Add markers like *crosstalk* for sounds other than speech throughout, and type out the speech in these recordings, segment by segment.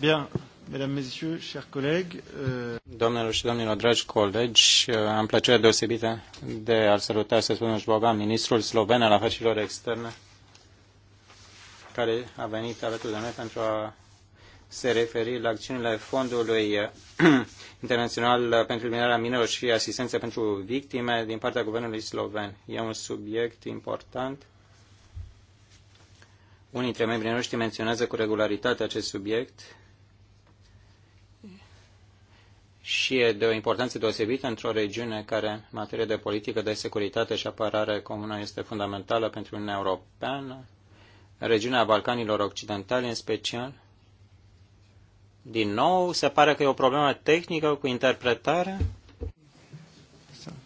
Euh, domnilor și domnilor, dragi colegi, uh, am plăcerea deosebită de a-l saluta, să spunem, Bogan, ministrul sloven al afacerilor externe, care a venit alături de noi pentru a se referi la acțiunile Fondului uh, *clears throat* Internațional pentru Eliminarea Minelor și Asistență pentru Victime din partea Guvernului Sloven. E un subiect important. Unii dintre membrii noștri menționează cu regularitate acest subiect și e de o importanță deosebită într-o regiune care, în materie de politică de securitate și apărare comună, este fundamentală pentru Uniunea Europeană, regiunea Balcanilor Occidentale în special. Din nou, se pare că e o problemă tehnică cu interpretarea.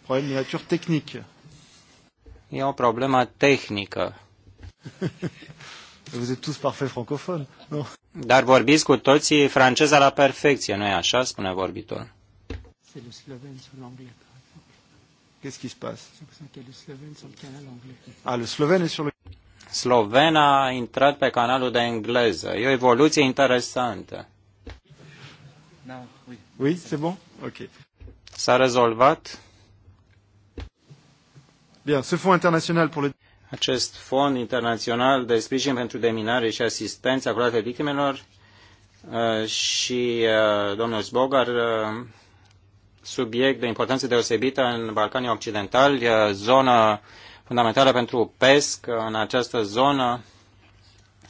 Problem de natură tehnică. E o problemă tehnică. *laughs* Vous êtes tous parfait francophone, non dar vorbiți cu toții franceza la perfecție, nu-i așa? Spune vorbitorul. quest ah, Sloven a intrat pe canalul de engleză. E o evoluție interesantă. Oui, c'est bon? Ok. S-a rezolvat. Bien, ce fonds international pour le... Acest fond internațional de sprijin pentru deminare și asistență acordată victimelor uh, și uh, domnul Zbogar uh, subiect de importanță deosebită în Balcanii Occidentali, zonă fundamentală pentru PESC. În această zonă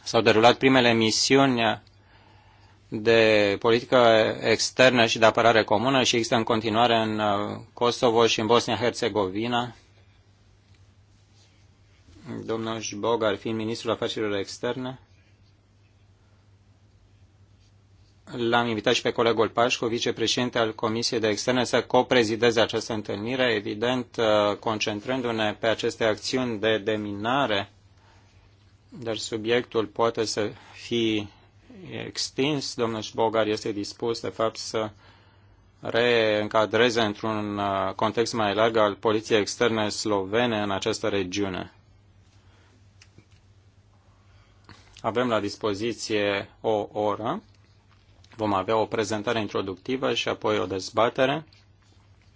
s-au derulat primele misiuni de politică externă și de apărare comună și există în continuare în Kosovo și în Bosnia-Herzegovina domnul Jbog ar fi ministrul afacerilor externe. L-am invitat și pe colegul Pașcu, vicepreședinte al Comisiei de Externe, să coprezideze această întâlnire, evident uh, concentrându-ne pe aceste acțiuni de deminare, dar subiectul poate să fie extins. Domnul Șbogar este dispus, de fapt, să reîncadreze într-un uh, context mai larg al poliției externe slovene în această regiune. Avem la dispoziție o oră. Vom avea o prezentare introductivă și apoi o dezbatere.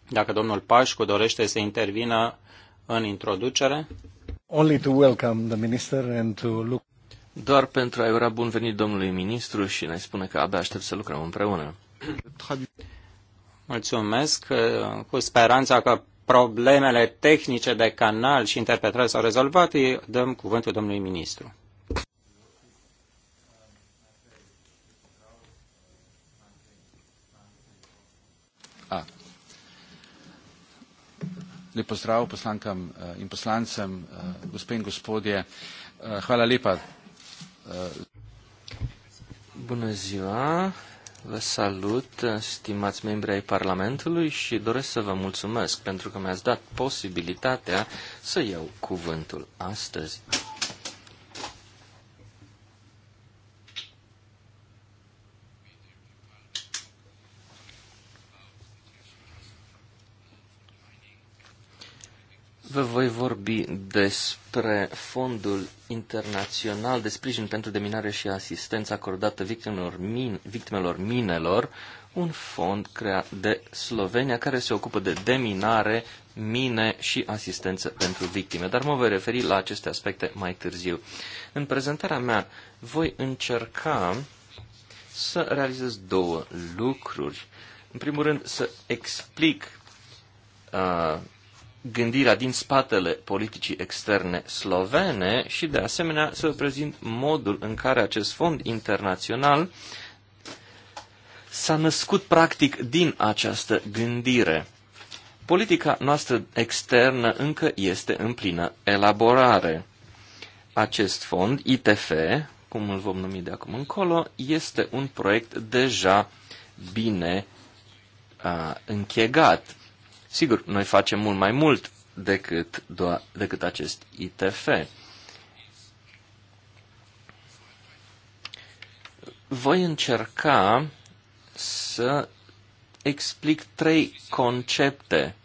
Dacă domnul Pașcu dorește să intervină în introducere. Only to welcome the minister and to look... Doar pentru a ura bun venit domnului ministru și ne spune că abia aștept să lucrăm împreună. Mulțumesc, eh, cu speranța că problemele tehnice de canal și interpretare s-au rezolvat, îi dăm cuvântul domnului ministru. Lep pozdrav poslankam eh, in poslancem, eh, gospe in gospodje. Eh, hvala lepa. Bună ziua, vă salut, stimați membri ai Parlamentului și doresc să vă mulțumesc pentru că mi-ați dat posibilitatea să iau cuvântul astăzi. vă voi vorbi despre Fondul Internațional de Sprijin pentru Deminare și Asistență acordată victimelor, min, victimelor minelor, un fond creat de Slovenia care se ocupă de deminare, mine și asistență pentru victime. Dar mă voi referi la aceste aspecte mai târziu. În prezentarea mea voi încerca să realizez două lucruri. În primul rând, să explic uh, gândirea din spatele politicii externe slovene și, de asemenea, să prezint modul în care acest fond internațional s-a născut practic din această gândire. Politica noastră externă încă este în plină elaborare. Acest fond, ITF, cum îl vom numi de acum încolo, este un proiect deja bine a, închegat Sigur, noi facem mult mai mult decât, doa, decât acest ITF. Voi încerca să explic trei concepte,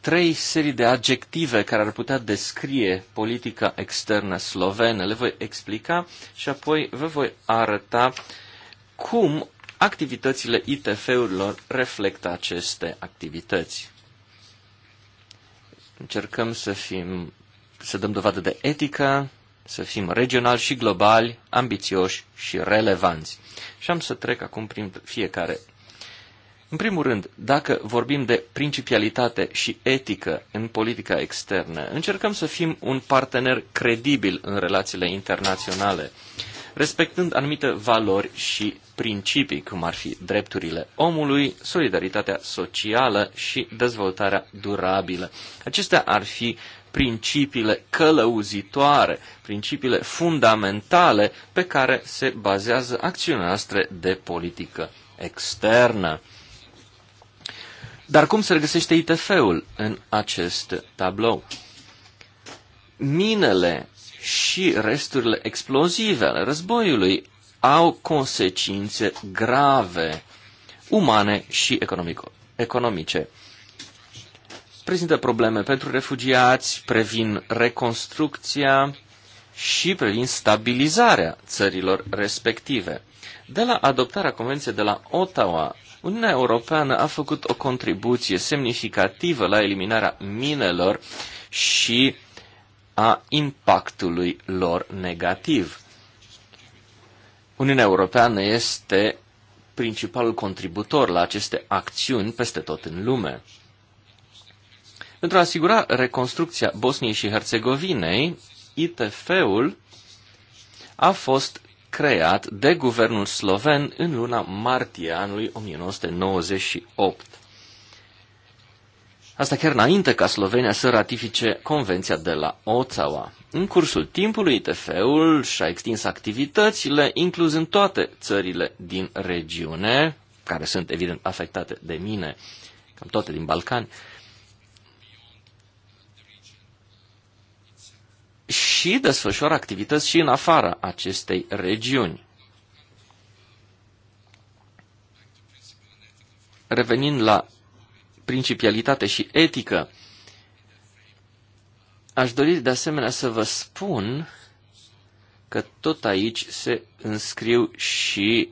trei serii de adjective care ar putea descrie politica externă slovenă. Le voi explica și apoi vă voi arăta cum activitățile ITF-urilor reflectă aceste activități. Încercăm să fim, să dăm dovadă de etică, să fim regionali și globali, ambițioși și relevanți. Și am să trec acum prin fiecare. În primul rând, dacă vorbim de principialitate și etică în politica externă, încercăm să fim un partener credibil în relațiile internaționale, respectând anumite valori și principii, cum ar fi drepturile omului, solidaritatea socială și dezvoltarea durabilă. Acestea ar fi principiile călăuzitoare, principiile fundamentale pe care se bazează acțiunea noastră de politică externă. Dar cum se regăsește ITF-ul în acest tablou? Minele și resturile explozive ale războiului au consecințe grave, umane și economice. Prezintă probleme pentru refugiați, previn reconstrucția și previn stabilizarea țărilor respective. De la adoptarea Convenției de la Ottawa, Uniunea Europeană a făcut o contribuție semnificativă la eliminarea minelor și a impactului lor negativ. Uniunea Europeană este principalul contributor la aceste acțiuni peste tot în lume. Pentru a asigura reconstrucția Bosniei și Herțegovinei, ITF-ul a fost creat de guvernul sloven în luna martie anului 1998. Asta chiar înainte ca Slovenia să ratifice convenția de la Ottawa. În cursul timpului, ITF-ul și-a extins activitățile, în toate țările din regiune, care sunt evident afectate de mine, cam toate din Balcani, și desfășoară activități și în afara acestei regiuni. Revenind la principialitate și etică. Aș dori de asemenea să vă spun că tot aici se înscriu și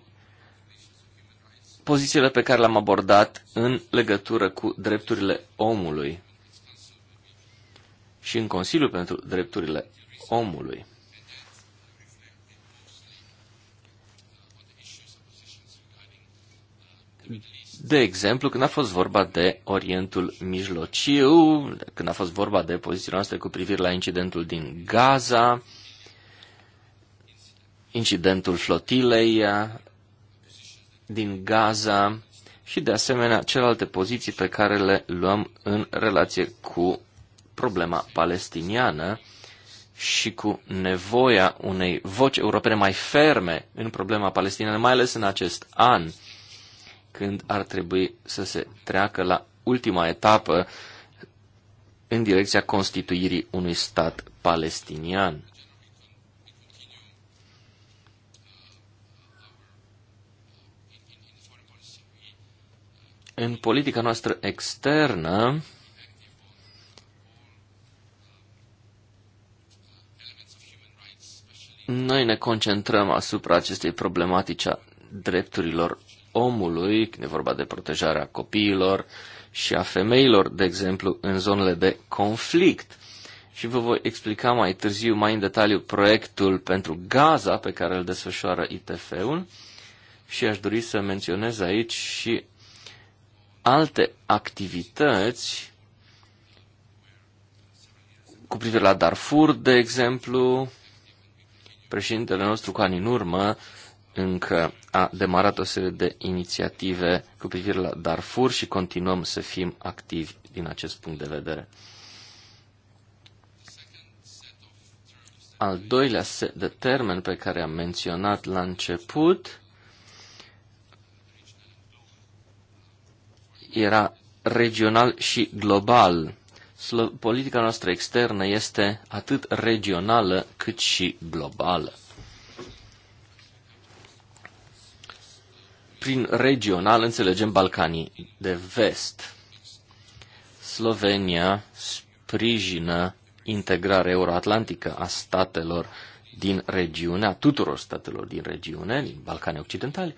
pozițiile pe care le-am abordat în legătură cu drepturile omului și în Consiliul pentru Drepturile Omului. De exemplu, când a fost vorba de Orientul Mijlociu, când a fost vorba de poziția noastră cu privire la incidentul din Gaza, incidentul flotilei uh, din Gaza și, de asemenea, celelalte poziții pe care le luăm în relație cu problema palestiniană și cu nevoia unei voci europene mai ferme în problema palestiniană, mai ales în acest an – când ar trebui să se treacă la ultima etapă în direcția constituirii unui stat palestinian. În politica noastră externă, noi ne concentrăm asupra acestei problematici a drepturilor omului, când e vorba de protejarea copiilor și a femeilor, de exemplu, în zonele de conflict. Și vă voi explica mai târziu, mai în detaliu, proiectul pentru Gaza pe care îl desfășoară ITF-ul și aș dori să menționez aici și alte activități cu privire la Darfur, de exemplu, președintele nostru cu ani în urmă încă a demarat o serie de inițiative cu privire la Darfur și continuăm să fim activi din acest punct de vedere. Al doilea set de termen pe care am menționat la început era regional și global. Politica noastră externă este atât regională cât și globală. prin regional înțelegem Balcanii de vest. Slovenia sprijină integrarea euroatlantică a statelor din regiune, a tuturor statelor din regiune, din Balcanii Occidentali,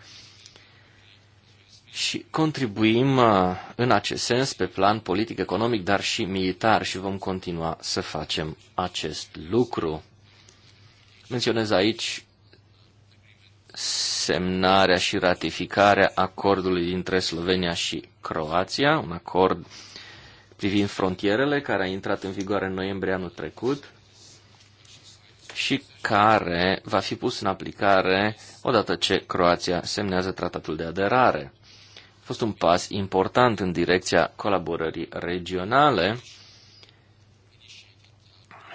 și contribuim uh, în acest sens pe plan politic, economic, dar și militar și vom continua să facem acest lucru. Menționez aici semnarea și ratificarea acordului dintre Slovenia și Croația, un acord privind frontierele care a intrat în vigoare în noiembrie anul trecut și care va fi pus în aplicare odată ce Croația semnează tratatul de aderare. A fost un pas important în direcția colaborării regionale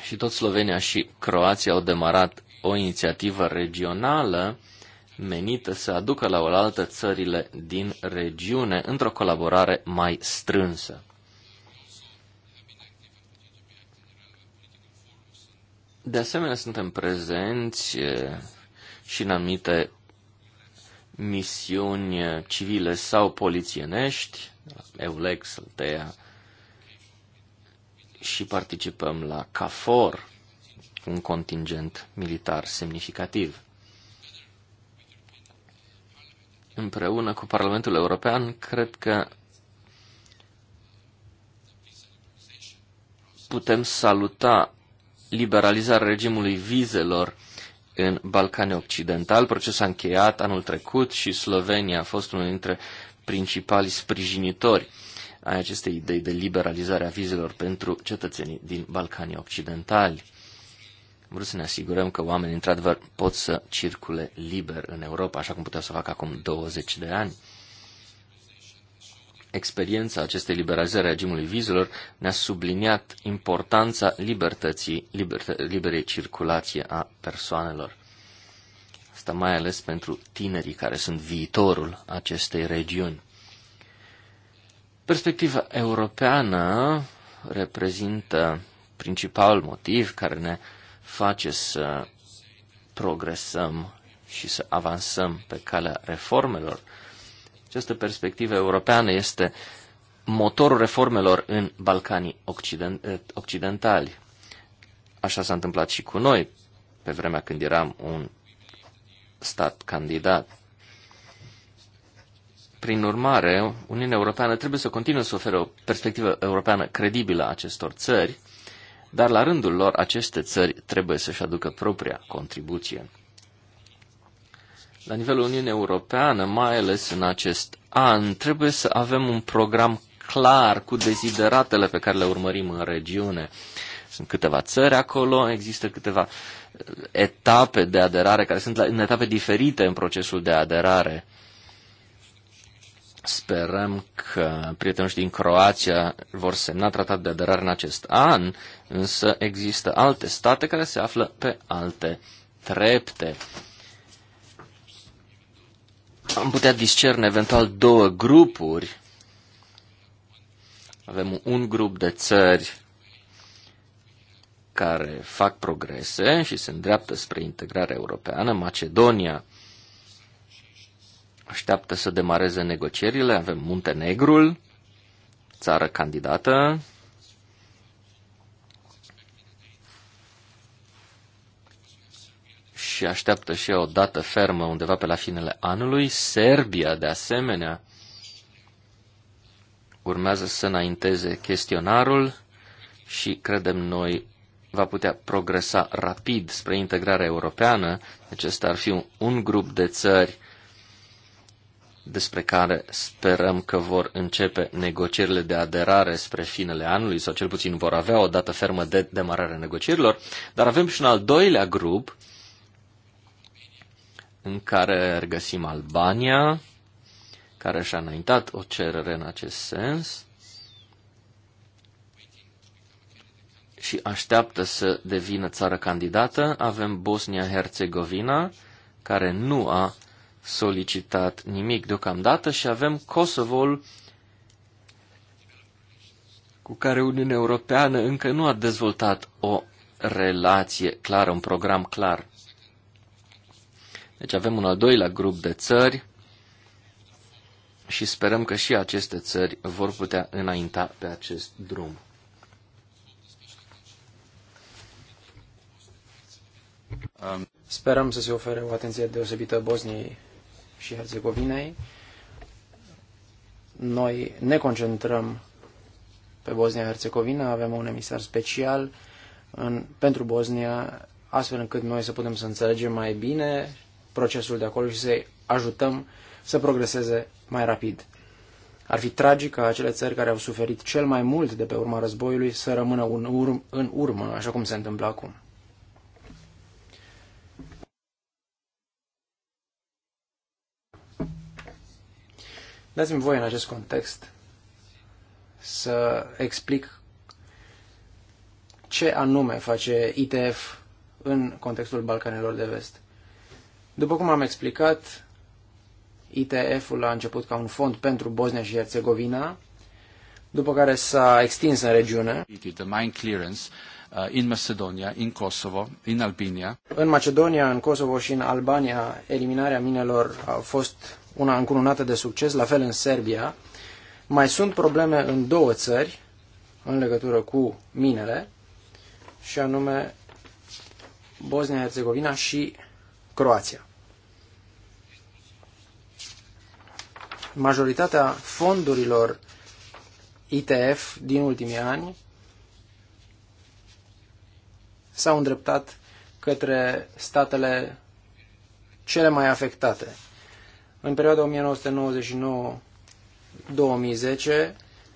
și tot Slovenia și Croația au demarat o inițiativă regională menită să aducă la oaltă țările din regiune într-o colaborare mai strânsă. De asemenea, suntem prezenți și în anumite misiuni civile sau polițienești, EULEX, Altea, și participăm la CAFOR, un contingent militar semnificativ. împreună cu Parlamentul European, cred că putem saluta liberalizarea regimului vizelor în Balcanii Occidental. Procesul a încheiat anul trecut și Slovenia a fost unul dintre principalii sprijinitori ai acestei idei de liberalizare a vizelor pentru cetățenii din Balcanii Occidentali vrut să ne asigurăm că oamenii, într-adevăr, pot să circule liber în Europa, așa cum puteau să facă acum 20 de ani. Experiența acestei liberalizări a regimului vizelor ne-a subliniat importanța libertății, libertă, liberei circulație a persoanelor. Asta mai ales pentru tinerii care sunt viitorul acestei regiuni. Perspectiva europeană reprezintă principal motiv care ne face să progresăm și să avansăm pe calea reformelor. Această perspectivă europeană este motorul reformelor în Balcanii Occident- eh, Occidentali. Așa s-a întâmplat și cu noi pe vremea când eram un stat candidat. Prin urmare, Uniunea Europeană trebuie să continue să ofere o perspectivă europeană credibilă a acestor țări dar la rândul lor aceste țări trebuie să-și aducă propria contribuție. La nivelul Uniunii Europeană, mai ales în acest an, trebuie să avem un program clar cu dezideratele pe care le urmărim în regiune. Sunt câteva țări acolo, există câteva etape de aderare care sunt în etape diferite în procesul de aderare. Sperăm că prietenii din Croația vor semna tratat de aderare în acest an, însă există alte state care se află pe alte trepte. Am putea discerne eventual două grupuri. Avem un grup de țări care fac progrese și se îndreaptă spre integrarea europeană, Macedonia, așteaptă să demareze negocierile. Avem Muntenegrul, țară candidată. Și așteaptă și o dată fermă undeva pe la finele anului. Serbia, de asemenea, urmează să înainteze chestionarul și, credem noi, va putea progresa rapid spre integrarea europeană. Acesta ar fi un, un grup de țări despre care sperăm că vor începe negocierile de aderare spre finele anului, sau cel puțin vor avea o dată fermă de demarare a negocierilor, dar avem și un al doilea grup în care regăsim Albania, care și-a înaintat o cerere în acest sens și așteaptă să devină țară candidată. Avem Bosnia-Herzegovina, care nu a solicitat nimic deocamdată și avem Kosovo cu care Uniunea Europeană încă nu a dezvoltat o relație clară, un program clar. Deci avem un al doilea grup de țări și sperăm că și aceste țări vor putea înainta pe acest drum. Sperăm să se ofere o atenție deosebită Bosniei și Herzegovinei. Noi ne concentrăm pe Bosnia-Herzegovina, avem un emisar special în, pentru Bosnia, astfel încât noi să putem să înțelegem mai bine procesul de acolo și să-i ajutăm să progreseze mai rapid. Ar fi tragic ca acele țări care au suferit cel mai mult de pe urma războiului să rămână în, urm- în urmă, așa cum se întâmplă acum. Dați-mi voie în acest context să explic ce anume face ITF în contextul Balcanilor de Vest. După cum am explicat, ITF-ul a început ca un fond pentru Bosnia și Herțegovina, după care s-a extins în regiune. The mine clearance uh, in Macedonia, in Kosovo, in Albania. În Macedonia, în Kosovo și în Albania, eliminarea minelor a fost una încununată de succes, la fel în Serbia. Mai sunt probleme în două țări în legătură cu minele, și anume Bosnia-Herzegovina și Croația. Majoritatea fondurilor ITF din ultimii ani s-au îndreptat către statele cele mai afectate. În perioada 1999-2010,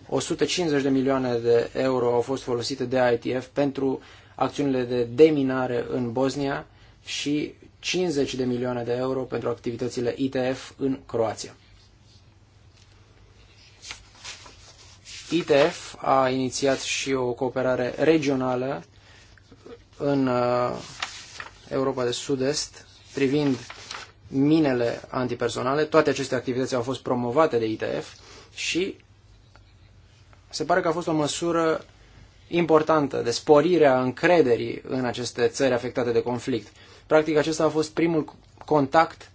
150 de milioane de euro au fost folosite de ITF pentru acțiunile de deminare în Bosnia și 50 de milioane de euro pentru activitățile ITF în Croația. ITF a inițiat și o cooperare regională în uh, Europa de Sud-Est privind minele antipersonale, toate aceste activități au fost promovate de ITF și se pare că a fost o măsură importantă de sporire a încrederii în aceste țări afectate de conflict. Practic, acesta a fost primul contact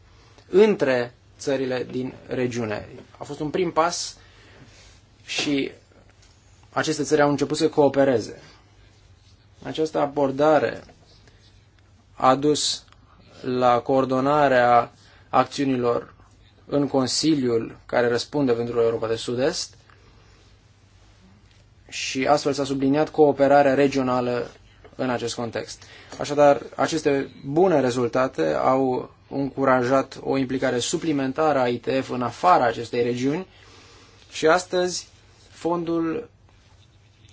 între țările din regiune. A fost un prim pas și aceste țări au început să coopereze. Această abordare a dus la coordonarea acțiunilor în Consiliul care răspunde pentru Europa de Sud-Est și astfel s-a subliniat cooperarea regională în acest context. Așadar, aceste bune rezultate au încurajat o implicare suplimentară a ITF în afara acestei regiuni și astăzi fondul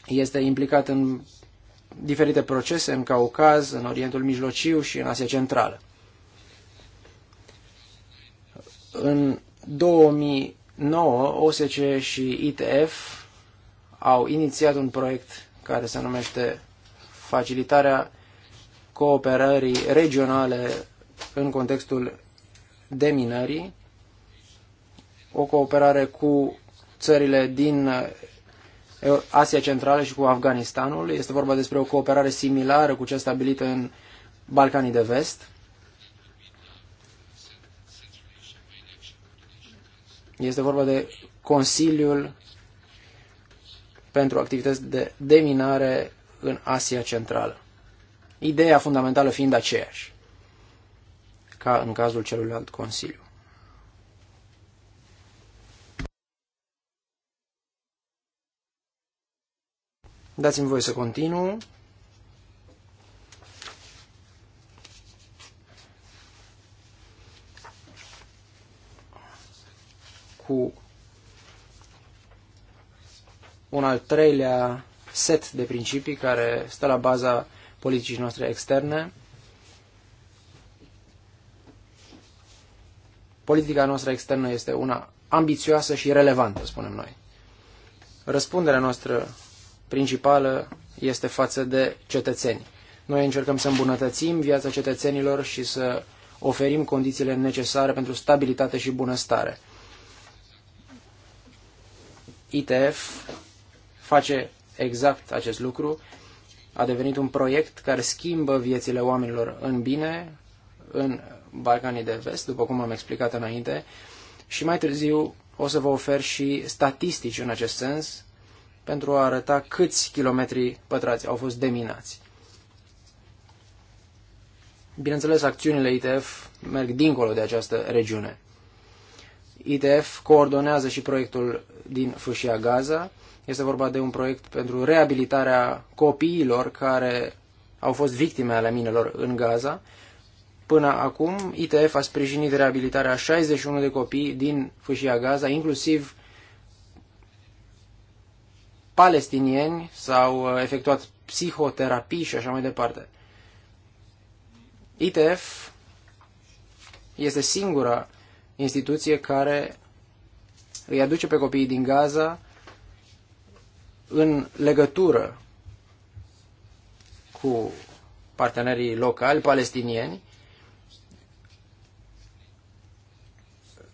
este implicat în diferite procese în Caucaz, în Orientul Mijlociu și în Asia Centrală. În 2009, OSC și ITF au inițiat un proiect care se numește Facilitarea cooperării regionale în contextul deminării, o cooperare cu țările din Asia Centrală și cu Afganistanul. Este vorba despre o cooperare similară cu cea stabilită în Balcanii de Vest. Este vorba de Consiliul pentru activități de deminare în Asia Centrală. Ideea fundamentală fiind aceeași, ca în cazul celuilalt Consiliu. Dați-mi voi să continuu. cu un al treilea set de principii care stă la baza politicii noastre externe. Politica noastră externă este una ambițioasă și relevantă, spunem noi. Răspunderea noastră principală este față de cetățeni. Noi încercăm să îmbunătățim viața cetățenilor și să oferim condițiile necesare pentru stabilitate și bunăstare. ITF face exact acest lucru. A devenit un proiect care schimbă viețile oamenilor în bine în Balcanii de Vest, după cum am explicat înainte, și mai târziu o să vă ofer și statistici în acest sens pentru a arăta câți kilometri pătrați au fost deminați. Bineînțeles, acțiunile ITF merg dincolo de această regiune. ITF coordonează și proiectul din Fâșia Gaza. Este vorba de un proiect pentru reabilitarea copiilor care au fost victime ale minelor în Gaza. Până acum, ITF a sprijinit reabilitarea 61 de copii din Fâșia Gaza, inclusiv palestinieni, s-au uh, efectuat psihoterapii și așa mai departe. ITF este singura instituție care îi aduce pe copiii din Gaza în legătură cu partenerii locali palestinieni.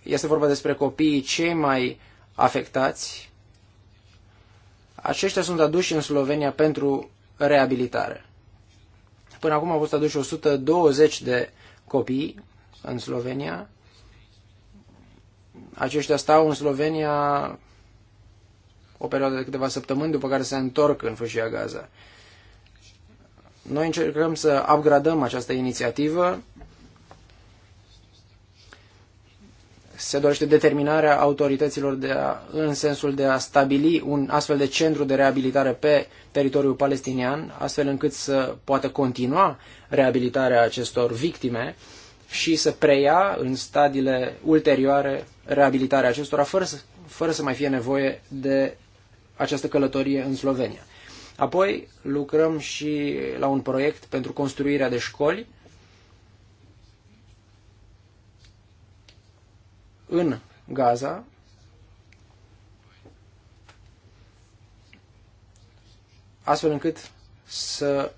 Este vorba despre copiii cei mai afectați. Aceștia sunt aduși în Slovenia pentru reabilitare. Până acum au fost aduși 120 de copii în Slovenia, aceștia stau în Slovenia o perioadă de câteva săptămâni, după care se întorc în fâșia Gaza. Noi încercăm să upgradăm această inițiativă. Se dorește determinarea autorităților de a, în sensul de a stabili un astfel de centru de reabilitare pe teritoriul palestinian, astfel încât să poată continua reabilitarea acestor victime și să preia în stadiile ulterioare reabilitarea acestora, fără să, fără să mai fie nevoie de această călătorie în Slovenia. Apoi lucrăm și la un proiect pentru construirea de școli în Gaza. astfel încât să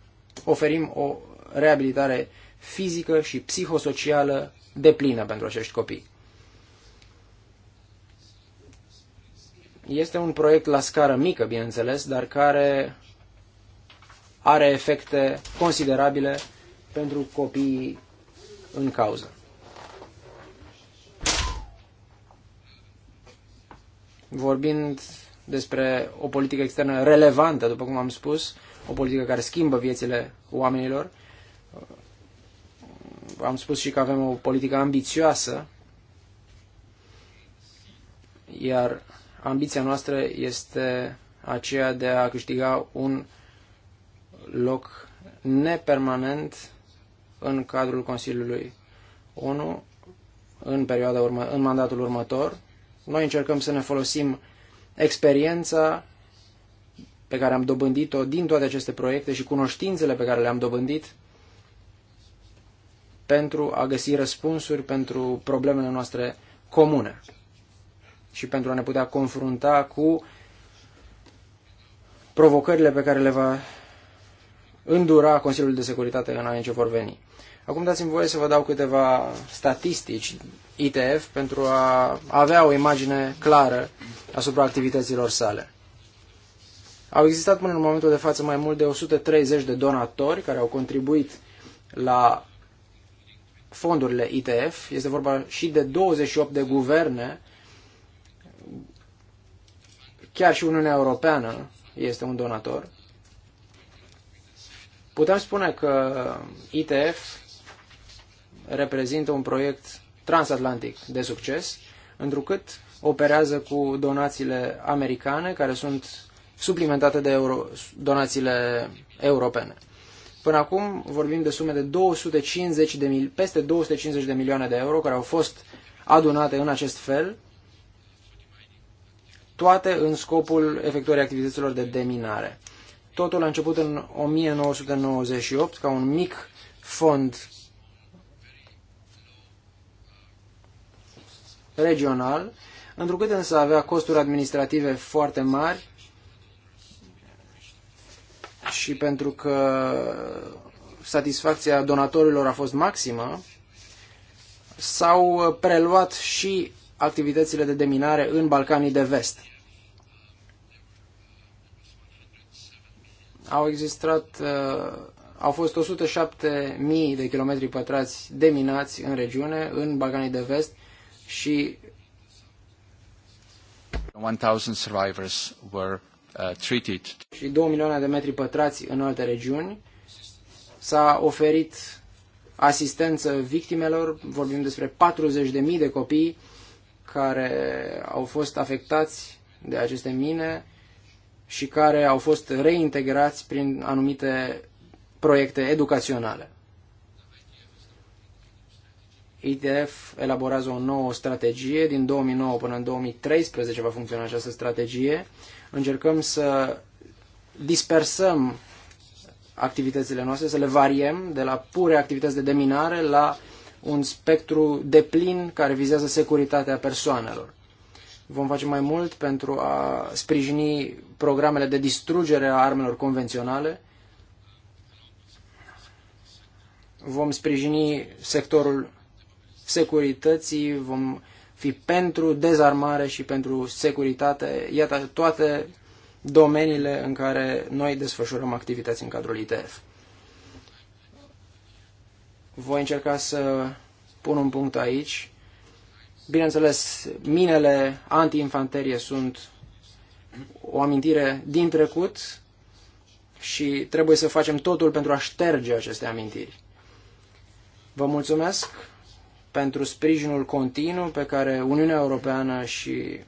oferim o reabilitare fizică și psihosocială deplină pentru acești copii. Este un proiect la scară mică, bineînțeles, dar care are efecte considerabile pentru copiii în cauză. Vorbind despre o politică externă relevantă, după cum am spus, o politică care schimbă viețile oamenilor, am spus și că avem o politică ambițioasă, iar ambiția noastră este aceea de a câștiga un loc nepermanent în cadrul Consiliului ONU în, perioada urmă, în mandatul următor. Noi încercăm să ne folosim experiența pe care am dobândit-o din toate aceste proiecte și cunoștințele pe care le-am dobândit pentru a găsi răspunsuri pentru problemele noastre comune și pentru a ne putea confrunta cu provocările pe care le va îndura Consiliul de Securitate în anii ce vor veni. Acum dați-mi voie să vă dau câteva statistici ITF pentru a avea o imagine clară asupra activităților sale. Au existat până în momentul de față mai mult de 130 de donatori care au contribuit la fondurile ITF. Este vorba și de 28 de guverne. Chiar și Uniunea Europeană este un donator. Putem spune că ITF reprezintă un proiect transatlantic de succes, întrucât operează cu donațiile americane, care sunt suplimentate de euro, donațiile europene. Până acum vorbim de sume de 250 de mil, peste 250 de milioane de euro care au fost adunate în acest fel, toate în scopul efectuării activităților de deminare. Totul a început în 1998 ca un mic fond regional, întrucât însă avea costuri administrative foarte mari, și pentru că satisfacția donatorilor a fost maximă, s-au preluat și activitățile de deminare în Balcanii de Vest. Au existat, uh, au fost 107.000 de kilometri pătrați deminați în regiune, în Balcanii de Vest și 1000 survivors were Uh, treated. Și 2 milioane de metri pătrați în alte regiuni. S-a oferit asistență victimelor, vorbim despre 40.000 de copii care au fost afectați de aceste mine și care au fost reintegrați prin anumite proiecte educaționale. ITF elaborează o nouă strategie. Din 2009 până în 2013 va funcționa această strategie. Încercăm să dispersăm activitățile noastre, să le variem de la pure activități de deminare la un spectru de plin care vizează securitatea persoanelor. Vom face mai mult pentru a sprijini programele de distrugere a armelor convenționale. Vom sprijini sectorul securității, vom fi pentru dezarmare și pentru securitate. Iată toate domeniile în care noi desfășurăm activități în cadrul ITF. Voi încerca să pun un punct aici. Bineînțeles, minele antiinfanterie sunt o amintire din trecut și trebuie să facem totul pentru a șterge aceste amintiri. Vă mulțumesc! pentru sprijinul continuu pe care Uniunea Europeană și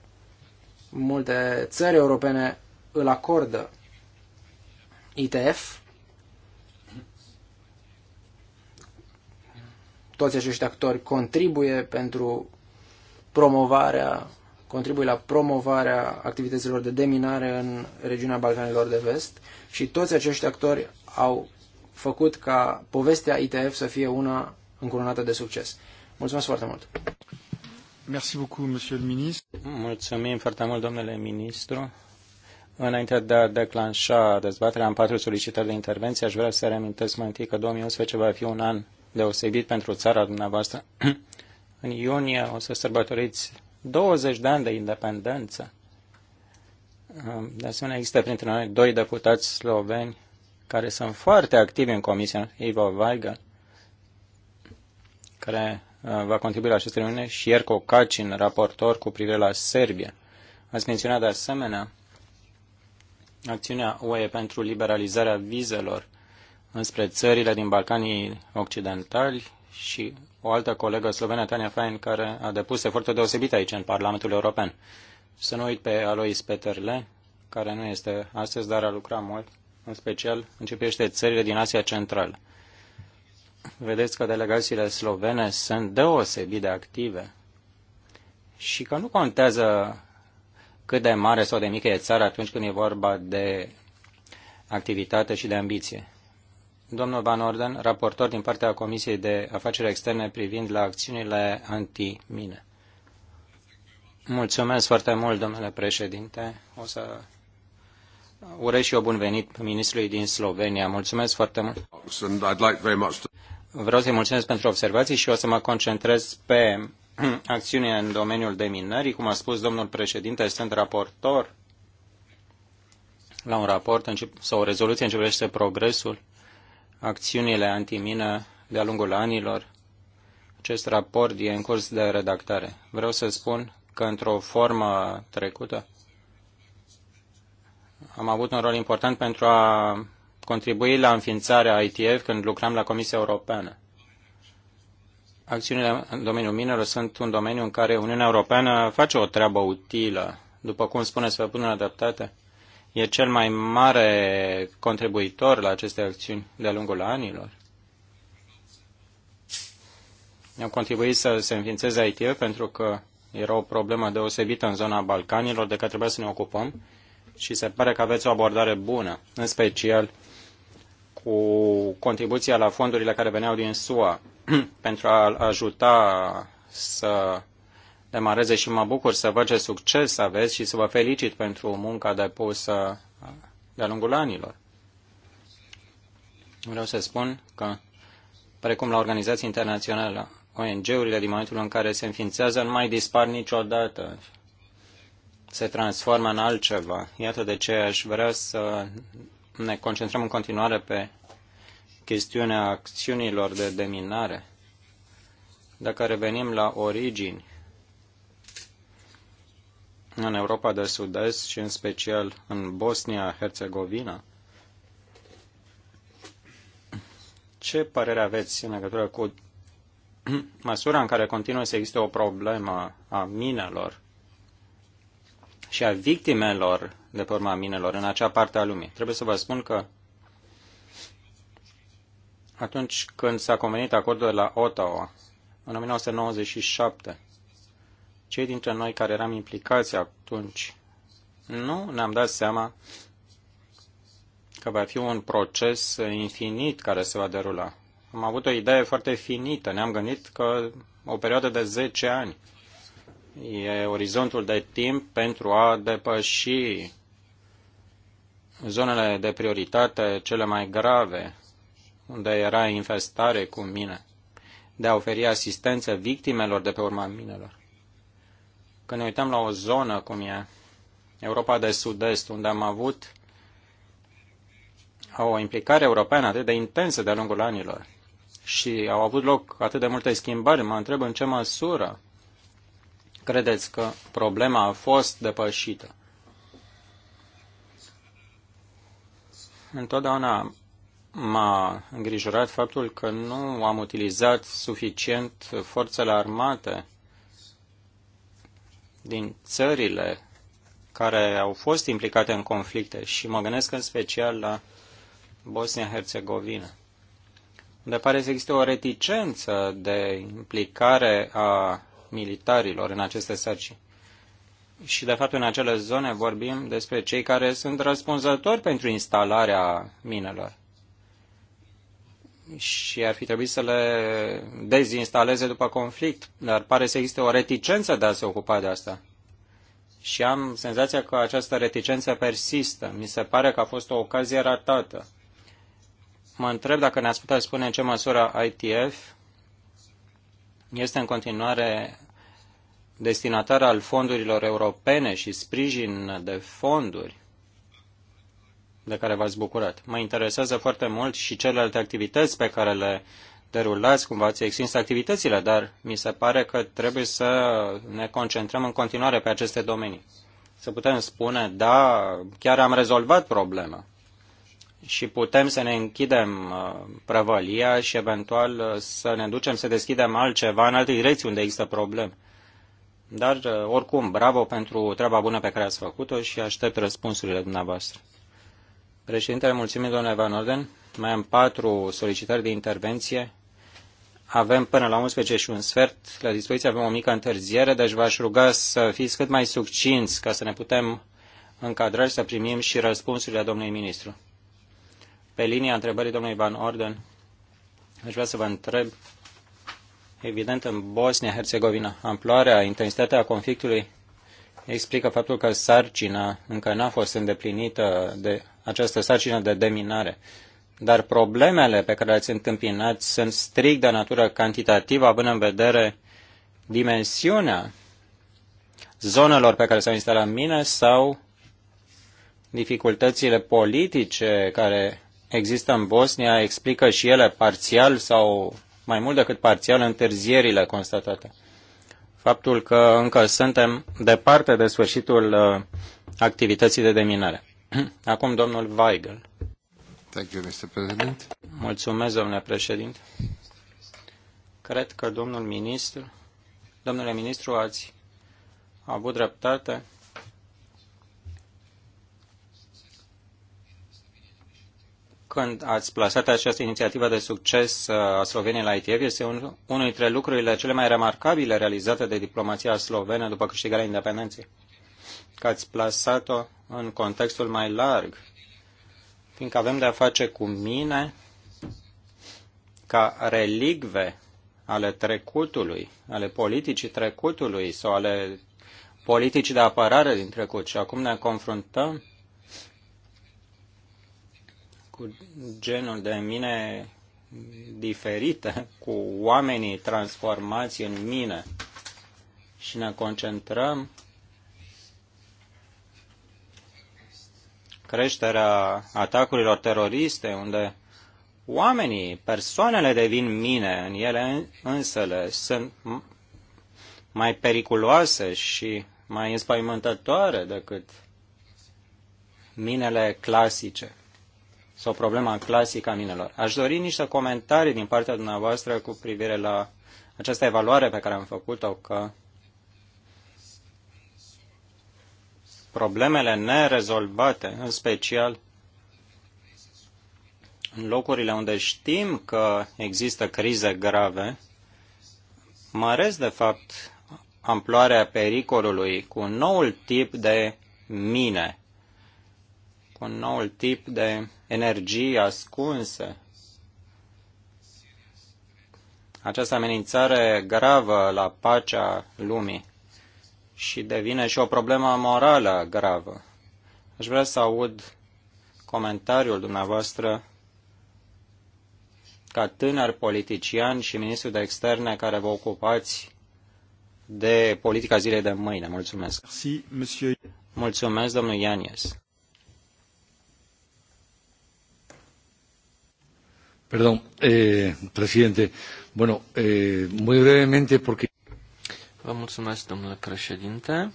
multe țări europene îl acordă ITF. Toți acești actori contribuie pentru promovarea, contribuie la promovarea activităților de deminare în regiunea Balcanilor de Vest și toți acești actori au făcut ca povestea ITF să fie una încurunată de succes. Mulțumesc foarte mult! Merci beaucoup, monsieur le ministre. Mulțumim foarte mult, domnule ministru. Înainte de a declanșa dezbaterea în patru solicitări de intervenție, aș vrea să reamintesc mai întâi că 2011 va fi un an deosebit pentru țara dumneavoastră. *clears throat* în iunie o să sărbătoriți 20 de ani de independență. De asemenea, există printre noi doi deputați sloveni care sunt foarte activi în comisia Ivo Weigel, care Uh, va contribui la aceste reuniune și Erko Cacin, raportor cu privire la Serbia. Ați menționat de asemenea acțiunea UE pentru liberalizarea vizelor înspre țările din Balcanii Occidentali și o altă colegă slovenă, Tania Fain, care a depus eforturi deosebite aici în Parlamentul European. Să nu uit pe Alois Peterle, care nu este astăzi, dar a lucrat mult, în special în ce privește țările din Asia Centrală vedeți că delegațiile slovene sunt deosebit de active și că nu contează cât de mare sau de mică e țara atunci când e vorba de activitate și de ambiție. Domnul Van Orden, raportor din partea Comisiei de Afaceri Externe privind la acțiunile anti-mine. Mulțumesc foarte mult, domnule președinte. O să urez și eu bun venit ministrului din Slovenia. Mulțumesc foarte mult. Vreau să-i mulțumesc pentru observații și o să mă concentrez pe *clears throat* acțiunea în domeniul deminării. Cum a spus domnul președinte, sunt raportor la un raport sau o rezoluție în ce privește progresul, acțiunile antimină de-a lungul anilor. Acest raport e în curs de redactare. Vreau să spun că într-o formă trecută am avut un rol important pentru a contribui la înființarea ITF când lucram la Comisia Europeană. Acțiunile în domeniul minelor sunt un domeniu în care Uniunea Europeană face o treabă utilă. După cum spuneți pe bună adaptate, e cel mai mare contribuitor la aceste acțiuni de-a lungul anilor. Am contribuit să se înființeze ITF pentru că era o problemă deosebită în zona Balcanilor de care trebuia să ne ocupăm și se pare că aveți o abordare bună, în special cu contribuția la fondurile care veneau din SUA *clears throat* pentru a ajuta să demareze și mă bucur să văd ce succes aveți și să vă felicit pentru munca depusă de-a lungul anilor. Vreau să spun că, precum la organizații internaționale, ONG-urile din momentul în care se înființează nu mai dispar niciodată. Se transformă în altceva. Iată de ce aș vrea să ne concentrăm în continuare pe chestiunea acțiunilor de deminare. Dacă revenim la origini, în Europa de Sud-Est și în special în Bosnia-Herzegovina, ce părere aveți în legătură cu *clears throat* măsura în care continuă să existe o problemă a minelor și a victimelor de pe urma minelor în acea parte a lumii. Trebuie să vă spun că atunci când s-a convenit acordul de la Ottawa, în 1997, cei dintre noi care eram implicați atunci nu ne-am dat seama că va fi un proces infinit care se va derula. Am avut o idee foarte finită, ne-am gândit că o perioadă de 10 ani e orizontul de timp pentru a depăși zonele de prioritate cele mai grave, unde era infestare cu mine, de a oferi asistență victimelor de pe urma minelor. Când ne uităm la o zonă cum e Europa de Sud-Est, unde am avut o implicare europeană atât de intensă de-a lungul anilor și au avut loc atât de multe schimbări, mă întreb în ce măsură credeți că problema a fost depășită? Întotdeauna m-a îngrijorat faptul că nu am utilizat suficient forțele armate din țările care au fost implicate în conflicte și mă gândesc în special la Bosnia-Herzegovina, unde pare să existe o reticență de implicare a militarilor în aceste sarcini. Și, de fapt, în acele zone vorbim despre cei care sunt răspunzători pentru instalarea minelor. Și ar fi trebuit să le dezinstaleze după conflict, dar pare să existe o reticență de a se ocupa de asta. Și am senzația că această reticență persistă. Mi se pare că a fost o ocazie ratată. Mă întreb dacă ne-ați putea spune în ce măsură ITF este în continuare destinatar al fondurilor europene și sprijin de fonduri de care v-ați bucurat. Mă interesează foarte mult și celelalte activități pe care le derulați, cum v-ați extins activitățile, dar mi se pare că trebuie să ne concentrăm în continuare pe aceste domenii. Să putem spune, da, chiar am rezolvat problema și putem să ne închidem uh, prăvălia și eventual uh, să ne ducem să deschidem altceva în alte direcții unde există probleme. Dar, uh, oricum, bravo pentru treaba bună pe care ați făcut-o și aștept răspunsurile dumneavoastră. Președintele, mulțumim, domnule Van Orden. Mai am patru solicitări de intervenție. Avem până la 11 și un sfert. La dispoziție avem o mică întârziere, deci v-aș ruga să fiți cât mai succinți ca să ne putem încadra și să primim și răspunsurile domnului ministru. Pe linia întrebării domnului Van Orden, aș vrea să vă întreb, evident, în Bosnia-Herzegovina, amploarea, intensitatea conflictului explică faptul că sarcina încă n-a fost îndeplinită de această sarcină de deminare. Dar problemele pe care le-ați întâmpinat sunt strict de natură cantitativă, având în vedere dimensiunea zonelor pe care s-au instalat mine sau dificultățile politice care există în Bosnia explică și ele parțial sau mai mult decât parțial întârzierile constatate. Faptul că încă suntem departe de sfârșitul uh, activității de deminare. *clears throat* Acum domnul Weigel. Thank you, Mr. President. Mulțumesc, domnule președinte. Cred că domnul ministru, domnule ministru, ați avut dreptate când ați plasat această inițiativă de succes uh, a Sloveniei la ITF. Este un, unul dintre lucrurile cele mai remarcabile realizate de diplomația slovenă după câștigarea independenței. Că ați plasat-o în contextul mai larg, fiindcă avem de-a face cu mine ca relicve ale trecutului, ale politicii trecutului sau ale politicii de apărare din trecut. Și acum ne confruntăm cu genul de mine diferită cu oamenii transformați în mine și ne concentrăm creșterea atacurilor teroriste, unde oamenii, persoanele devin mine în ele însele, sunt mai periculoase și mai înspăimântătoare decât minele clasice sau problema clasică a minelor. Aș dori niște comentarii din partea dumneavoastră cu privire la această evaluare pe care am făcut-o că problemele nerezolvate, în special în locurile unde știm că există crize grave, măresc de fapt amploarea pericolului cu un noul tip de mine, cu un noul tip de energii ascunse. Această amenințare gravă la pacea lumii și devine și o problemă morală gravă. Aș vrea să aud comentariul dumneavoastră ca tânăr politician și ministru de externe care vă ocupați de politica zilei de mâine. Mulțumesc. Mulțumesc, domnul Ianies. Perdón, eh, presidente. Bueno, eh, muy brevemente porque... Vă mulțumesc, domnule președinte.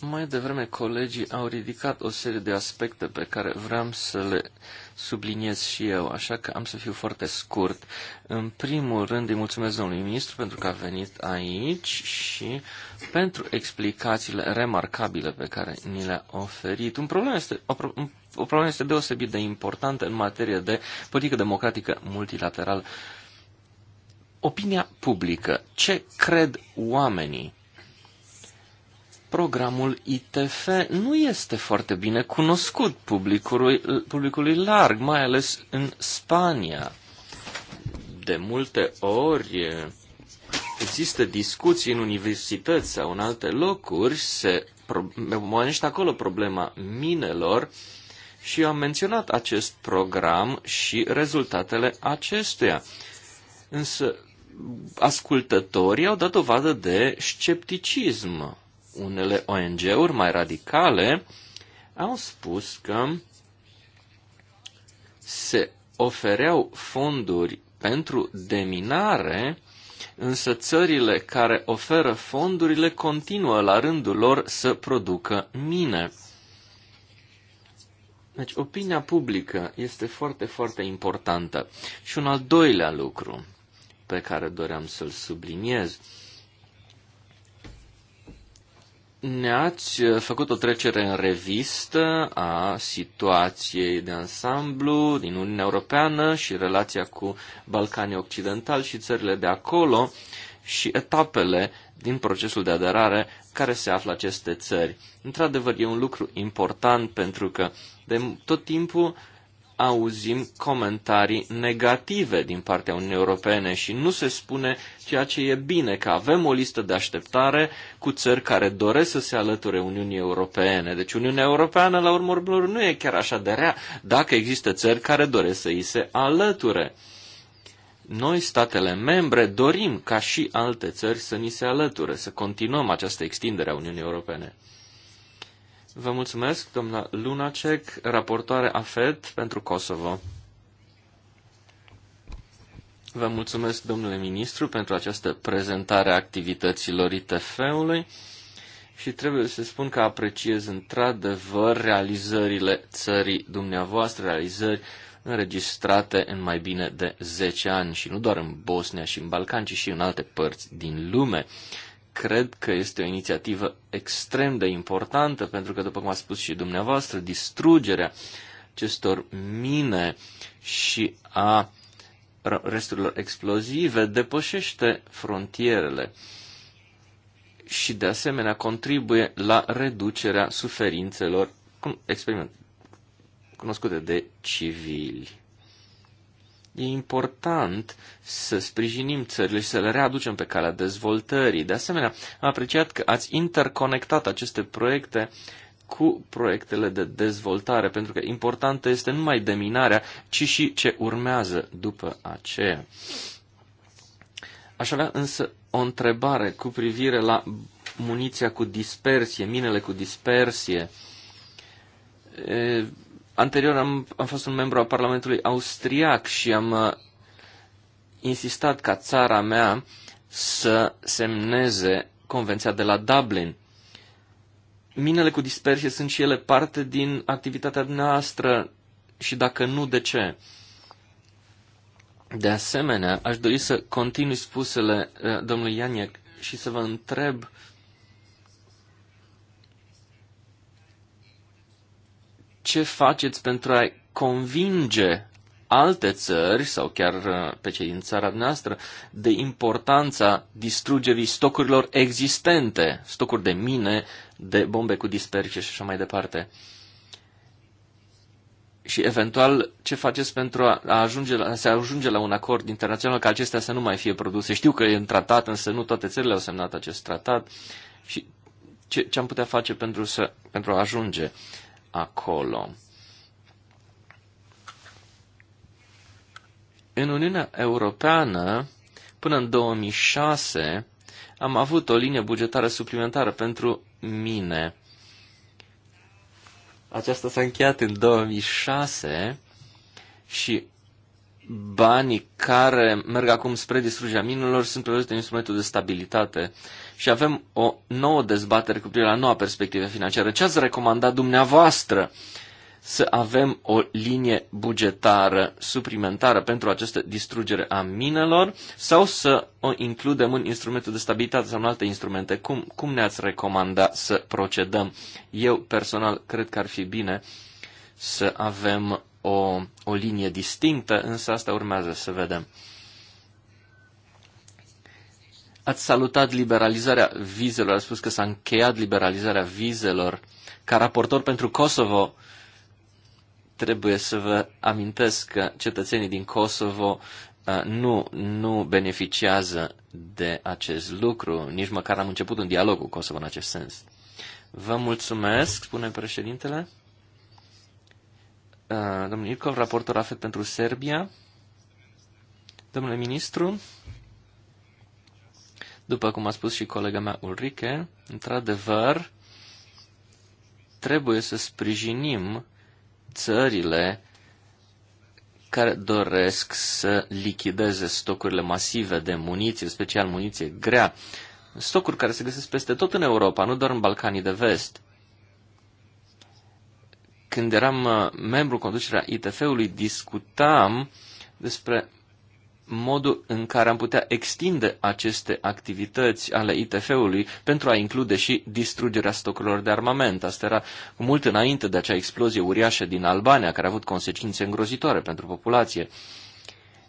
Mai devreme, colegii au ridicat o serie de aspecte pe care vreau să le subliniez și eu, așa că am să fiu foarte scurt. În primul rând, îi mulțumesc domnului ministru pentru că a venit aici și pentru explicațiile remarcabile pe care ni le-a oferit. Un problem este, o, o problemă este deosebit de importantă în materie de politică democratică multilaterală. Opinia publică. Ce cred oamenii? programul ITF nu este foarte bine cunoscut publicului, publicului larg, mai ales în Spania. De multe ori eh, există discuții în universități sau în alte locuri, se moanește acolo problema minelor și eu am menționat acest program și rezultatele acestuia. Însă ascultătorii au dat dovadă de scepticism unele ONG-uri mai radicale au spus că se ofereau fonduri pentru deminare, însă țările care oferă fondurile continuă la rândul lor să producă mine. Deci opinia publică este foarte, foarte importantă. Și un al doilea lucru pe care doream să-l subliniez ne-ați uh, făcut o trecere în revistă a situației de ansamblu din Uniunea Europeană și relația cu Balcanii Occidentali și țările de acolo și etapele din procesul de aderare care se află aceste țări. Într-adevăr, e un lucru important pentru că de tot timpul auzim comentarii negative din partea Uniunii Europene și nu se spune ceea ce e bine, că avem o listă de așteptare cu țări care doresc să se alăture Uniunii Europene. Deci Uniunea Europeană, la urmă urmelor, nu e chiar așa de rea, dacă există țări care doresc să îi se alăture. Noi, statele membre, dorim ca și alte țări să ni se alăture, să continuăm această extindere a Uniunii Europene. Vă mulțumesc, doamna Lunacek, raportoare AFED pentru Kosovo. Vă mulțumesc, domnule ministru, pentru această prezentare a activităților ITF-ului și trebuie să spun că apreciez într-adevăr realizările țării dumneavoastră, realizări înregistrate în mai bine de 10 ani și nu doar în Bosnia și în Balcan, ci și în alte părți din lume cred că este o inițiativă extrem de importantă, pentru că, după cum a spus și dumneavoastră, distrugerea acestor mine și a resturilor explozive depășește frontierele și, de asemenea, contribuie la reducerea suferințelor experiment. cunoscute de civili. E important să sprijinim țările și să le readucem pe calea dezvoltării. De asemenea, am apreciat că ați interconectat aceste proiecte cu proiectele de dezvoltare, pentru că importantă este nu numai deminarea, ci și ce urmează după aceea. Aș avea însă o întrebare cu privire la muniția cu dispersie, minele cu dispersie. E, Anterior am, am fost un membru al Parlamentului Austriac și am uh, insistat ca țara mea să semneze Convenția de la Dublin. Minele cu dispersie sunt și ele parte din activitatea noastră și dacă nu, de ce? De asemenea, aș dori să continui spusele uh, domnului Ianiec și să vă întreb uh, ce faceți pentru a convinge alte țări sau chiar uh, pe cei din țara noastră de importanța distrugerii stocurilor existente, stocuri de mine, de bombe cu dispersie și așa mai departe. Și eventual ce faceți pentru a, ajunge la, a se ajunge la un acord internațional ca acestea să nu mai fie produse. Știu că e în tratat, însă nu toate țările au semnat acest tratat. Și ce, ce am putea face pentru, să, pentru a ajunge acolo. În Uniunea Europeană, până în 2006, am avut o linie bugetară suplimentară pentru mine. Aceasta s-a încheiat în 2006 și banii care merg acum spre distrugerea minelor sunt prevăzute în instrumentul de stabilitate și avem o nouă dezbatere cu privire la noua perspectivă financiară. Ce ați recomandat dumneavoastră să avem o linie bugetară suplimentară pentru această distrugere a minelor sau să o includem în instrumentul de stabilitate sau în alte instrumente? Cum, cum ne-ați recomanda să procedăm? Eu personal cred că ar fi bine să avem o, o linie distinctă, însă asta urmează să vedem. Ați salutat liberalizarea vizelor, ați spus că s-a încheiat liberalizarea vizelor. Ca raportor pentru Kosovo, trebuie să vă amintesc că cetățenii din Kosovo uh, nu, nu beneficiază de acest lucru, nici măcar am început un dialog cu Kosovo în acest sens. Vă mulțumesc, spune președintele. Uh, domnul Irkov, raportor AFET pentru Serbia. Domnule ministru, după cum a spus și colega mea Ulrike, într-adevăr, trebuie să sprijinim țările care doresc să lichideze stocurile masive de muniție, special muniție grea, stocuri care se găsesc peste tot în Europa, nu doar în Balcanii de Vest. Când eram uh, membru conducerea ITF-ului, discutam despre modul în care am putea extinde aceste activități ale ITF-ului pentru a include și distrugerea stocurilor de armament. Asta era mult înainte de acea explozie uriașă din Albania, care a avut consecințe îngrozitoare pentru populație.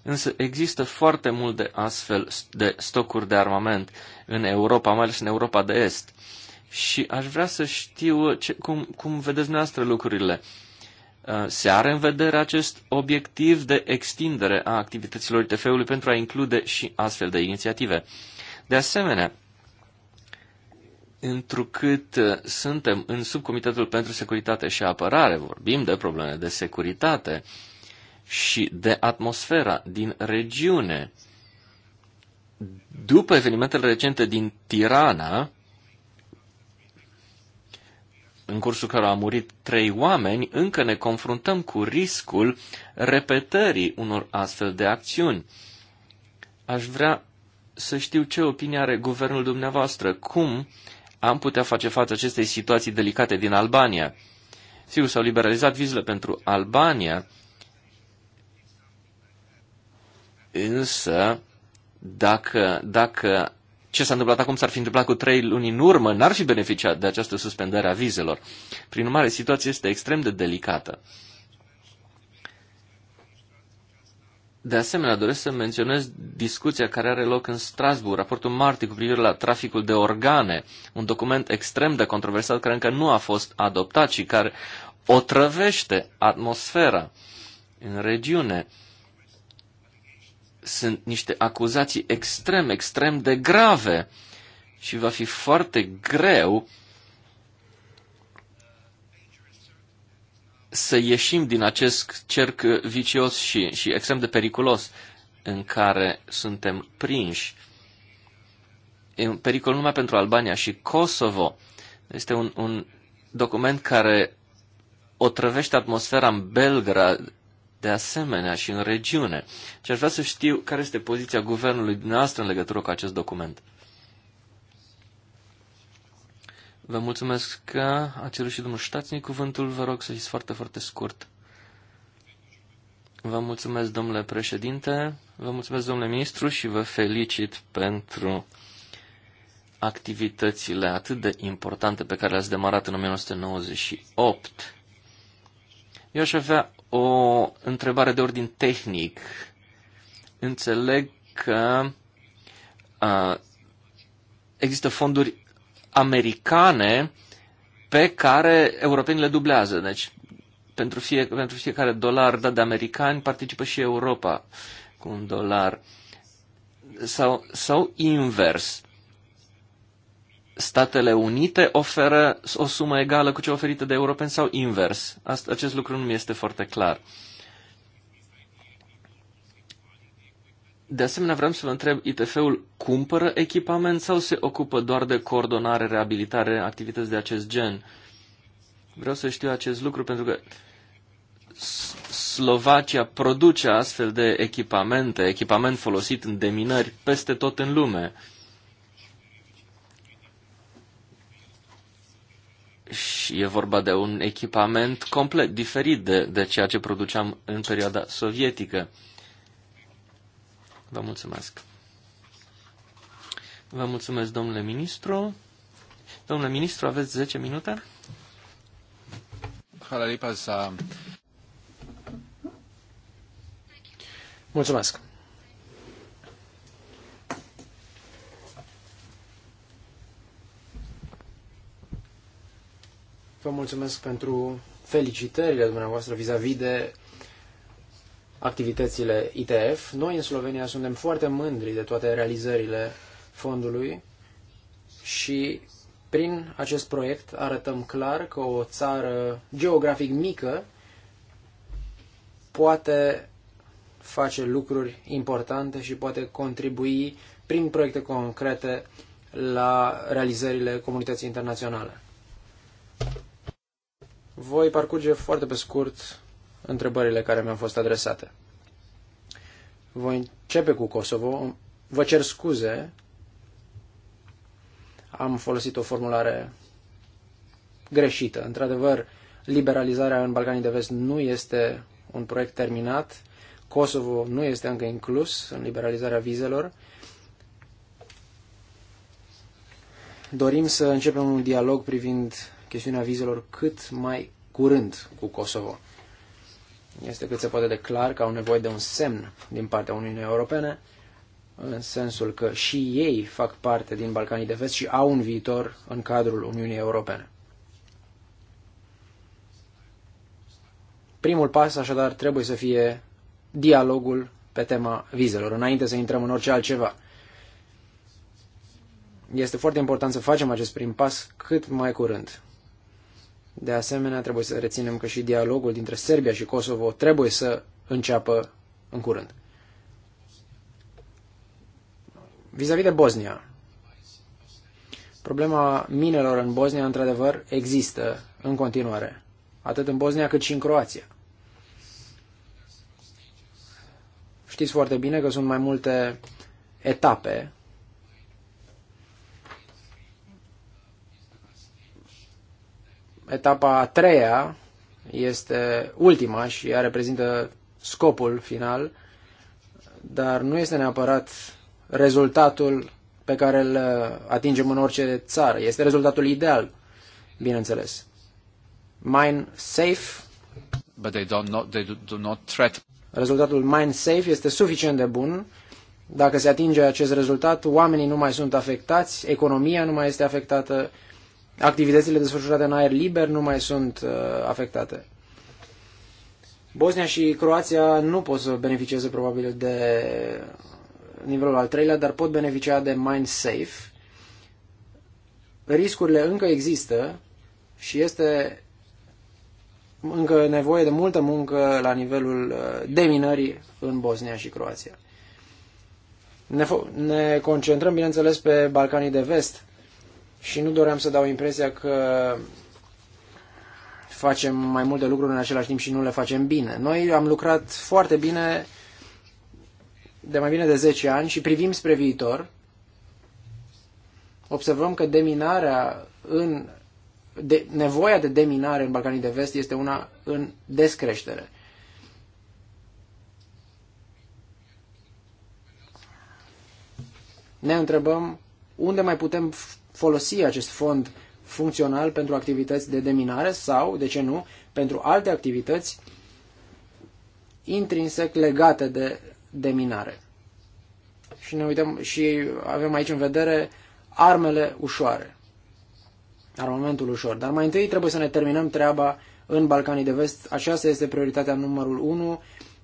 Însă există foarte mult de astfel de stocuri de armament în Europa, mai ales în Europa de Est. Și aș vrea să știu ce, cum, cum vedeți dumneavoastră lucrurile. Uh, Uh, Se are în vedere acest obiectiv de extindere a activităților ITF-ului pentru a include și astfel de inițiative. De asemenea, întrucât uh, suntem în subcomitetul pentru securitate și apărare, vorbim de probleme de securitate și de atmosfera din regiune. După evenimentele recente din Tirana, în cursul cărora au murit trei oameni, încă ne confruntăm cu riscul repetării unor astfel de acțiuni. Aș vrea să știu ce opinie are guvernul dumneavoastră, cum am putea face față acestei situații delicate din Albania. Sigur, s-au liberalizat vizele pentru Albania, însă dacă, dacă ce s-a întâmplat acum s-ar fi întâmplat cu trei luni în urmă, n-ar fi beneficiat de această suspendare a vizelor. Prin urmare, situația este extrem de delicată. De asemenea, doresc să menționez discuția care are loc în Strasbourg, raportul Marti cu privire la traficul de organe, un document extrem de controversat care încă nu a fost adoptat și care otrăvește atmosfera în regiune sunt niște acuzații extrem, extrem de grave și va fi foarte greu să ieșim din acest cerc vicios și, și extrem de periculos în care suntem prinși. E un pericol numai pentru Albania și Kosovo. Este un, un document care otrăvește atmosfera în Belgrad de asemenea și în regiune. Și aș vrea să știu care este poziția guvernului dumneavoastră în legătură cu acest document. Vă mulțumesc că a cerut și domnul Ștațnic cuvântul. Vă rog să fiți foarte, foarte scurt. Vă mulțumesc, domnule președinte, vă mulțumesc, domnule ministru, și vă felicit pentru activitățile atât de importante pe care le-ați demarat în 1998. Eu aș avea o întrebare de ordin tehnic. Înțeleg că uh, există fonduri americane pe care europenii le dublează. Deci, pentru, fie, pentru fiecare dolar dat de americani, participă și Europa cu un dolar. Sau, sau invers. Statele Unite oferă o sumă egală cu cea oferită de europeni sau invers. Asta, acest lucru nu mi este foarte clar. De asemenea, vreau să vă întreb, ITF-ul cumpără echipament sau se ocupă doar de coordonare, reabilitare, activități de acest gen? Vreau să știu acest lucru pentru că Slovacia produce astfel de echipamente, echipament folosit în deminări peste tot în lume. Uh, și e vorba de un echipament complet diferit de, de ceea ce produceam în perioada sovietică. Vă mulțumesc. Vă mulțumesc, domnule ministru. Domnule ministru, aveți 10 minute? Mulțumesc. vă mulțumesc pentru felicitările dumneavoastră vis-a-vis -vis de activitățile ITF. Noi în Slovenia suntem foarte mândri de toate realizările fondului și prin acest proiect arătăm clar că o țară geografic mică poate face lucruri importante și poate contribui prin proiecte concrete la realizările comunității internaționale. Voi parcurge foarte pe scurt întrebările care mi-au fost adresate. Voi începe cu Kosovo. Vă cer scuze. Am folosit o formulare greșită. Într-adevăr, liberalizarea în Balcanii de Vest nu este un proiect terminat. Kosovo nu este încă inclus în liberalizarea vizelor. Dorim să începem un dialog privind chestiunea vizelor cât mai curând cu Kosovo. Este cât se poate de clar că au nevoie de un semn din partea Uniunii Europene, în sensul că și ei fac parte din Balcanii de Vest și au un viitor în cadrul Uniunii Europene. Primul pas, așadar, trebuie să fie dialogul pe tema vizelor, înainte să intrăm în orice altceva. Este foarte important să facem acest prim pas cât mai curând. De asemenea, trebuie să reținem că și dialogul dintre Serbia și Kosovo trebuie să înceapă în curând. Vis-a-vis -vis de Bosnia, problema minelor în Bosnia, într-adevăr, există în continuare, atât în Bosnia cât și în Croația. Știți foarte bine că sunt mai multe etape Etapa a treia este ultima și ea reprezintă scopul final, dar nu este neapărat rezultatul pe care îl atingem în orice țară. Este rezultatul ideal, bineînțeles. Mine safe. But they don't not, they do not threat. Rezultatul mine safe este suficient de bun. Dacă se atinge acest rezultat, oamenii nu mai sunt afectați, economia nu mai este afectată, activitățile desfășurate în aer liber nu mai sunt uh, afectate. Bosnia și Croația nu pot să beneficieze probabil de nivelul al treilea, dar pot beneficia de Mind Safe. Riscurile încă există și este încă nevoie de multă muncă la nivelul uh, deminării în Bosnia și Croația. Ne, ne concentrăm, bineînțeles, pe Balcanii de Vest, și nu doream să dau impresia că facem mai multe lucruri în același timp și nu le facem bine. Noi am lucrat foarte bine de mai bine de 10 ani și privim spre viitor. Observăm că deminarea în de, nevoia de deminare în Balcanii de Vest este una în descreștere. Ne întrebăm unde mai putem folosi acest fond funcțional pentru activități de deminare sau, de ce nu, pentru alte activități intrinsec legate de deminare. Și ne uităm și avem aici în vedere armele ușoare, armamentul ușor. Dar mai întâi trebuie să ne terminăm treaba în Balcanii de Vest. Aceasta este prioritatea numărul 1.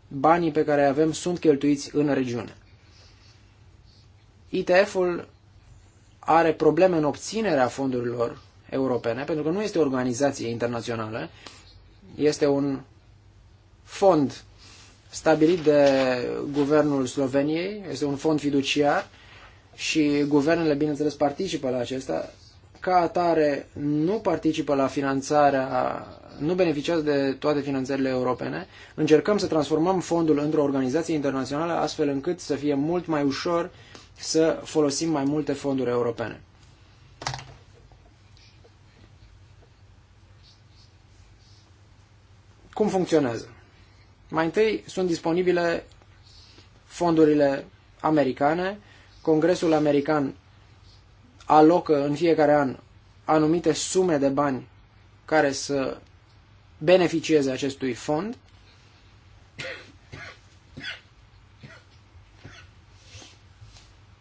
Banii pe care avem sunt cheltuiți în regiune. ITF-ul are probleme în obținerea fondurilor europene, pentru că nu este o organizație internațională, este un fond stabilit de guvernul Sloveniei, este un fond fiduciar și guvernele, bineînțeles, participă la acesta. Ca atare, nu participă la finanțarea, nu beneficiază de toate finanțările europene. Încercăm să transformăm fondul într-o organizație internațională astfel încât să fie mult mai ușor uh, să folosim mai multe fonduri europene. Cum funcționează? Mai întâi sunt disponibile fondurile americane. Congresul american alocă în fiecare an anumite sume de bani care să beneficieze acestui fond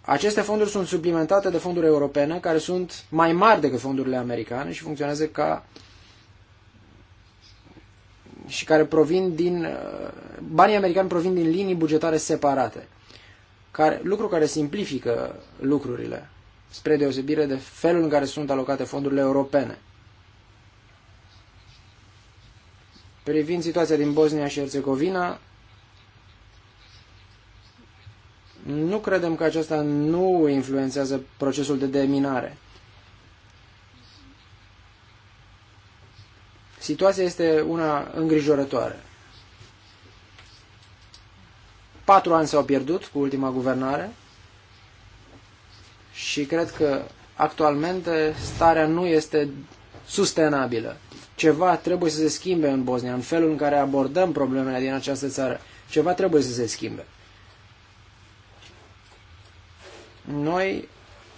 Aceste fonduri sunt suplimentate de fonduri europene, care sunt mai mari decât fondurile americane și funcționează ca și care provin din... Uh, banii americani provin din linii bugetare separate, care, lucru care simplifică lucrurile, spre deosebire de felul în care sunt alocate fondurile europene. Privind situația din Bosnia și Herțegovina, Nu credem că aceasta nu influențează procesul de deminare. Situația este una îngrijorătoare. Patru ani s-au pierdut cu ultima guvernare și cred că actualmente starea nu este sustenabilă. Ceva trebuie să se schimbe în Bosnia, în felul în care abordăm problemele din această țară. Ceva trebuie să se schimbe. Noi,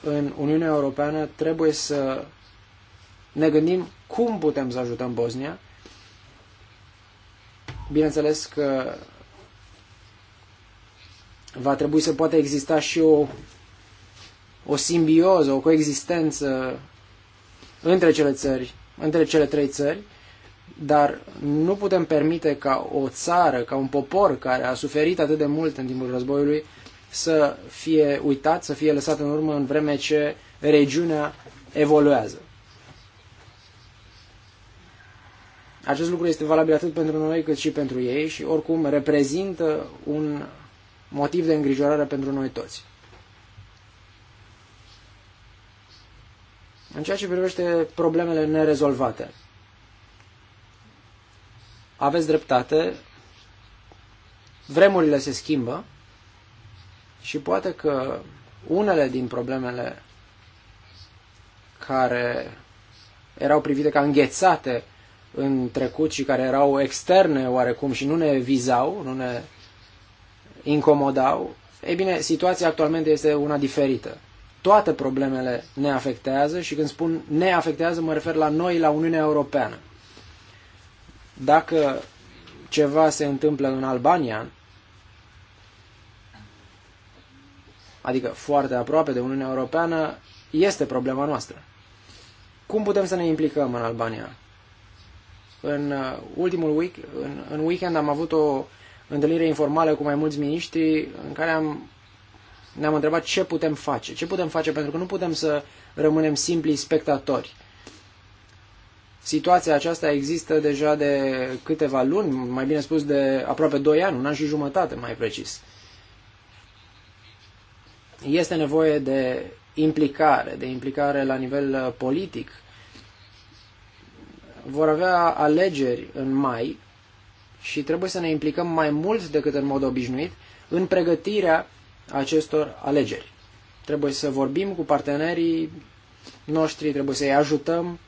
în Uniunea Europeană, trebuie să ne gândim cum putem să ajutăm Bosnia. Bineînțeles că va trebui să poată exista și o, o simbioză, o coexistență între cele țări, între cele trei țări, dar nu putem permite ca o țară, ca un popor care a suferit atât de mult în timpul războiului, să fie uitat, să fie lăsat în urmă în vreme ce regiunea evoluează. Acest lucru este valabil atât pentru noi cât și pentru ei și oricum reprezintă un motiv de îngrijorare pentru noi toți. În ceea ce privește problemele nerezolvate, aveți dreptate, vremurile se schimbă, și poate că unele din problemele care erau privite ca înghețate în trecut și care erau externe oarecum și nu ne vizau, nu ne incomodau, ei bine, situația actualmente este una diferită. Toate problemele ne afectează și când spun ne afectează mă refer la noi, la Uniunea Europeană. Dacă ceva se întâmplă în Albania, adică foarte aproape de Uniunea Europeană, este problema noastră. Cum putem să ne implicăm în Albania? În uh, ultimul week, în, în weekend am avut o întâlnire informală cu mai mulți miniștri în care am, ne-am întrebat ce putem face. Ce putem face pentru că nu putem să rămânem simpli spectatori. Situația aceasta există deja de câteva luni, mai bine spus de aproape 2 ani, un an și jumătate mai precis. Este nevoie de implicare, de implicare la nivel uh, politic. Vor avea alegeri în mai și trebuie să ne implicăm mai mult decât în mod obișnuit în pregătirea acestor alegeri. Trebuie să vorbim cu partenerii noștri, trebuie să-i ajutăm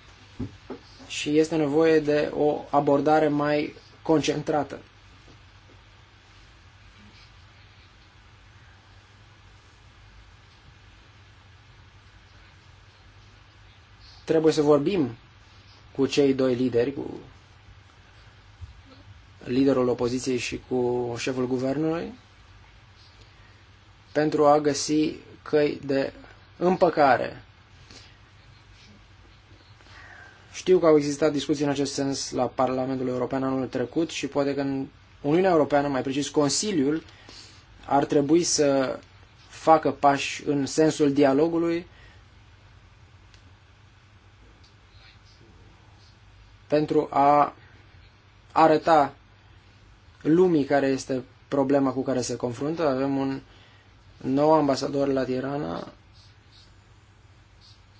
și este nevoie de o abordare mai concentrată. trebuie să vorbim cu cei doi lideri, cu liderul opoziției și cu șeful guvernului, pentru a găsi căi de împăcare. Știu că au existat discuții în acest sens la Parlamentul European anul trecut și poate că în Uniunea Europeană, mai precis Consiliul, ar trebui să facă pași în sensul dialogului pentru a arăta lumii care este problema cu care se confruntă. Avem un nou ambasador la Tirana.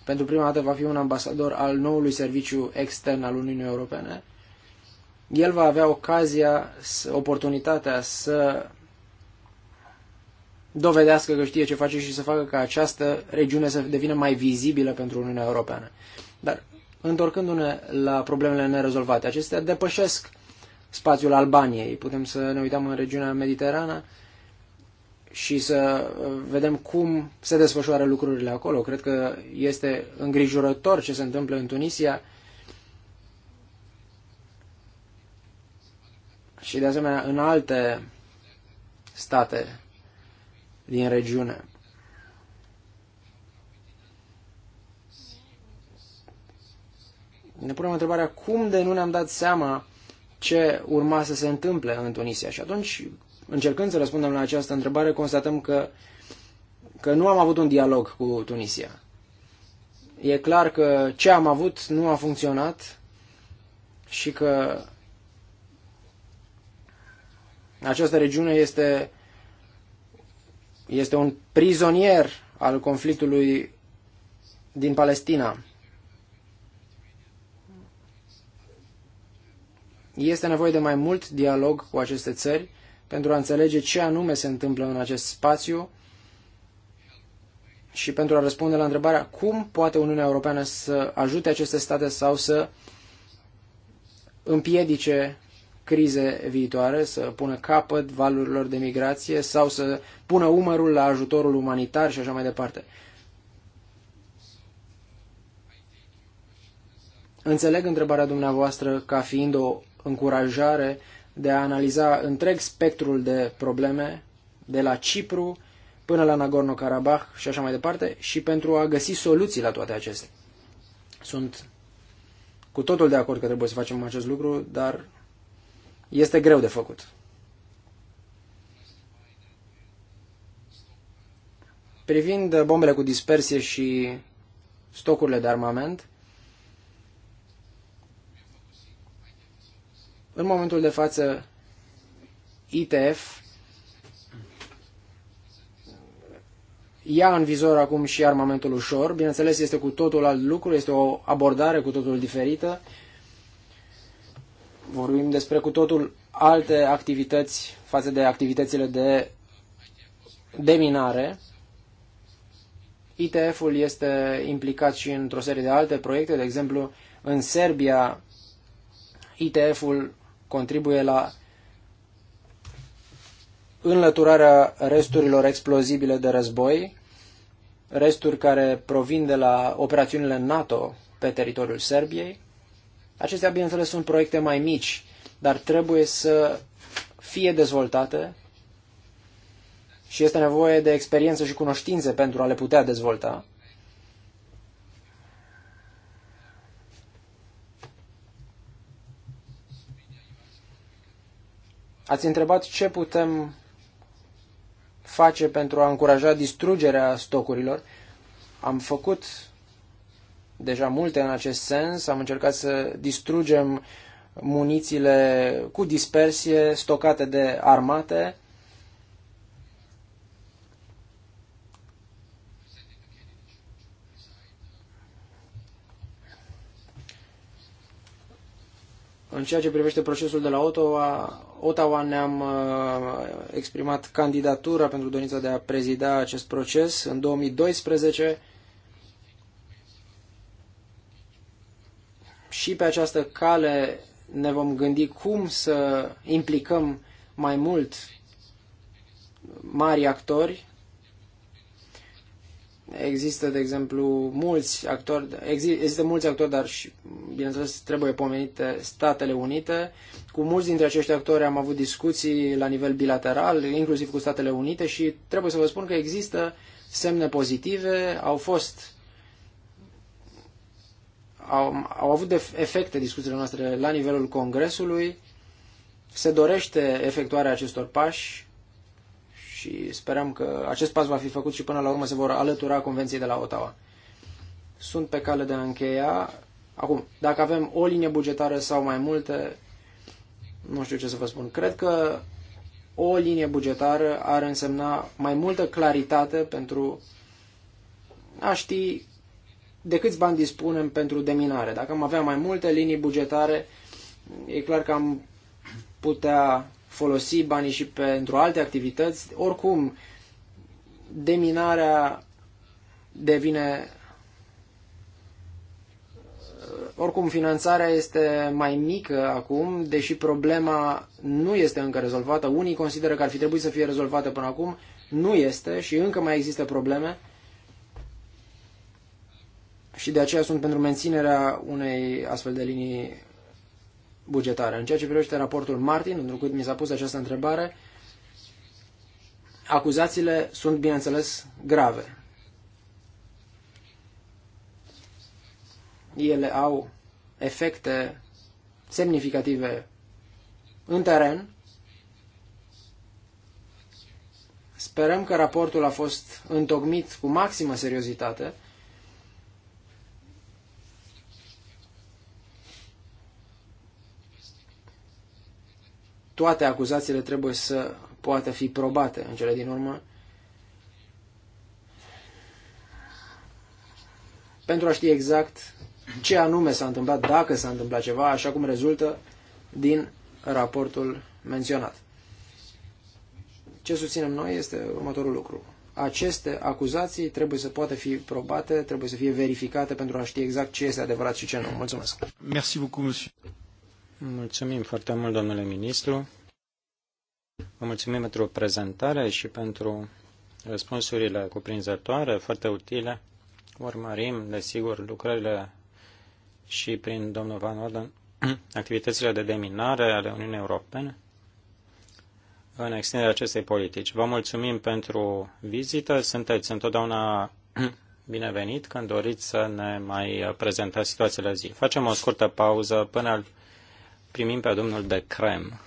Pentru prima dată va fi un ambasador al noului serviciu extern al Uniunii Europene. El va avea ocazia, oportunitatea să dovedească că știe ce face și să facă ca această regiune să devină mai vizibilă pentru Uniunea Europeană. Dar întorcându-ne la problemele nerezolvate. Acestea depășesc spațiul Albaniei. Putem să ne uităm în regiunea mediterană și să uh, vedem cum se desfășoară lucrurile acolo. Cred că este îngrijorător ce se întâmplă în Tunisia și de asemenea în alte state din regiune. ne punem întrebarea cum de nu ne-am dat seama ce urma să se întâmple în Tunisia. Și atunci, încercând să răspundem la această întrebare, constatăm că, că nu am avut un dialog cu Tunisia. E clar că ce am avut nu a funcționat și că această regiune este, este un prizonier al conflictului din Palestina. Este nevoie de mai mult dialog cu aceste țări pentru a înțelege ce anume se întâmplă în acest spațiu și pentru a răspunde la întrebarea cum poate Uniunea Europeană să ajute aceste state sau să împiedice crize viitoare, să pună capăt valurilor de migrație sau să pună umărul la ajutorul umanitar și așa mai departe. Înțeleg întrebarea dumneavoastră ca fiind o încurajare de a analiza întreg spectrul de probleme, de la Cipru până la Nagorno-Karabakh și așa mai departe, și pentru a găsi soluții la toate acestea. Sunt cu totul de acord că trebuie să facem acest lucru, dar este greu de făcut. Privind bombele cu dispersie și stocurile de armament, În momentul de față, ITF ia în vizor acum și armamentul ușor. Bineînțeles, este cu totul alt lucru, este o abordare cu totul diferită. Vorbim despre cu totul alte activități față de activitățile de deminare. ITF-ul este implicat și într-o serie de alte proiecte, de exemplu, în Serbia ITF-ul contribuie la înlăturarea resturilor explozibile de război, resturi care provin de la operațiunile NATO pe teritoriul Serbiei. Acestea, bineînțeles, sunt proiecte mai mici, dar trebuie să fie dezvoltate și este nevoie de experiență și cunoștințe pentru a le putea dezvolta. Ați întrebat ce putem face pentru a încuraja distrugerea stocurilor. Am făcut deja multe în acest sens. Am încercat să distrugem munițiile cu dispersie stocate de armate. În ceea ce privește procesul de la Ottawa, Ottawa ne-am uh, exprimat candidatura pentru dorința de a prezida acest proces în 2012 și pe această cale ne vom gândi cum să implicăm mai mult mari actori Există, de exemplu, mulți actori, există mulți actori, dar și, bineînțeles, trebuie pomenite Statele Unite. Cu mulți dintre acești actori am avut discuții la nivel bilateral, inclusiv cu Statele Unite și trebuie să vă spun că există semne pozitive, au fost au, au avut efecte discuțiile noastre la nivelul Congresului. Se dorește efectuarea acestor pași și sperăm că acest pas va fi făcut și până la urmă se vor alătura Convenției de la Ottawa. Sunt pe cale de a încheia. Acum, dacă avem o linie bugetară sau mai multe, nu știu ce să vă spun. Cred că o linie bugetară ar însemna mai multă claritate pentru a ști de câți bani dispunem pentru deminare. Dacă am avea mai multe linii bugetare, e clar că am putea folosi banii și pentru alte activități. Oricum, deminarea devine oricum, finanțarea este mai mică acum, deși problema nu este încă rezolvată. Unii consideră că ar fi trebuit să fie rezolvată până acum. Nu este și încă mai există probleme. Și de aceea sunt pentru menținerea unei astfel de linii bugetară. În ceea ce privește raportul Martin, pentru că mi s-a pus această întrebare, acuzațiile sunt, bineînțeles, grave. Ele au efecte semnificative în teren. Sperăm că raportul a fost întocmit cu maximă seriozitate toate acuzațiile trebuie să poată fi probate în cele din urmă. Pentru a ști exact ce anume s-a întâmplat, dacă s-a întâmplat ceva, așa cum rezultă din raportul menționat. Ce susținem noi este următorul lucru. Aceste acuzații trebuie să poată fi probate, trebuie să fie verificate pentru a ști exact ce este adevărat și ce nu. Mulțumesc. Merci beaucoup, monsieur. Mulțumim foarte mult, domnule ministru. Vă mulțumim pentru prezentare și pentru răspunsurile cuprinzătoare, foarte utile. Urmărim, desigur, lucrările și prin domnul Van Orden, *clears throat* activitățile de deminare ale Uniunii Europene în extinderea acestei politici. Vă mulțumim pentru vizită. Sunteți întotdeauna *clears throat* binevenit când doriți să ne mai prezentați situația zi. Facem o scurtă pauză până primim pe domnul de Crem.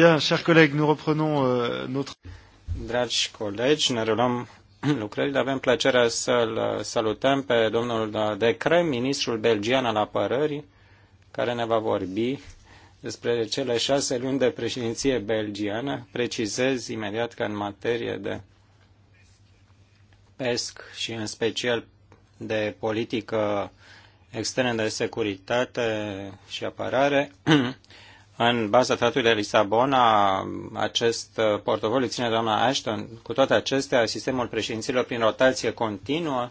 Bien, chers collègues, nous reprenons euh, notre... Dragi colegi, ne reluăm *clears throat* lucrările. Avem plăcerea să-l uh, salutăm pe domnul uh, De Crem, ministrul belgian al apărării, care ne va vorbi despre cele șase luni de președinție belgiană. Precizez imediat că în materie de pesc și în special de politică externă de securitate și apărare, *clears throat* În baza tratului de Lisabona, acest uh, portofoliu ține doamna Ashton. Cu toate acestea, sistemul președinților prin rotație continuă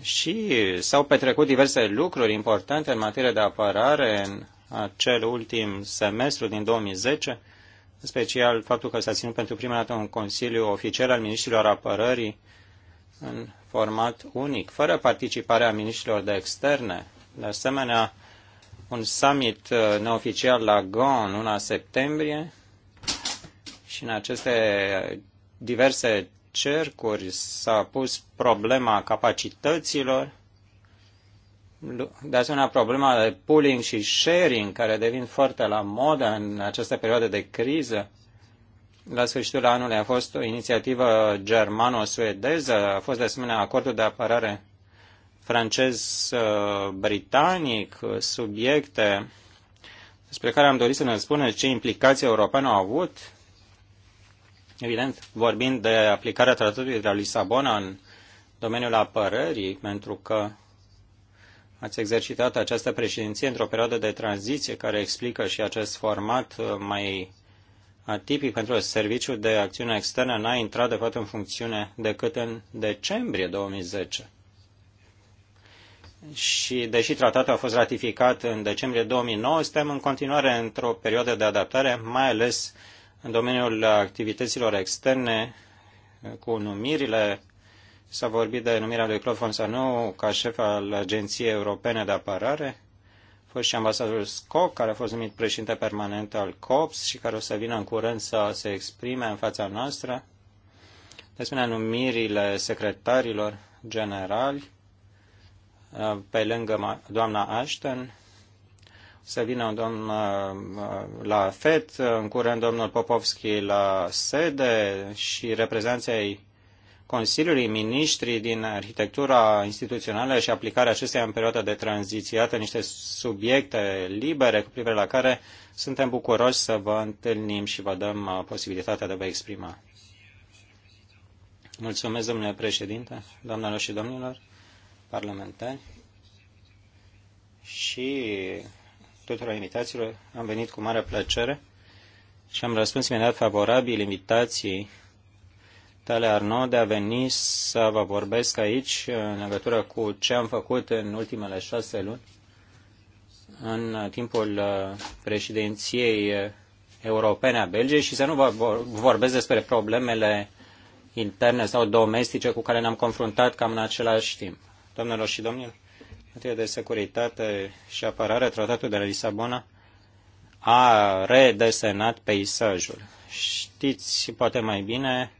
și s-au petrecut diverse lucruri importante în materie de apărare în acel ultim semestru din 2010, în special faptul că s-a ținut pentru prima dată un Consiliu Oficial al Ministrilor Apărării în format unic, fără participarea ministrilor de externe. De asemenea, un summit uh, neoficial la GON luna septembrie și în aceste diverse cercuri s-a pus problema capacităților, de asemenea problema de pooling și sharing care devin foarte la modă în această perioadă de criză. La sfârșitul anului a fost o inițiativă germano-suedeză, a fost de asemenea acordul de apărare francez-britanic, uh, uh, subiecte despre care am dorit să ne spuneți ce implicații europene au avut, evident, vorbind de aplicarea tratatului de la Lisabona în domeniul apărării, pentru că ați exercitat această președinție într-o perioadă de tranziție care explică și acest format uh, mai atipic pentru serviciul de acțiune externă n-a intrat de fapt în funcțiune decât în decembrie 2010 și deși tratatul a fost ratificat în decembrie 2009, suntem în continuare într-o perioadă de adaptare, mai ales în domeniul activităților externe, cu numirile. S-a vorbit de numirea lui Claude Fonsanu ca șef al Agenției Europene de Apărare, a fost și ambasadorul Scoc, care a fost numit președinte permanent al COPS și care o să vină în curând să se exprime în fața noastră. De asemenea, numirile secretarilor generali Uh, pe lângă doamna Ashton, să vină un domn uh, uh, la FED, în curând domnul Popovski la sede și reprezenții Consiliului Ministrii din arhitectura instituțională și aplicarea acesteia în perioada de tranziție. Iată niște subiecte libere cu privire la care suntem bucuroși să vă întâlnim și vă dăm posibilitatea de a vă exprima. Mulțumesc, domnule președinte, doamnelor și domnilor parlamentari și tuturor invitațiilor. Am venit cu mare plăcere și am răspuns imediat favorabil invitației tale, Arno, de a veni să vă vorbesc aici în legătură cu ce am făcut în ultimele șase luni în timpul uh, președinției uh, europene a Belgiei și să nu vă vorbesc despre problemele interne sau domestice cu care ne-am confruntat cam în același timp. Doamnelor și domnilor, materie de securitate și apărare, tratatul de la Lisabona a redesenat peisajul. Știți poate mai bine,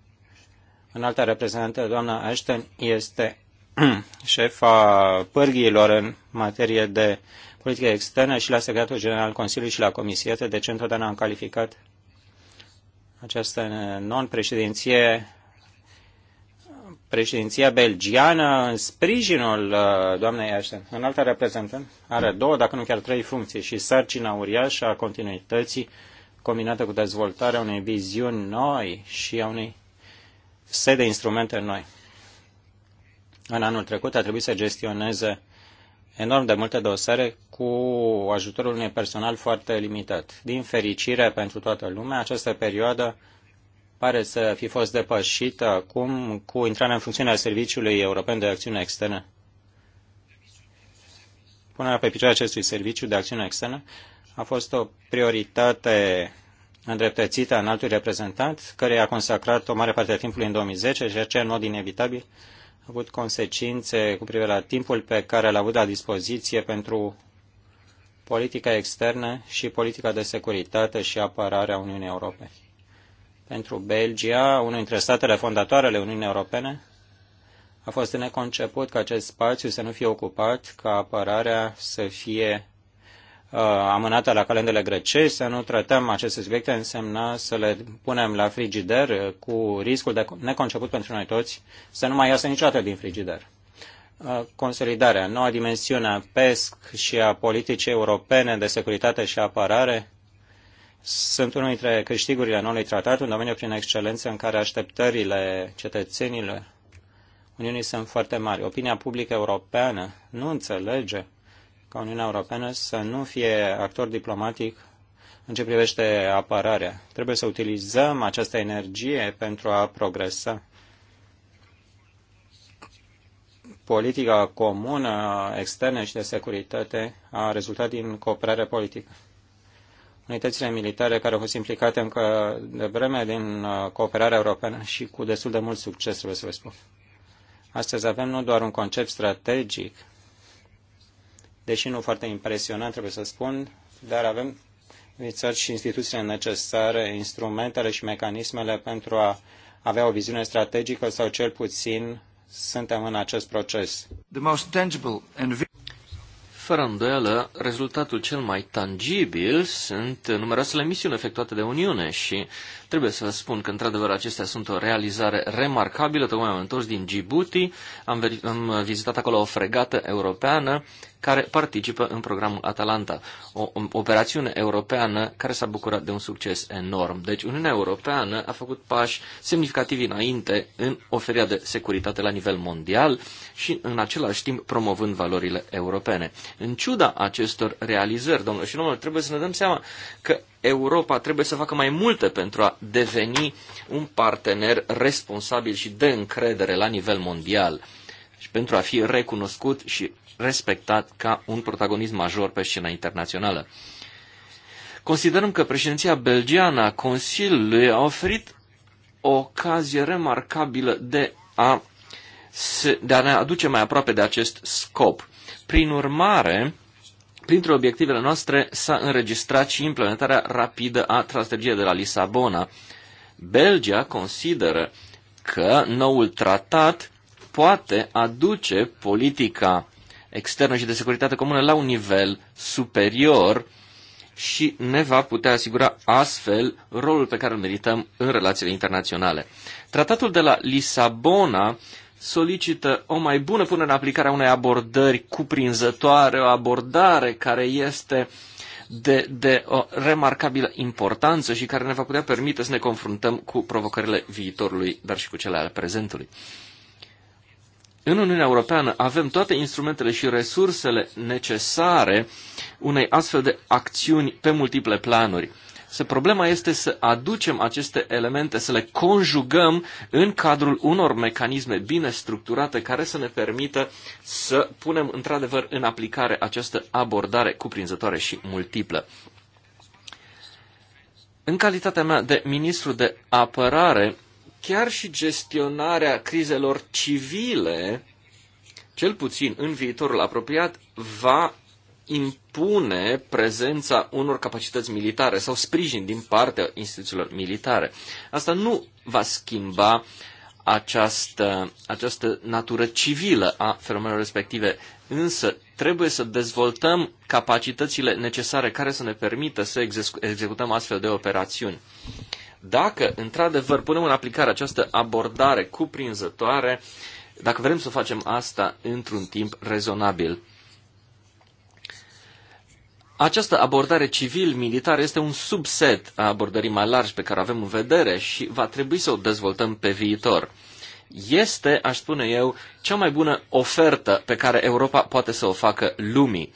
în alta reprezentantă, doamna Ashton, este *clears throat* șefa pârghiilor în materie de politică externă și la Secretul General al Consiliului și la Comisie. de ce întotdeauna am calificat această non-președinție președinția belgiană în sprijinul uh, doamnei Ashton. În alta reprezentant are două, dacă nu chiar trei funcții și sarcina uriașă a continuității combinată cu dezvoltarea unei viziuni noi și a unei set de instrumente noi. În anul trecut a trebuit să gestioneze enorm de multe dosare cu ajutorul unui personal foarte limitat. Din fericire pentru toată lumea, această perioadă pare să fi fost depășită acum cu intrarea în funcțiune a Serviciului European de Acțiune Externă. Punerea pe picioare acestui serviciu de acțiune externă a fost o prioritate îndreptățită în altul reprezentant, care a consacrat o mare parte a timpului în 2010, ceea ce în mod inevitabil a avut consecințe cu privire la timpul pe care l-a avut la dispoziție pentru politica externă și politica de securitate și apărare a Uniunii Europene pentru Belgia, unul dintre statele fondatoare ale Uniunii Europene, a fost neconceput ca acest spațiu să nu fie ocupat, ca apărarea să fie uh, amânată la calendele grecești, să nu tratăm aceste subiecte, însemna să le punem la frigider uh, cu riscul de neconceput pentru noi toți să nu mai iasă niciodată din frigider. Uh, consolidarea, noua dimensiune a PESC și a politicii europene de securitate și apărare sunt unul dintre câștigurile noului tratat, un domeniu prin excelență în care așteptările cetățenilor Uniunii sunt foarte mari. Opinia publică europeană nu înțelege ca Uniunea Europeană să nu fie actor diplomatic în ce privește apărarea. Trebuie să utilizăm această energie pentru a progresa. Politica comună externă și de securitate a rezultat din cooperare politică unitățile militare care au fost implicate încă de vreme din uh, cooperarea europeană și cu destul de mult succes, trebuie să vă spun. Astăzi avem nu doar un concept strategic, deși nu foarte impresionant, trebuie să spun, dar avem țări și instituțiile necesare, instrumentele și mecanismele pentru a avea o viziune strategică sau cel puțin suntem în acest proces. Fără îndoială, rezultatul cel mai tangibil sunt numeroasele misiuni efectuate de Uniune și Trebuie să vă spun că, într-adevăr, acestea sunt o realizare remarcabilă. Tocmai am întors din Djibouti, am, am vizitat acolo o fregată europeană care participă în programul Atalanta, o operațiune europeană care s-a bucurat de un succes enorm. Deci Uniunea Europeană a făcut pași semnificativi înainte în oferirea de securitate la nivel mondial și în același timp promovând valorile europene. În ciuda acestor realizări, domnule și domnule, trebuie să ne dăm seama că Europa trebuie să facă mai multe pentru a deveni un partener responsabil și de încredere la nivel mondial și pentru a fi recunoscut și respectat ca un protagonist major pe scena internațională. Considerăm că președinția belgiană a Consiliului a oferit o ocazie remarcabilă de a, de a ne aduce mai aproape de acest scop. Prin urmare, Printre obiectivele noastre s-a înregistrat și implementarea rapidă a strategiei de la Lisabona. Belgia consideră că noul tratat poate aduce politica externă și de securitate comună la un nivel superior și ne va putea asigura astfel rolul pe care îl merităm în relațiile internaționale. Tratatul de la Lisabona solicită o mai bună punere în aplicare a unei abordări cuprinzătoare, o abordare care este de, de o remarcabilă importanță și care ne va putea permite să ne confruntăm cu provocările viitorului, dar și cu cele ale prezentului. În Uniunea Europeană avem toate instrumentele și resursele necesare unei astfel de acțiuni pe multiple planuri. Se problema este să aducem aceste elemente, să le conjugăm în cadrul unor mecanisme bine structurate care să ne permită să punem într-adevăr în aplicare această abordare cuprinzătoare și multiplă. În calitatea mea de ministru de apărare, chiar și gestionarea crizelor civile, cel puțin în viitorul apropiat, va presupune prezența unor capacități militare sau sprijin din partea instituțiilor militare. Asta nu va schimba această, această natură civilă a fenomenelor respective, însă trebuie să dezvoltăm capacitățile necesare care să ne permită să executăm astfel de operațiuni. Dacă, într-adevăr, punem în aplicare această abordare cuprinzătoare, dacă vrem să facem asta într-un timp rezonabil. Această abordare civil-militară este un subset a abordării mai largi pe care o avem în vedere și va trebui să o dezvoltăm pe viitor. Este, aș spune eu, cea mai bună ofertă pe care Europa poate să o facă lumii.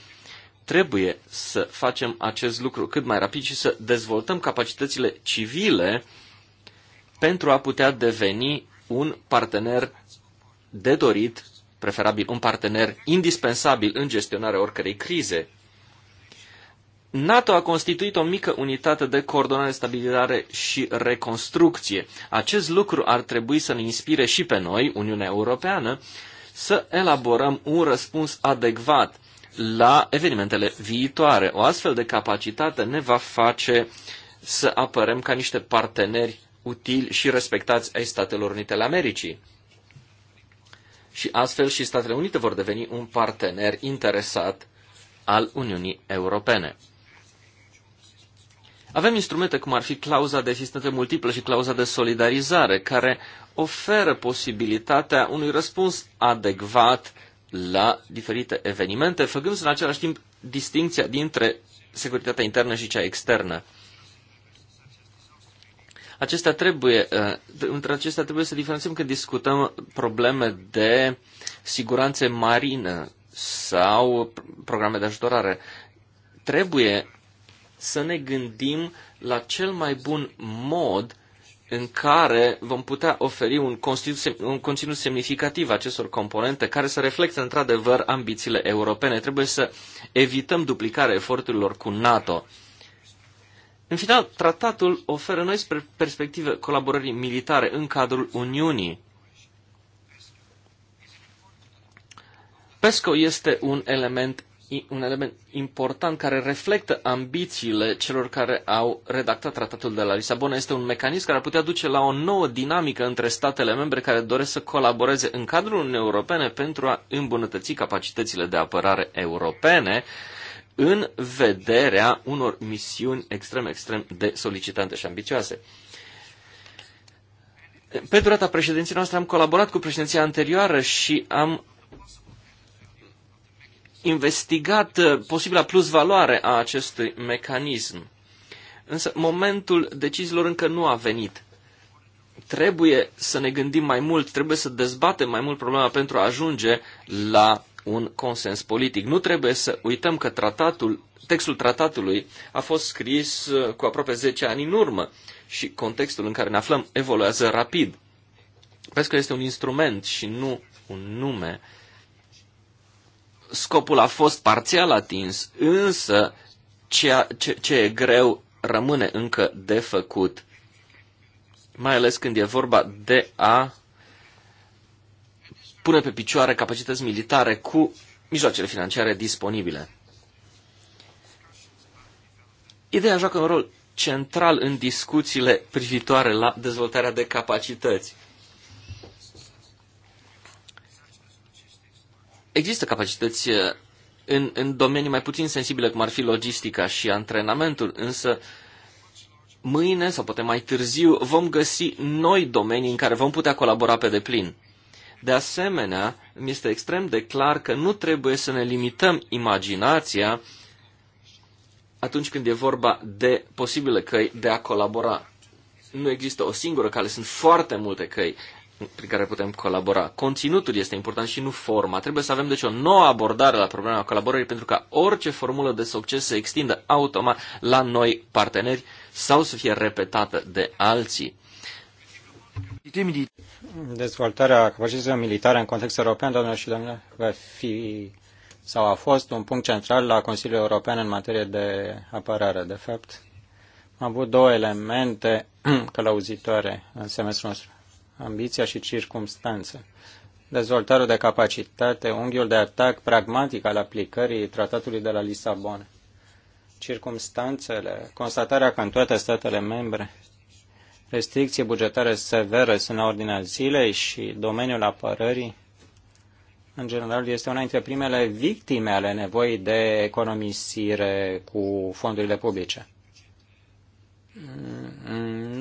Trebuie să facem acest lucru cât mai rapid și să dezvoltăm capacitățile civile pentru a putea deveni un partener de dorit, preferabil un partener indispensabil în gestionarea oricărei crize NATO a constituit o mică unitate de coordonare, stabilizare și reconstrucție. Acest lucru ar trebui să ne inspire și pe noi, Uniunea Europeană, să elaborăm un răspuns adecvat la evenimentele viitoare. O astfel de capacitate ne va face să apărăm ca niște parteneri utili și respectați ai Statelor Unite ale Americii. Și astfel și Statele Unite vor deveni un partener interesat al Uniunii Europene. Avem instrumente cum ar fi clauza de asistență multiplă și clauza de solidarizare, care oferă posibilitatea unui răspuns adecvat la diferite evenimente, făcând în același timp distinția dintre securitatea internă și cea externă. Acestea trebuie, eh, între acestea trebuie să diferențiem când discutăm probleme de siguranță marină sau programe de ajutorare. Trebuie să ne gândim la cel mai bun mod în care vom putea oferi un conținut, un conținut semnificativ acestor componente care să reflecte într-adevăr ambițiile europene. Trebuie să evităm duplicarea eforturilor cu NATO. În final, tratatul oferă noi spre perspective colaborării militare în cadrul Uniunii. PESCO este un element un element important care reflectă ambițiile celor care au redactat tratatul de la Lisabona. Este un mecanism care ar putea duce la o nouă dinamică între statele membre care doresc să colaboreze în cadrul Uniunii Europene pentru a îmbunătăți capacitățile de apărare europene în vederea unor misiuni extrem, extrem de solicitante și ambițioase. Pe durata președinției noastre am colaborat cu președinția anterioară și am investigat uh, posibila plusvaloare a acestui mecanism. Însă momentul deciziilor încă nu a venit. Trebuie să ne gândim mai mult, trebuie să dezbatem mai mult problema pentru a ajunge la un consens politic. Nu trebuie să uităm că tratatul, textul tratatului a fost scris uh, cu aproape 10 ani în urmă și contextul în care ne aflăm evoluează rapid. Pesca este un instrument și nu un nume scopul a fost parțial atins, însă ceea ce, ce e greu rămâne încă de făcut, mai ales când e vorba de a pune pe picioare capacități militare cu mijloacele financiare disponibile. Ideea joacă un rol central în discuțiile privitoare la dezvoltarea de capacități. Există capacități uh, în, în domenii mai puțin sensibile, cum ar fi logistica și antrenamentul, însă mâine sau poate mai târziu vom găsi noi domenii în care vom putea colabora pe deplin. De asemenea, mi este extrem de clar că nu trebuie să ne limităm imaginația atunci când e vorba de posibile căi de a colabora. Nu există o singură cale, sunt foarte multe căi prin care putem colabora. Conținutul este important și nu forma. Trebuie să avem deci o nouă abordare la problema colaborării pentru ca orice formulă de succes să extindă automat la noi parteneri sau să fie repetată de alții. Dezvoltarea capacităților militare în context european, doamnelor și domnilor, va fi sau a fost un punct central la Consiliul European în materie de apărare. De fapt, am avut două elemente *clears throat* călăuzitoare în semestrul nostru ambiția și circumstanță. Dezvoltarea de capacitate, unghiul de atac pragmatic al aplicării tratatului de la Lisabon. Circumstanțele, constatarea că în toate statele membre restricții bugetare severe sunt la ordinea zilei și domeniul apărării, în general, este una dintre primele victime ale nevoii de economisire cu fondurile publice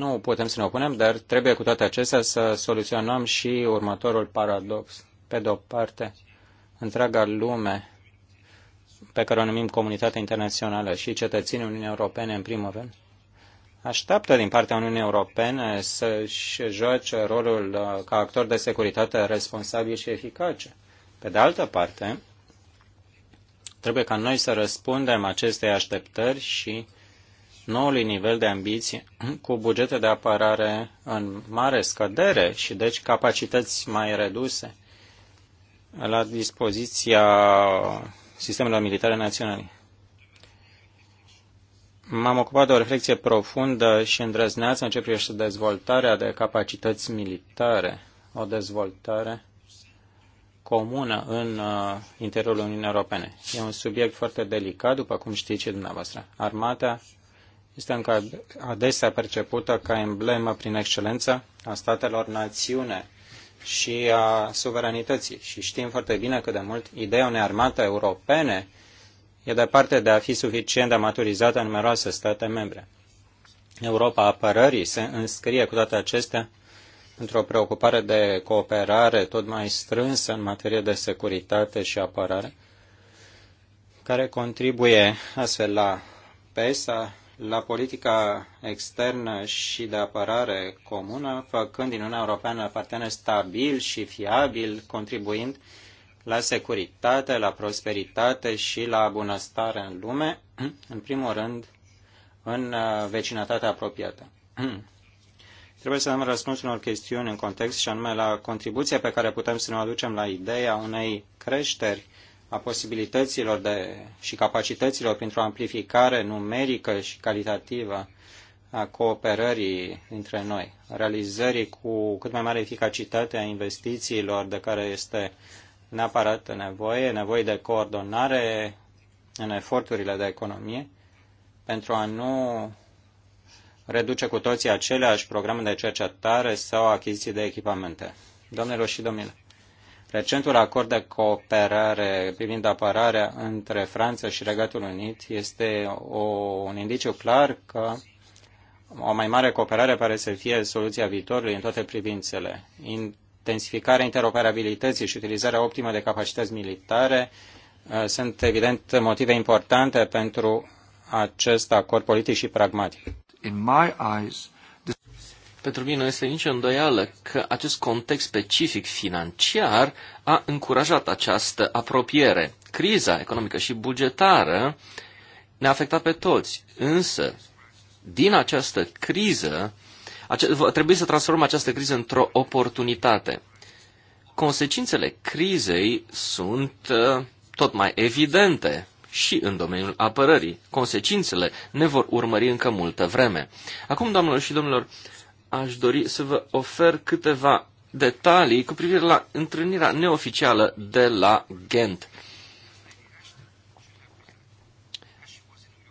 nu putem să ne opunem, dar trebuie cu toate acestea să soluționăm și următorul paradox. Pe de o parte, întreaga lume pe care o numim comunitatea internațională și cetățenii Uniunii Europene în primul rând, așteaptă din partea Uniunii Europene să-și joace rolul uh, ca actor de securitate responsabil și eficace. Pe de altă parte, trebuie ca noi să răspundem acestei așteptări și noului nivel de ambiții cu bugete de apărare în mare scădere și deci capacități mai reduse la dispoziția sistemelor militare naționale. M-am ocupat de o reflexie profundă și îndrăzneață în ce privește dezvoltarea de capacități militare, o dezvoltare comună în uh, interiorul Uniunii Europene. E un subiect foarte delicat, după cum știți și dumneavoastră. Armata este încă adesea percepută ca emblemă prin excelență a statelor națiune și a suveranității. Și știm foarte bine cât de mult ideea unei armate europene e departe de a fi suficient de maturizată în numeroase state membre. Europa apărării se înscrie cu toate acestea într-o preocupare de cooperare tot mai strânsă în materie de securitate și apărare, care contribuie astfel la PESA la politica externă și de apărare comună, făcând din Uniunea Europeană partener stabil și fiabil, contribuind la securitate, la prosperitate și la bunăstare în lume, *clears throat* în primul rând în uh, vecinătatea apropiată. *clears throat* Trebuie să dăm răspuns unor chestiuni în context și anume la contribuția pe care putem să ne aducem la ideea unei creșteri a posibilităților de, și capacităților pentru o amplificare numerică și calitativă a cooperării între noi, realizării cu cât mai mare eficacitate a investițiilor de care este neapărat nevoie, nevoie de coordonare în eforturile de economie, pentru a nu reduce cu toții aceleași programe de cercetare sau achiziții de echipamente. Doamnelor și domnilor, Recentul acord de cooperare privind apărarea între Franța și Regatul Unit este o, un indiciu clar că o mai mare cooperare pare să fie soluția viitorului în toate privințele. Intensificarea interoperabilității și utilizarea optimă de capacități militare uh, sunt evident motive importante pentru acest acord politic și pragmatic. In my eyes, pentru mine nu este nicio îndoială că acest context specific financiar a încurajat această apropiere. Criza economică și bugetară ne-a afectat pe toți, însă din această criză trebuie să transformăm această criză într-o oportunitate. Consecințele crizei sunt uh, tot mai evidente și în domeniul apărării. Consecințele ne vor urmări încă multă vreme. Acum, doamnelor și domnilor, aș dori să vă ofer câteva detalii cu privire la întâlnirea neoficială de la Ghent.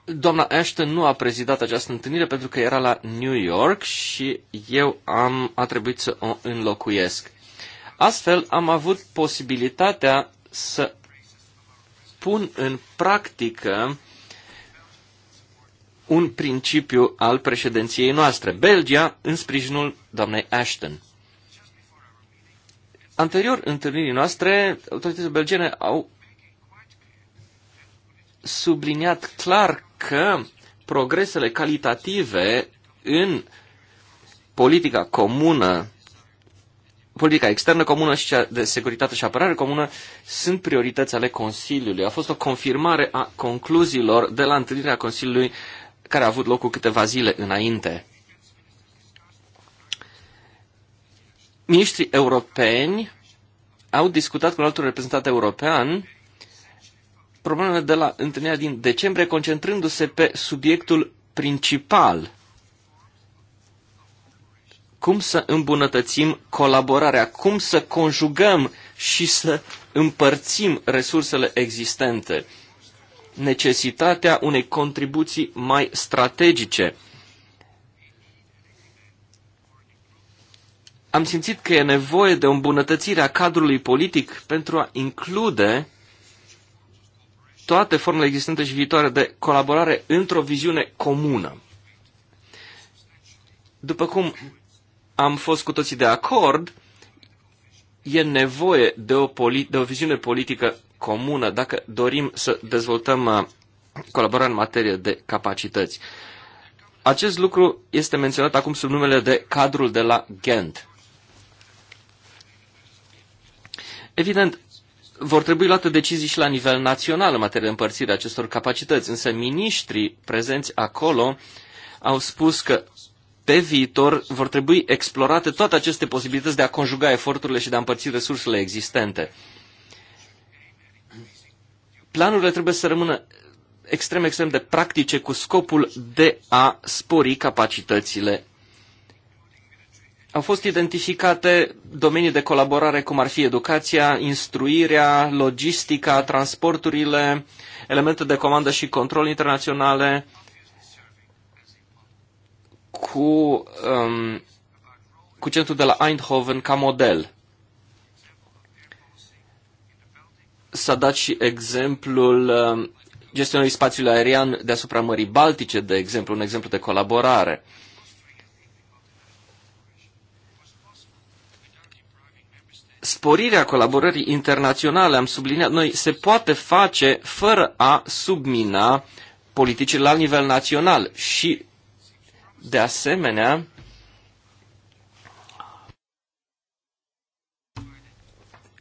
Doamna Ashton nu a prezidat această întâlnire pentru că era la New York și eu am, a trebuit să o înlocuiesc. Astfel am avut posibilitatea să pun în practică un principiu al președinției noastre, Belgia, în sprijinul doamnei Ashton. Anterior întâlnirii noastre, autoritățile belgene au subliniat clar că progresele calitative în politica comună, politica externă comună și cea de securitate și apărare comună sunt priorități ale Consiliului. A fost o confirmare a concluziilor de la întâlnirea Consiliului care a avut loc cu câteva zile înainte. Ministrii europeni au discutat cu un altul reprezentant european problemele de la întâlnirea din decembrie, concentrându-se pe subiectul principal. Cum să îmbunătățim colaborarea, cum să conjugăm și să împărțim resursele existente necesitatea unei contribuții mai strategice. Am simțit că e nevoie de o îmbunătățire a cadrului politic pentru a include toate formele existente și viitoare de colaborare într-o viziune comună. După cum am fost cu toții de acord, e nevoie de o, poli- de o viziune politică comună dacă dorim să dezvoltăm uh, colaborarea în materie de capacități. Acest lucru este menționat acum sub numele de cadrul de la Ghent. Evident, vor trebui luate decizii și la nivel național în materie de împărțire acestor capacități, însă miniștrii prezenți acolo au spus că pe viitor vor trebui explorate toate aceste posibilități de a conjuga eforturile și de a împărți resursele existente. Planurile trebuie să rămână extrem, extrem de practice cu scopul de a spori capacitățile. Au fost identificate domenii de colaborare cum ar fi educația, instruirea, logistica, transporturile, elemente de comandă și control internaționale, cu, um, cu centrul de la Eindhoven ca model. S-a dat și exemplul um, gestionării spațiului aerian deasupra Mării Baltice, de exemplu, un exemplu de colaborare. Sporirea colaborării internaționale, am subliniat noi, se poate face fără a submina politicile la nivel național și, de asemenea,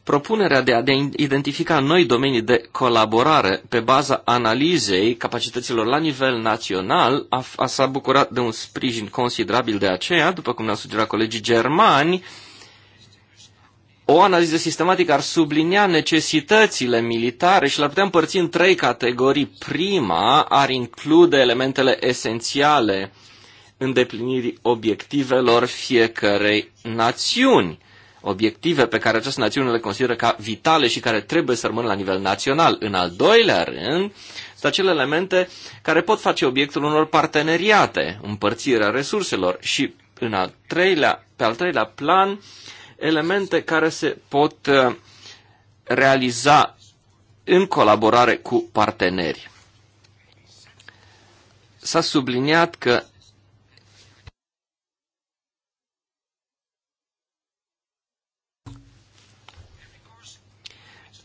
Propunerea de a identifica noi domenii de colaborare pe baza analizei capacităților la nivel național a, a s-a bucurat de un sprijin considerabil de aceea, după cum ne-au sugerat colegii germani, o analiză sistematică ar sublinia necesitățile militare și l-ar putea împărți în trei categorii. Prima ar include elementele esențiale îndeplinirii obiectivelor fiecărei națiuni obiective pe care această națiune le consideră ca vitale și care trebuie să rămână la nivel național. În al doilea rând, sunt acele elemente care pot face obiectul unor parteneriate, împărțirea resurselor și în al treilea, pe al treilea plan, elemente care se pot uh, realiza în colaborare cu parteneri. S-a subliniat că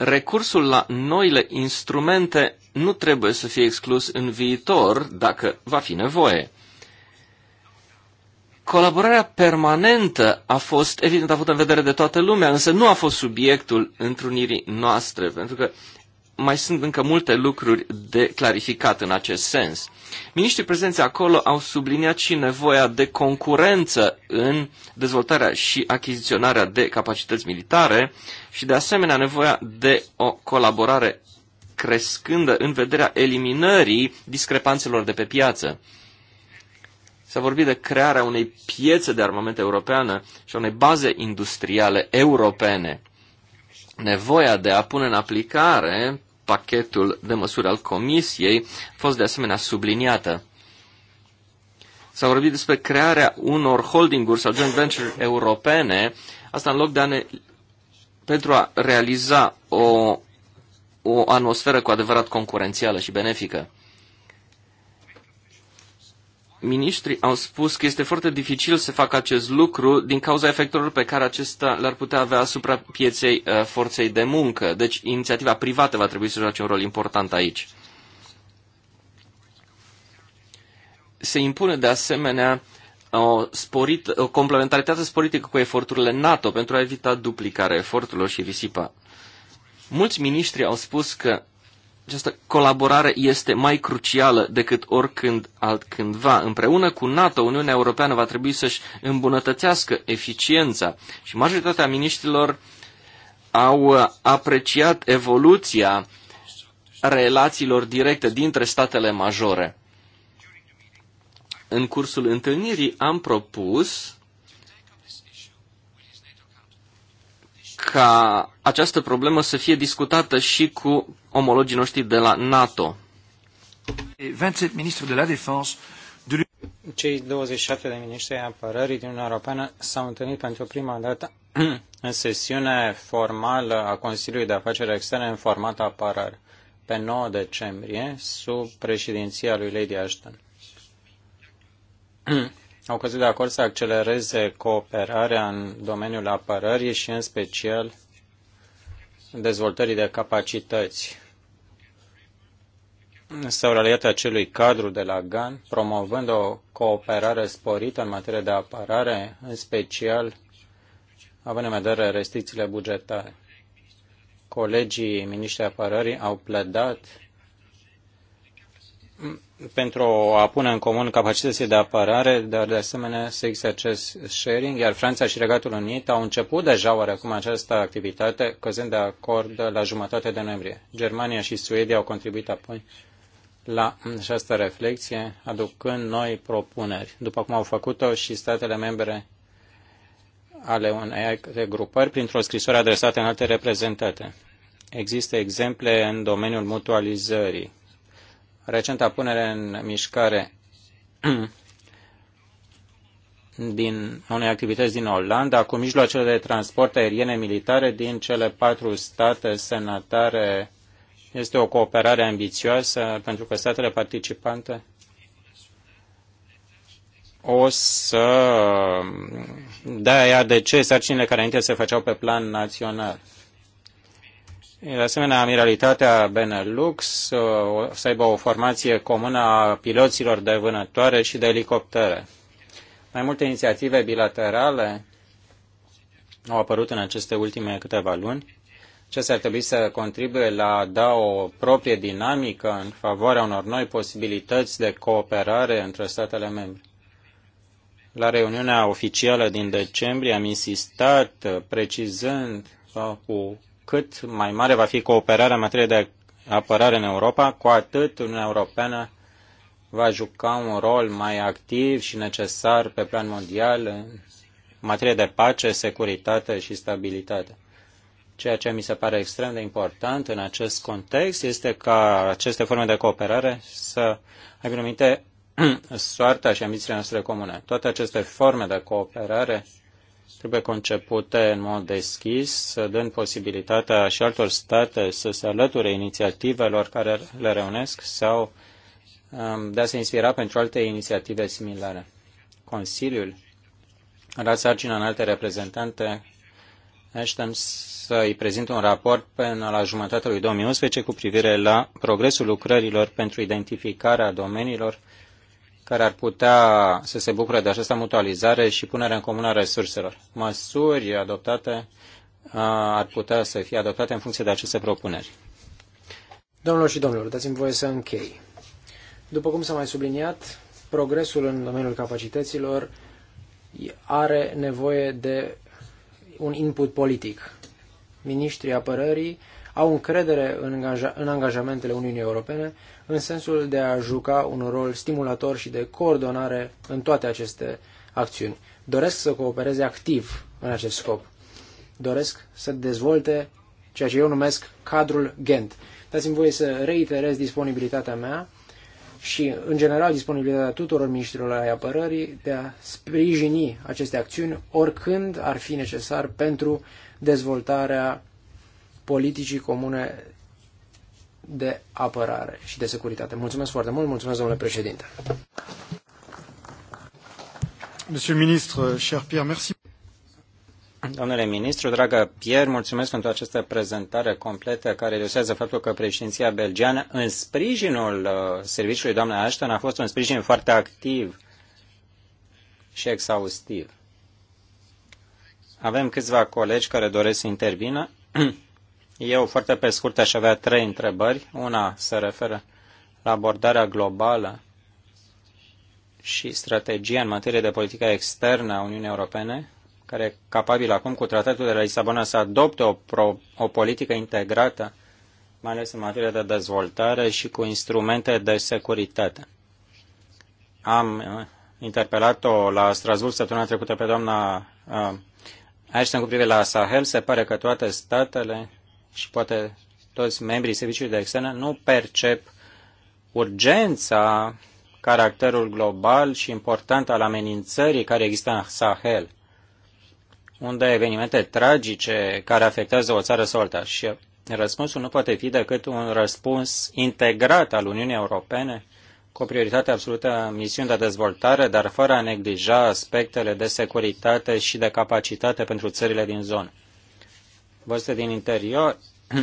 recursul la noile instrumente nu trebuie să fie exclus în viitor, dacă va fi nevoie. Colaborarea permanentă a fost, evident, avută în vedere de toată lumea, însă nu a fost subiectul întrunirii noastre, pentru că mai sunt încă multe lucruri de clarificat în acest sens. Miniștrii prezenți acolo au subliniat și nevoia de concurență în dezvoltarea și achiziționarea de capacități militare și de asemenea nevoia de o colaborare crescândă în vederea eliminării discrepanțelor de pe piață. S-a vorbit de crearea unei piețe de armament europeană și a unei baze industriale europene. Nevoia de a pune în aplicare pachetul de măsuri al Comisiei a fost de asemenea subliniată. S-a vorbit despre crearea unor holdinguri sau joint venture europene, asta în loc de a ne, pentru a realiza o, o atmosferă cu adevărat concurențială și benefică. Ministrii au spus că este foarte dificil să facă acest lucru din cauza efectelor pe care acesta le-ar putea avea asupra pieței uh, forței de muncă. Deci inițiativa privată va trebui să joace un rol important aici. Se impune de asemenea o, sporit, o complementaritate sporită cu eforturile NATO pentru a evita duplicarea eforturilor și risipa. Mulți miniștri au spus că această colaborare este mai crucială decât oricând altcândva. Împreună cu NATO, Uniunea Europeană va trebui să-și îmbunătățească eficiența și majoritatea miniștrilor au apreciat evoluția relațiilor directe dintre statele majore. În cursul întâlnirii am propus ca această problemă să fie discutată și cu omologii noștri de la NATO. 27 de la cei 27 de miniștri ai apărării din Uniunea Europeană s-au întâlnit pentru prima dată *clears throat* în sesiune formală a Consiliului de Afaceri Externe în format apărare pe 9 decembrie sub președinția lui Lady Ashton. *clears throat* au căzut de acord să accelereze cooperarea în domeniul apărării și în special dezvoltării de capacități. S-au realiat acelui cadru de la GAN, promovând o cooperare sporită în materie de apărare, în special având în vedere restricțiile bugetare. Colegii miniștri apărării au pledat pentru a pune în comun capacitățile de apărare, dar de asemenea să există acest sharing, iar Franța și Regatul Unit au început deja oarecum această activitate, căzând de acord la jumătate de noiembrie. Germania și Suedia au contribuit apoi la această reflexie, aducând noi propuneri, după cum au făcut-o și statele membre ale unei regrupări, printr-o scrisoare adresată în alte reprezentate. Există exemple în domeniul mutualizării recenta punere în mișcare *clears throat* din unei activități din Olanda cu mijloacele de transport aeriene militare din cele patru state senatare Este o cooperare ambițioasă pentru că statele participante o să dea de ce sarcinile care înainte se făceau pe plan național. De asemenea, Amiralitatea Benelux o să aibă o formație comună a piloților de vânătoare și de elicoptere. Mai multe inițiative bilaterale au apărut în aceste ultime câteva luni. Ce ar trebui să contribuie la a da o proprie dinamică în favoarea unor noi posibilități de cooperare între statele membre. La reuniunea oficială din decembrie am insistat precizând cu cât mai mare va fi cooperarea în materie de apărare în Europa, cu atât Uniunea Europeană va juca un rol mai activ și necesar pe plan mondial în materie de pace, securitate și stabilitate. Ceea ce mi se pare extrem de important în acest context este ca aceste forme de cooperare să aibă minte *clears throat* soarta și ambițiile noastre comune. Toate aceste forme de cooperare trebuie concepute în mod deschis, dând posibilitatea și altor state să se alăture inițiativelor care le reunesc sau um, de a se inspira pentru alte inițiative similare. Consiliul dat sarcina în alte reprezentante Ashton să îi prezint un raport până la jumătatea lui 2011 cu privire la progresul lucrărilor pentru identificarea domeniilor care ar putea să se bucure de această mutualizare și punerea în comună a resurselor. Măsuri adoptate uh, ar putea să fie adoptate în funcție de aceste propuneri. Domnilor și domnilor, dați-mi voie să închei. După cum s-a mai subliniat, progresul în domeniul capacităților are nevoie de un input politic. Ministrii apărării au încredere în, angaja, în angajamentele Uniunii Europene în sensul de a juca un rol stimulator și de coordonare în toate aceste acțiuni. Doresc să coopereze activ în acest scop. Doresc să dezvolte ceea ce eu numesc cadrul Ghent. Dați-mi voie să reiterez disponibilitatea mea și, în general, disponibilitatea tuturor ministrilor ai apărării de a sprijini aceste acțiuni oricând ar fi necesar pentru dezvoltarea politicii comune de apărare și de securitate. Mulțumesc foarte mult, mulțumesc domnule președinte. Monsieur le ministre, cher Pierre, merci. Domnule ministru, dragă Pierre, mulțumesc pentru această prezentare completă care ilustrează faptul că președinția belgiană, în sprijinul uh, serviciului doamnei Ashton, a fost un sprijin foarte activ și exhaustiv. Avem câțiva colegi care doresc să intervină. *clears throat* Eu, foarte pe scurt, aș avea trei întrebări. Una se referă la abordarea globală și strategia în materie de politică externă a Uniunii Europene, care e capabil acum cu tratatul de la Lisabona să adopte o, pro, o politică integrată, mai ales în materie de dezvoltare și cu instrumente de securitate. Am uh, interpelat-o la Strasburg săptămâna trecută pe doamna uh, Ashton cu privire la Sahel. Se pare că toate statele și poate toți membrii serviciului de externe nu percep urgența, caracterul global și important al amenințării care există în Sahel, unde evenimente tragice care afectează o țară sau Și răspunsul nu poate fi decât un răspuns integrat al Uniunii Europene cu o prioritate absolută a misiuni de dezvoltare, dar fără a neglija aspectele de securitate și de capacitate pentru țările din zonă văzute din interior, *clears throat*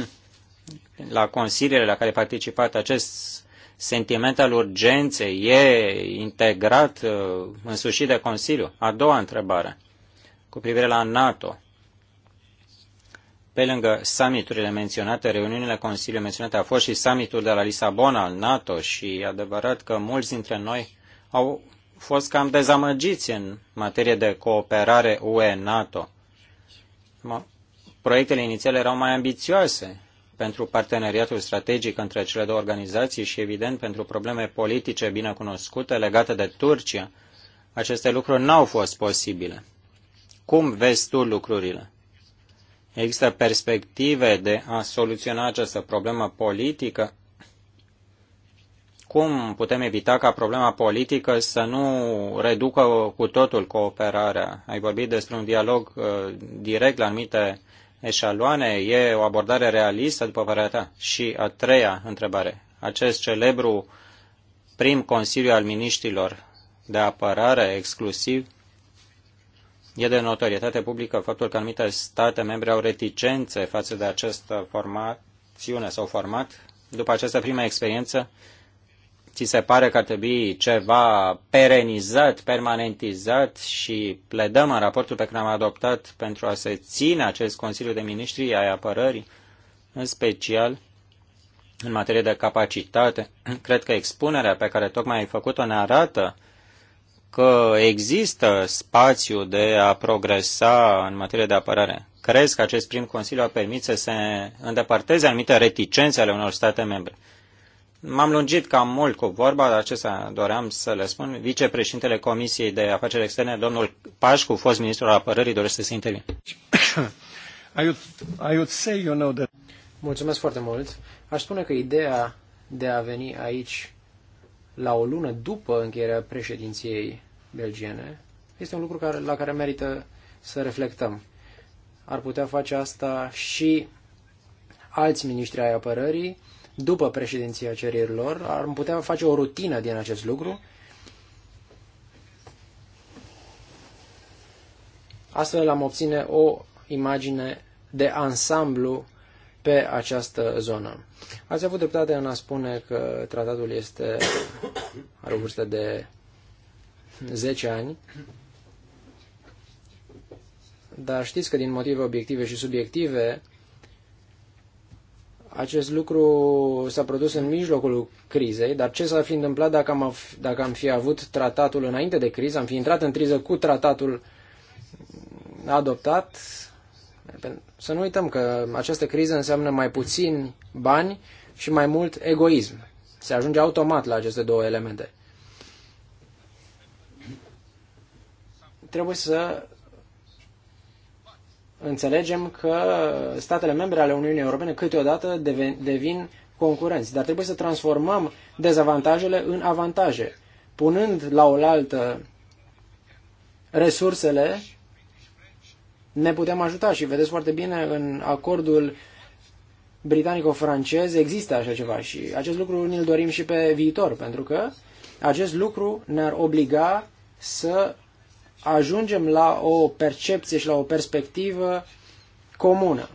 la consiliile la care participat, acest sentiment al urgenței e integrat uh, sfârșit de Consiliu? A doua întrebare, cu privire la NATO. Pe lângă summiturile menționate, reuniunile Consiliului menționate, a fost și summitul de la Lisabona al NATO și e adevărat că mulți dintre noi au fost cam dezamăgiți în materie de cooperare UE-NATO. Proiectele inițiale erau mai ambițioase pentru parteneriatul strategic între cele două organizații și, evident, pentru probleme politice bine cunoscute legate de Turcia. Aceste lucruri n-au fost posibile. Cum vezi tu lucrurile? Există perspective de a soluționa această problemă politică? Cum putem evita ca problema politică să nu reducă cu totul cooperarea? Ai vorbit despre un dialog uh, direct la anumite eșaloane? E o abordare realistă, după părerea ta? Și a treia întrebare. Acest celebru prim Consiliu al Miniștilor de Apărare exclusiv E de notorietate publică faptul că anumite state membre au reticențe față de această formațiune sau format. După această prima experiență, ți se pare că ar trebui ceva perenizat, permanentizat și pledăm în raportul pe care l-am adoptat pentru a se ține acest Consiliu de Ministri ai Apărării, în special în materie de capacitate. *clears throat* Cred că expunerea pe care tocmai ai făcut-o ne arată că există spațiu de a progresa în materie de apărare. Crezi că acest prim Consiliu a permis să se îndepărteze anumite reticențe ale unor state membre? M-am lungit cam mult cu vorba, dar acesta doream să le spun. Vicepreședintele Comisiei de Afaceri Externe, domnul Pașcu, fost ministru al apărării, dorește să intervin. *coughs* Mulțumesc foarte mult. Aș spune că ideea de a veni aici la o lună după încheierea președinției belgiene este un lucru care, la care merită să reflectăm. Ar putea face asta și alți miniștri ai apărării, după președinția cererilor, ar putea face o rutină din acest lucru, Astfel am obține o imagine de ansamblu pe această zonă. Ați avut dreptate în a spune că tratatul este, are o vârstă de 10 ani, dar știți că din motive obiective și subjective, acest lucru s-a produs în mijlocul crizei, dar ce s-ar fi întâmplat dacă am, dacă am fi avut tratatul înainte de criză, am fi intrat în criză cu tratatul adoptat? Să nu uităm că această criză înseamnă mai puțini bani și mai mult egoism. Se ajunge automat la aceste două elemente. Trebuie să înțelegem că statele membre ale Uniunii Europene câteodată devin concurenți, dar trebuie să transformăm dezavantajele în avantaje, punând la oaltă resursele ne putem ajuta și vedeți foarte bine în acordul britanico-francez există așa ceva și acest lucru ne-l dorim și pe viitor, pentru că acest lucru ne-ar obliga să ajungem la o percepție și la o perspectivă comună,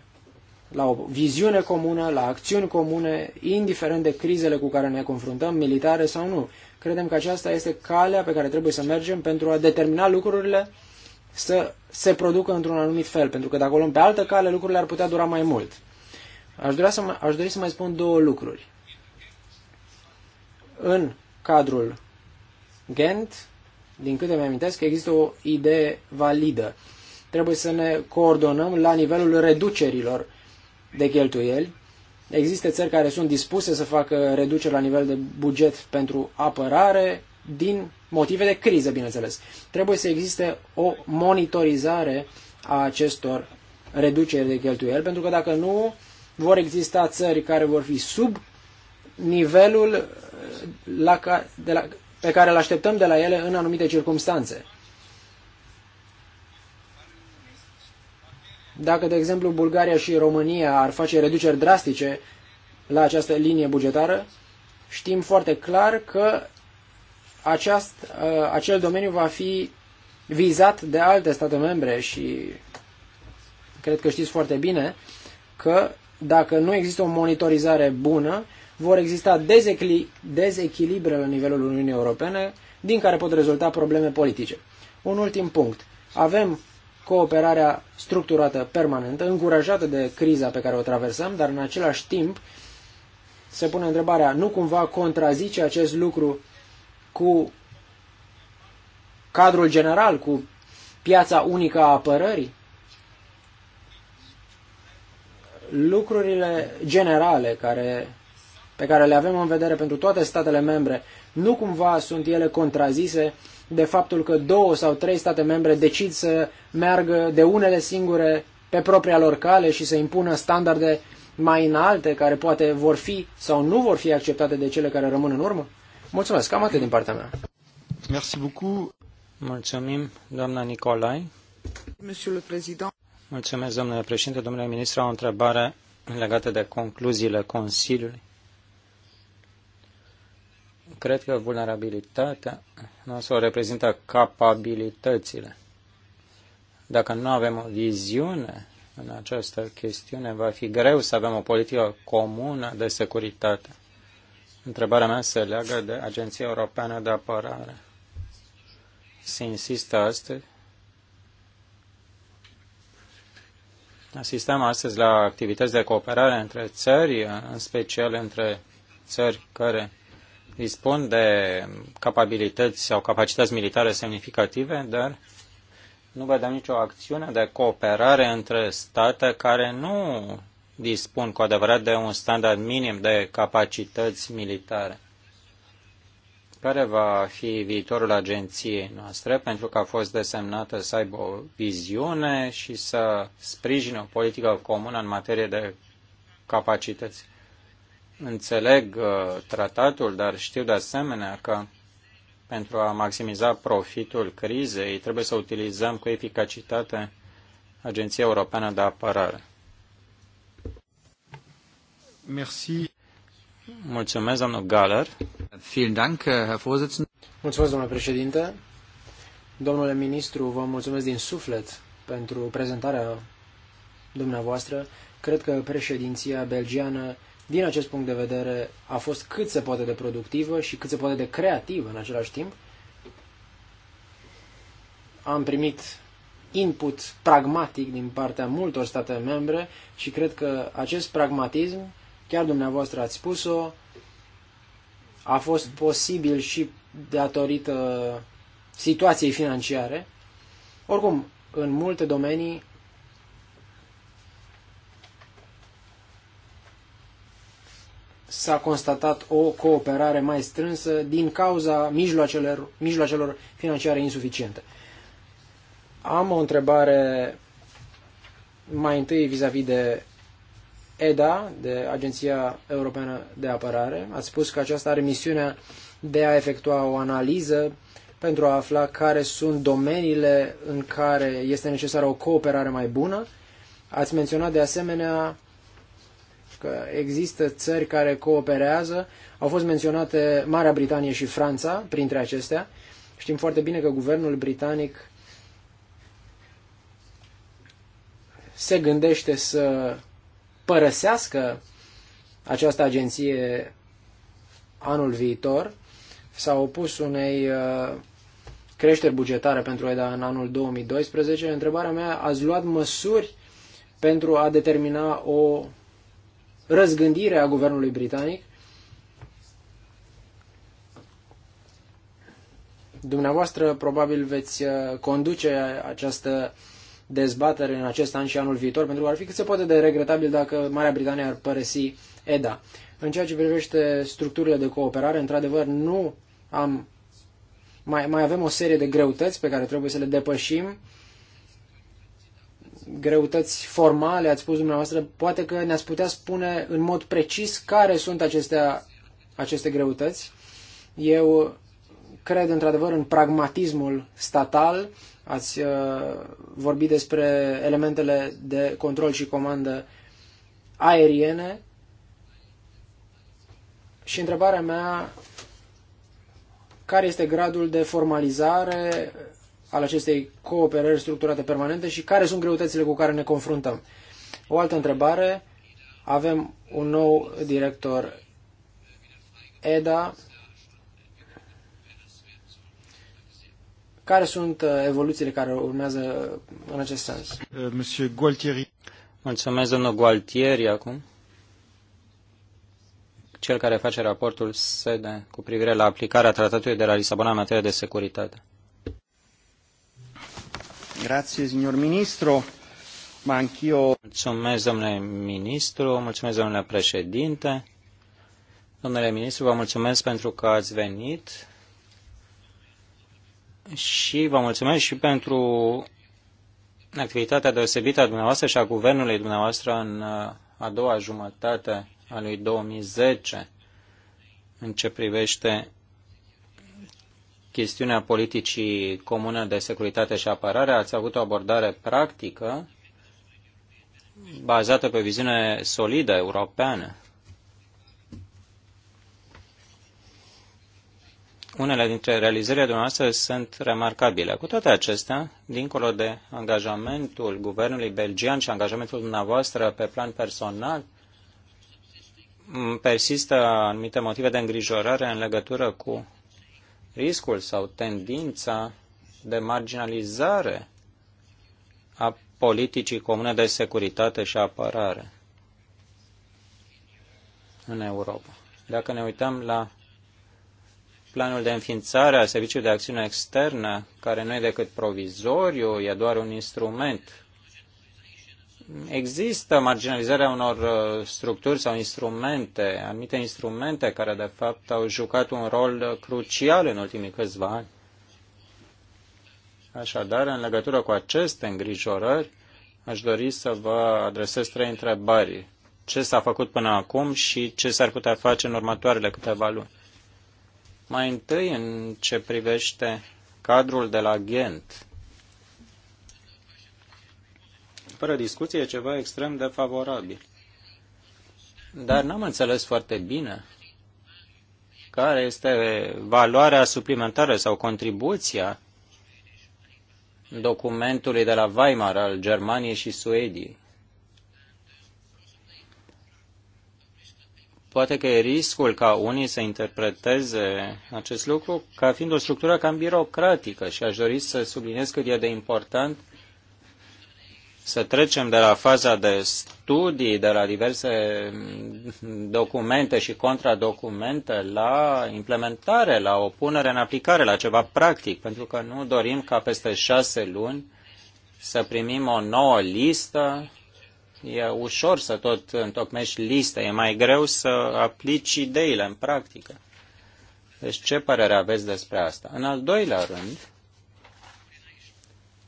la o viziune comună, la acțiuni comune, indiferent de crizele cu care ne confruntăm, militare sau nu. Credem că aceasta este calea pe care trebuie să mergem pentru a determina lucrurile să se producă într-un anumit fel, pentru că o luăm pe altă cale lucrurile ar putea dura mai mult. Aș, dori să, aș dori să mai spun două lucruri. În cadrul Ghent, din câte mi amintesc, există o idee validă. Trebuie să ne coordonăm la nivelul reducerilor de cheltuieli. Există țări care sunt dispuse să facă reduceri la nivel de buget pentru apărare din motive de criză, bineînțeles. Trebuie să existe o monitorizare a acestor reduceri de cheltuieli, pentru că dacă nu, vor exista țări care vor fi sub nivelul la ca, de la, pe care îl așteptăm de la ele în anumite circunstanțe. Dacă, de exemplu, Bulgaria și România ar face reduceri drastice la această linie bugetară, știm foarte clar că aceast, uh, acel domeniu va fi vizat de alte state membre și cred că știți foarte bine că dacă nu există o monitorizare bună, vor exista dezechil dezechilibre la nivelul Uniunii Europene, din care pot rezulta probleme politice. Un ultim punct. Avem cooperarea structurată permanentă, încurajată de criza pe care o traversăm, dar în același timp se pune întrebarea, nu cumva contrazice acest lucru cu cadrul general, cu piața unică a apărării? Lucrurile generale care pe care le avem în vedere pentru toate statele membre, nu cumva sunt ele contrazise de faptul că două sau trei state membre decid să meargă de unele singure pe propria lor cale și să impună standarde mai înalte care poate vor fi sau nu vor fi acceptate de cele care rămân în urmă? Mulțumesc, cam atât din partea mea. Merci beaucoup. Mulțumim, doamna Nicolai. Monsieur le Président. Mulțumesc, domnule președinte. Domnule ministru, o întrebare legată de concluziile Consiliului Cred că vulnerabilitatea nu o reprezintă capabilitățile. Dacă nu avem o viziune în această chestiune, va fi greu să avem o politică comună de securitate. Întrebarea mea se leagă de Agenția Europeană de Apărare. Se insistă astăzi. Asistăm astăzi la activități de cooperare între țări, în special între țări care dispun de capabilități sau capacități militare semnificative, dar nu vedem nicio acțiune de cooperare între state care nu dispun cu adevărat de un standard minim de capacități militare. Care va fi viitorul agenției noastre pentru că a fost desemnată să aibă o viziune și să sprijine o politică comună în materie de capacități? Înțeleg uh, tratatul, dar știu de asemenea că pentru a maximiza profitul crizei trebuie să utilizăm cu eficacitate Agenția Europeană de Apărare. Merci. Mulțumesc, domnul Galler. Vielen Dank, Herr Vorsitzender. Mulțumesc, domnule președinte. Domnule ministru, vă mulțumesc din suflet pentru prezentarea dumneavoastră. Cred că președinția belgiană din acest punct de vedere, a fost cât se poate de productivă și cât se poate de creativă în același timp. Am primit input pragmatic din partea multor state membre și cred că acest pragmatism, chiar dumneavoastră ați spus-o, a fost posibil și datorită situației financiare. Oricum, în multe domenii s-a constatat o cooperare mai strânsă din cauza mijloacelor, mijloacelor financiare insuficiente. Am o întrebare mai întâi vis-a-vis -vis de EDA, de Agenția Europeană de Apărare. Ați spus că aceasta are misiunea de a efectua o analiză pentru a afla care sunt domeniile în care este necesară o cooperare mai bună. Ați menționat de asemenea că există țări care cooperează. Au fost menționate Marea Britanie și Franța printre acestea. Știm foarte bine că guvernul britanic se gândește să părăsească această agenție anul viitor. S-a opus unei uh, creșteri bugetare pentru EDA în anul 2012. Întrebarea mea, ați luat măsuri pentru a determina o răzgândire a guvernului britanic. Dumneavoastră probabil veți uh, conduce această dezbatere în acest an și anul viitor, pentru că ar fi cât se poate de regretabil dacă Marea Britanie ar părăsi EDA. În ceea ce privește structurile de cooperare, într-adevăr, nu am mai, mai avem o serie de greutăți pe care trebuie să le depășim greutăți formale, ați spus dumneavoastră, poate că ne-ați putea spune în mod precis care sunt acestea, aceste greutăți. Eu cred într-adevăr în pragmatismul statal, ați uh, vorbit despre elementele de control și comandă aeriene și întrebarea mea care este gradul de formalizare al acestei cooperări structurate permanente și care sunt greutățile cu care ne confruntăm. O altă întrebare, avem un nou director EDA. Care sunt uh, evoluțiile care urmează uh, în acest sens? Uh, Monsieur Gualtieri. Mulțumesc, domnul Gualtieri, acum cel care face raportul SEDE cu privire la aplicarea tratatului de la Lisabona în materie de securitate. Grazie, signor Ministro. Ma anch'io... Mulțumesc, domnule ministru, mulțumesc, domnule președinte. Domnule ministru, vă mulțumesc pentru că ați venit și vă mulțumesc și pentru activitatea deosebită a dumneavoastră și a guvernului dumneavoastră în uh, a doua jumătate a lui 2010 în ce privește chestiunea politicii comune de securitate și apărare, ați avut o abordare practică bazată pe viziune solidă europeană. Unele dintre realizările dumneavoastră sunt remarcabile. Cu toate acestea, dincolo de angajamentul guvernului belgian și angajamentul dumneavoastră pe plan personal, persistă anumite motive de îngrijorare în legătură cu riscul sau tendința de marginalizare a politicii comune de securitate și apărare în Europa. Dacă ne uităm la planul de înființare a Serviciului de Acțiune Externă, care nu e decât provizoriu, e doar un instrument există marginalizarea unor uh, structuri sau instrumente, anumite instrumente care de fapt au jucat un rol uh, crucial în ultimii câțiva ani. Așadar, în legătură cu aceste îngrijorări, aș dori să vă adresez trei întrebări. Ce s-a făcut până acum și ce s-ar putea face în următoarele câteva luni? Mai întâi, în ce privește cadrul de la Ghent, fără discuție, ceva extrem de favorabil. Dar n-am înțeles foarte bine care este valoarea suplimentară sau contribuția documentului de la Weimar al Germaniei și Suediei. Poate că e riscul ca unii să interpreteze acest lucru ca fiind o structură cam birocratică și aș dori să subliniez cât e de important să trecem de la faza de studii, de la diverse documente și contradocumente, la implementare, la o punere în aplicare, la ceva practic, pentru că nu dorim ca peste șase luni să primim o nouă listă. E ușor să tot întocmești listă, e mai greu să aplici ideile în practică. Deci ce părere aveți despre asta? În al doilea rând,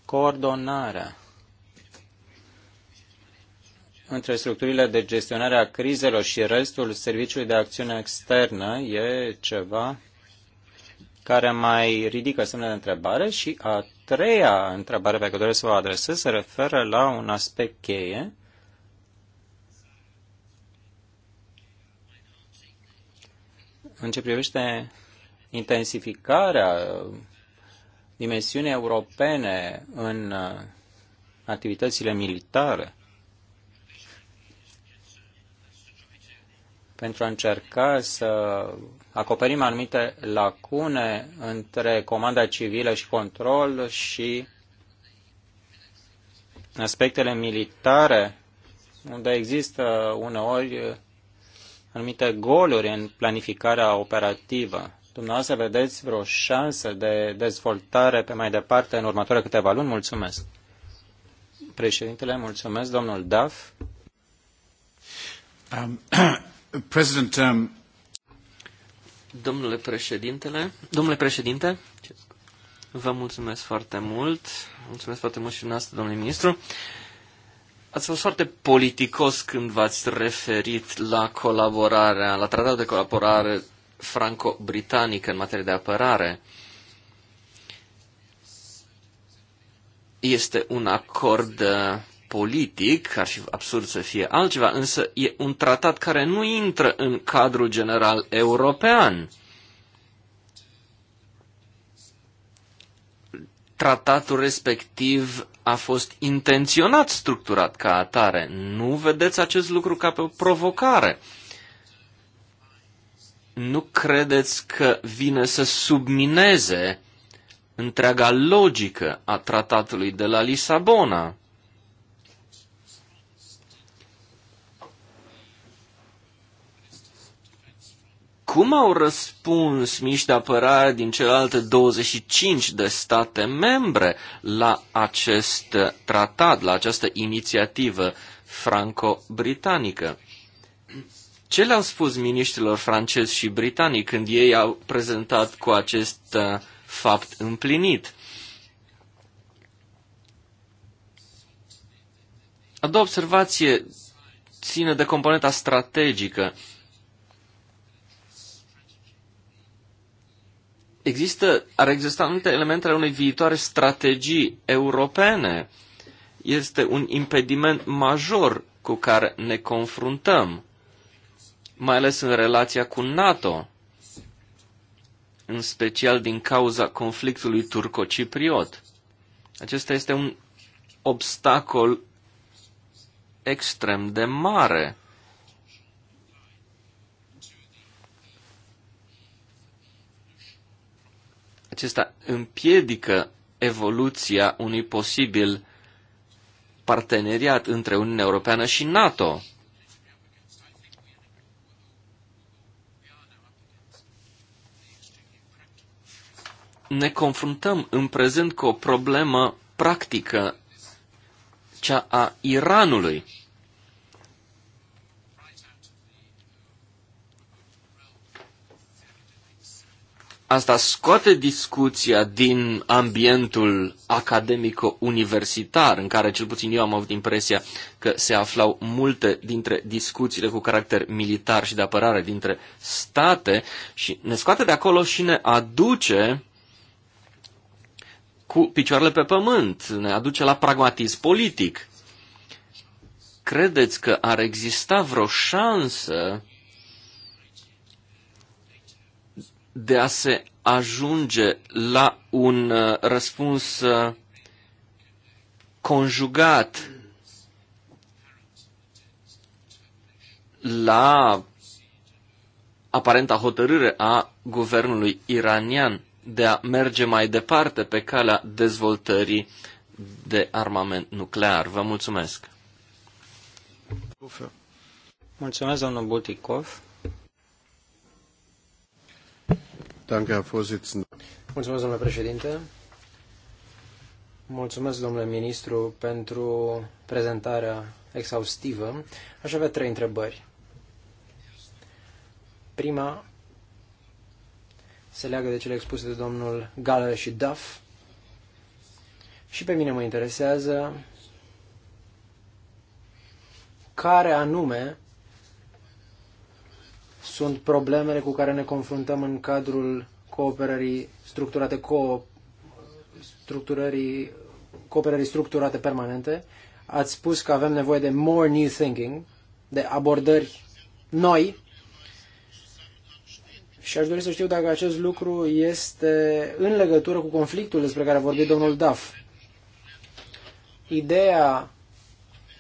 coordonarea între structurile de gestionare a crizelor și restul serviciului de acțiune externă e ceva care mai ridică semne de întrebare și a treia întrebare pe care doresc să o adresez se referă la un aspect cheie în ce privește intensificarea dimensiunii europene în uh, activitățile militare. pentru a încerca să acoperim anumite lacune între comanda civilă și control și aspectele militare, unde există uneori anumite goluri în planificarea operativă. Dumneavoastră vedeți vreo șansă de dezvoltare pe mai departe în următoarele câteva luni? Mulțumesc. Președintele, mulțumesc, domnul Daf. Um, *clears throat* President, um... Domnule președintele, domnule președinte, vă mulțumesc foarte mult. Mulțumesc foarte mult și dumneavoastră, domnule ministru. Ați fost foarte politicos când v-ați referit la colaborarea, la tratatul de colaborare franco-britanică în materie de apărare. Este un acord uh, politic, ar fi absurd să fie altceva, însă e un tratat care nu intră în cadrul general european. Tratatul respectiv a fost intenționat structurat ca atare. Nu vedeți acest lucru ca pe o provocare. Nu credeți că vine să submineze întreaga logică a tratatului de la Lisabona? Cum au răspuns miști de apărare din celelalte 25 de state membre la acest tratat, la această inițiativă franco-britanică? Ce le-au spus miniștrilor francezi și britanici când ei au prezentat cu acest uh, fapt împlinit? A doua observație ține de componenta strategică. există, ar exista anumite elemente ale unei viitoare strategii europene. Este un impediment major cu care ne confruntăm, mai ales în relația cu NATO, în special din cauza conflictului turco-cipriot. Acesta este un obstacol extrem de mare. acesta împiedică evoluția unui posibil parteneriat între Uniunea Europeană și NATO. Ne confruntăm în prezent cu o problemă practică, cea a Iranului. Asta scoate discuția din ambientul academico-universitar, în care cel puțin eu am avut impresia că se aflau multe dintre discuțiile cu caracter militar și de apărare dintre state și ne scoate de acolo și ne aduce cu picioarele pe pământ, ne aduce la pragmatism politic. Credeți că ar exista vreo șansă de a se ajunge la un uh, răspuns uh, conjugat la aparenta hotărâre a guvernului iranian de a merge mai departe pe calea dezvoltării de armament nuclear. Vă mulțumesc! Mulțumesc, domnul Butikov. Danke, Herr Vorsitzender. Mulțumesc, domnule președinte. Mulțumesc, domnule ministru, pentru prezentarea exhaustivă. Aș avea trei întrebări. Prima se leagă de cele expuse de domnul Galler și Duff. Și pe mine mă interesează care anume sunt problemele cu care ne confruntăm în cadrul cooperării structurate, co structurării, cooperării structurate permanente. Ați spus că avem nevoie de more new thinking, de abordări noi și aș dori să știu dacă acest lucru este în legătură cu conflictul despre care a vorbit domnul Duff. Ideea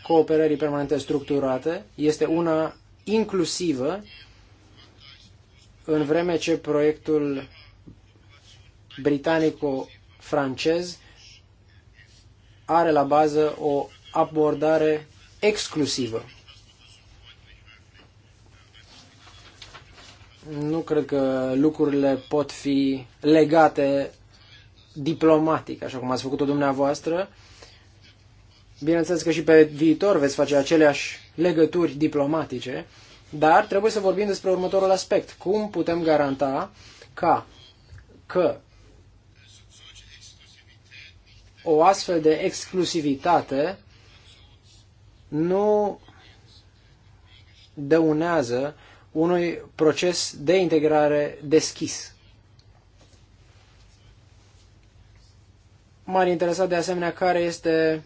cooperării permanente structurate este una inclusivă în vreme ce proiectul britanico-francez are la bază o abordare exclusivă. Nu cred că lucrurile pot fi legate diplomatic, așa cum ați făcut-o dumneavoastră. Bineînțeles că și pe viitor veți face aceleași legături diplomatice, dar trebuie să vorbim despre următorul aspect. Cum putem garanta ca, că o astfel de exclusivitate nu dăunează unui proces de integrare deschis. M-ar interesa de asemenea care este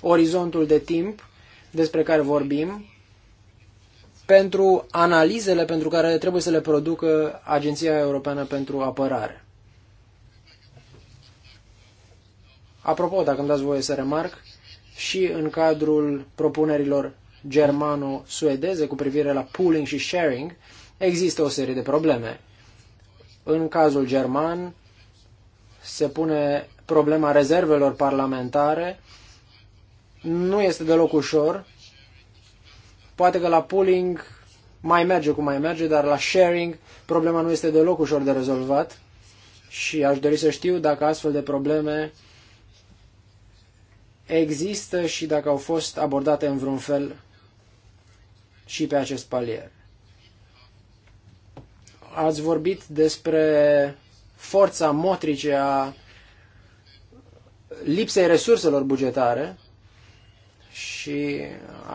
orizontul de timp despre care vorbim pentru analizele pentru care trebuie să le producă Agenția Europeană pentru Apărare. Apropo, dacă îmi dați voie să remarc, și în cadrul propunerilor germano-suedeze cu privire la pooling și sharing, există o serie de probleme. În cazul german se pune problema rezervelor parlamentare. Nu este deloc ușor Poate că la pooling mai merge cum mai merge, dar la sharing problema nu este deloc ușor de rezolvat și aș dori să știu dacă astfel de probleme există și dacă au fost abordate în vreun fel și pe acest palier. Ați vorbit despre forța motrice a lipsei resurselor bugetare și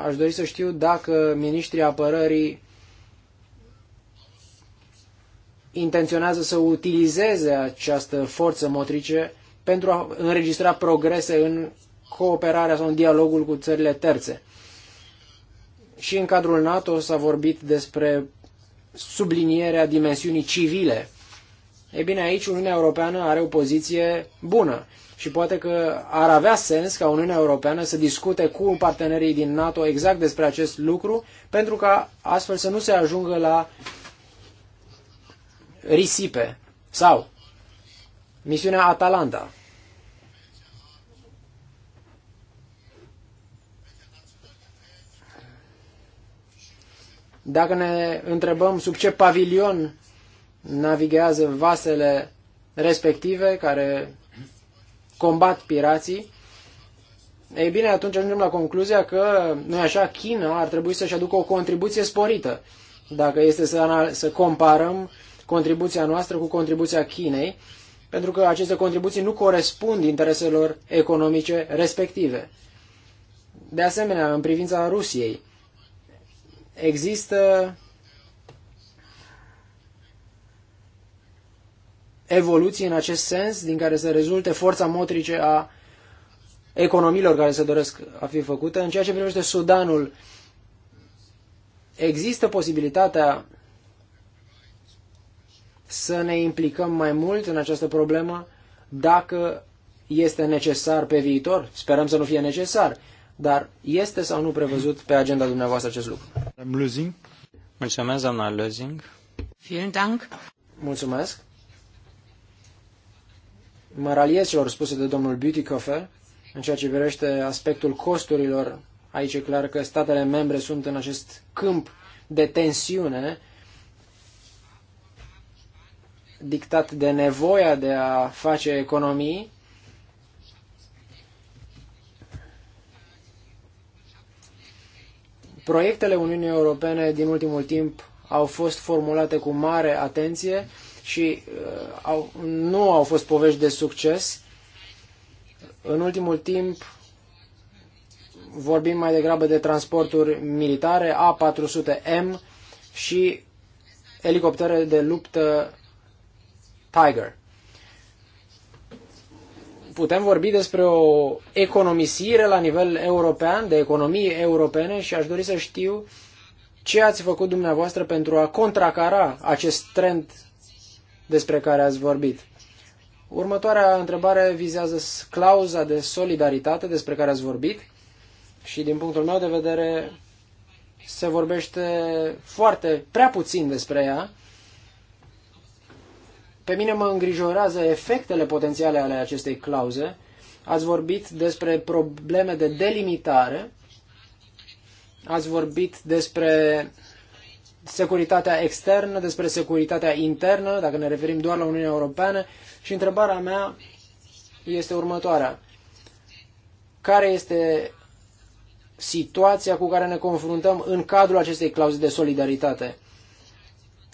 aș dori să știu dacă ministrii apărării intenționează să utilizeze această forță motrice pentru a înregistra progrese în cooperarea sau în dialogul cu țările terțe. Și în cadrul NATO s-a vorbit despre sublinierea dimensiunii civile. E bine, aici Uniunea Europeană are o poziție bună și poate că ar avea sens ca Uniunea Europeană să discute cu partenerii din NATO exact despre acest lucru, pentru ca astfel să nu se ajungă la risipe. Sau misiunea Atalanta. Dacă ne întrebăm sub ce pavilion navighează vasele respective care combat pirații, ei bine, atunci ajungem la concluzia că, nu așa, China ar trebui să-și aducă o contribuție sporită. Dacă este să, să comparăm contribuția noastră cu contribuția Chinei, pentru că aceste contribuții nu corespund intereselor economice respective. De asemenea, în privința Rusiei, există evoluție în acest sens, din care să rezulte forța motrice a economiilor care se doresc a fi făcute. În ceea ce privește Sudanul, există posibilitatea să ne implicăm mai mult în această problemă dacă este necesar pe viitor? Sperăm să nu fie necesar, dar este sau nu prevăzut pe agenda dumneavoastră acest lucru? Mulțumesc, doamna Lözing. Vielen Dank. Mulțumesc. Mă raliez celor spuse de domnul Beautycoffer în ceea ce privește aspectul costurilor. Aici e clar că statele membre sunt în acest câmp de tensiune dictat de nevoia de a face economii proiectele Uniunii Europene din ultimul timp au fost formulate cu mare atenție și uh, au, nu au fost povești de succes. În ultimul timp vorbim mai degrabă de transporturi militare, A400M și elicoptere de luptă Tiger. Putem vorbi despre o economisire la nivel european, de economii europene și aș dori să știu ce ați făcut dumneavoastră pentru a contracara acest trend despre care ați vorbit. Următoarea întrebare vizează clauza de solidaritate despre care ați vorbit și din punctul meu de vedere se vorbește foarte, prea puțin despre ea. Pe mine mă îngrijorează efectele potențiale ale acestei clauze. Ați vorbit despre probleme de delimitare, ați vorbit despre securitatea externă, despre securitatea internă, dacă ne referim doar la Uniunea Europeană. Și întrebarea mea este următoarea. Care este situația cu care ne confruntăm în cadrul acestei clauze de solidaritate?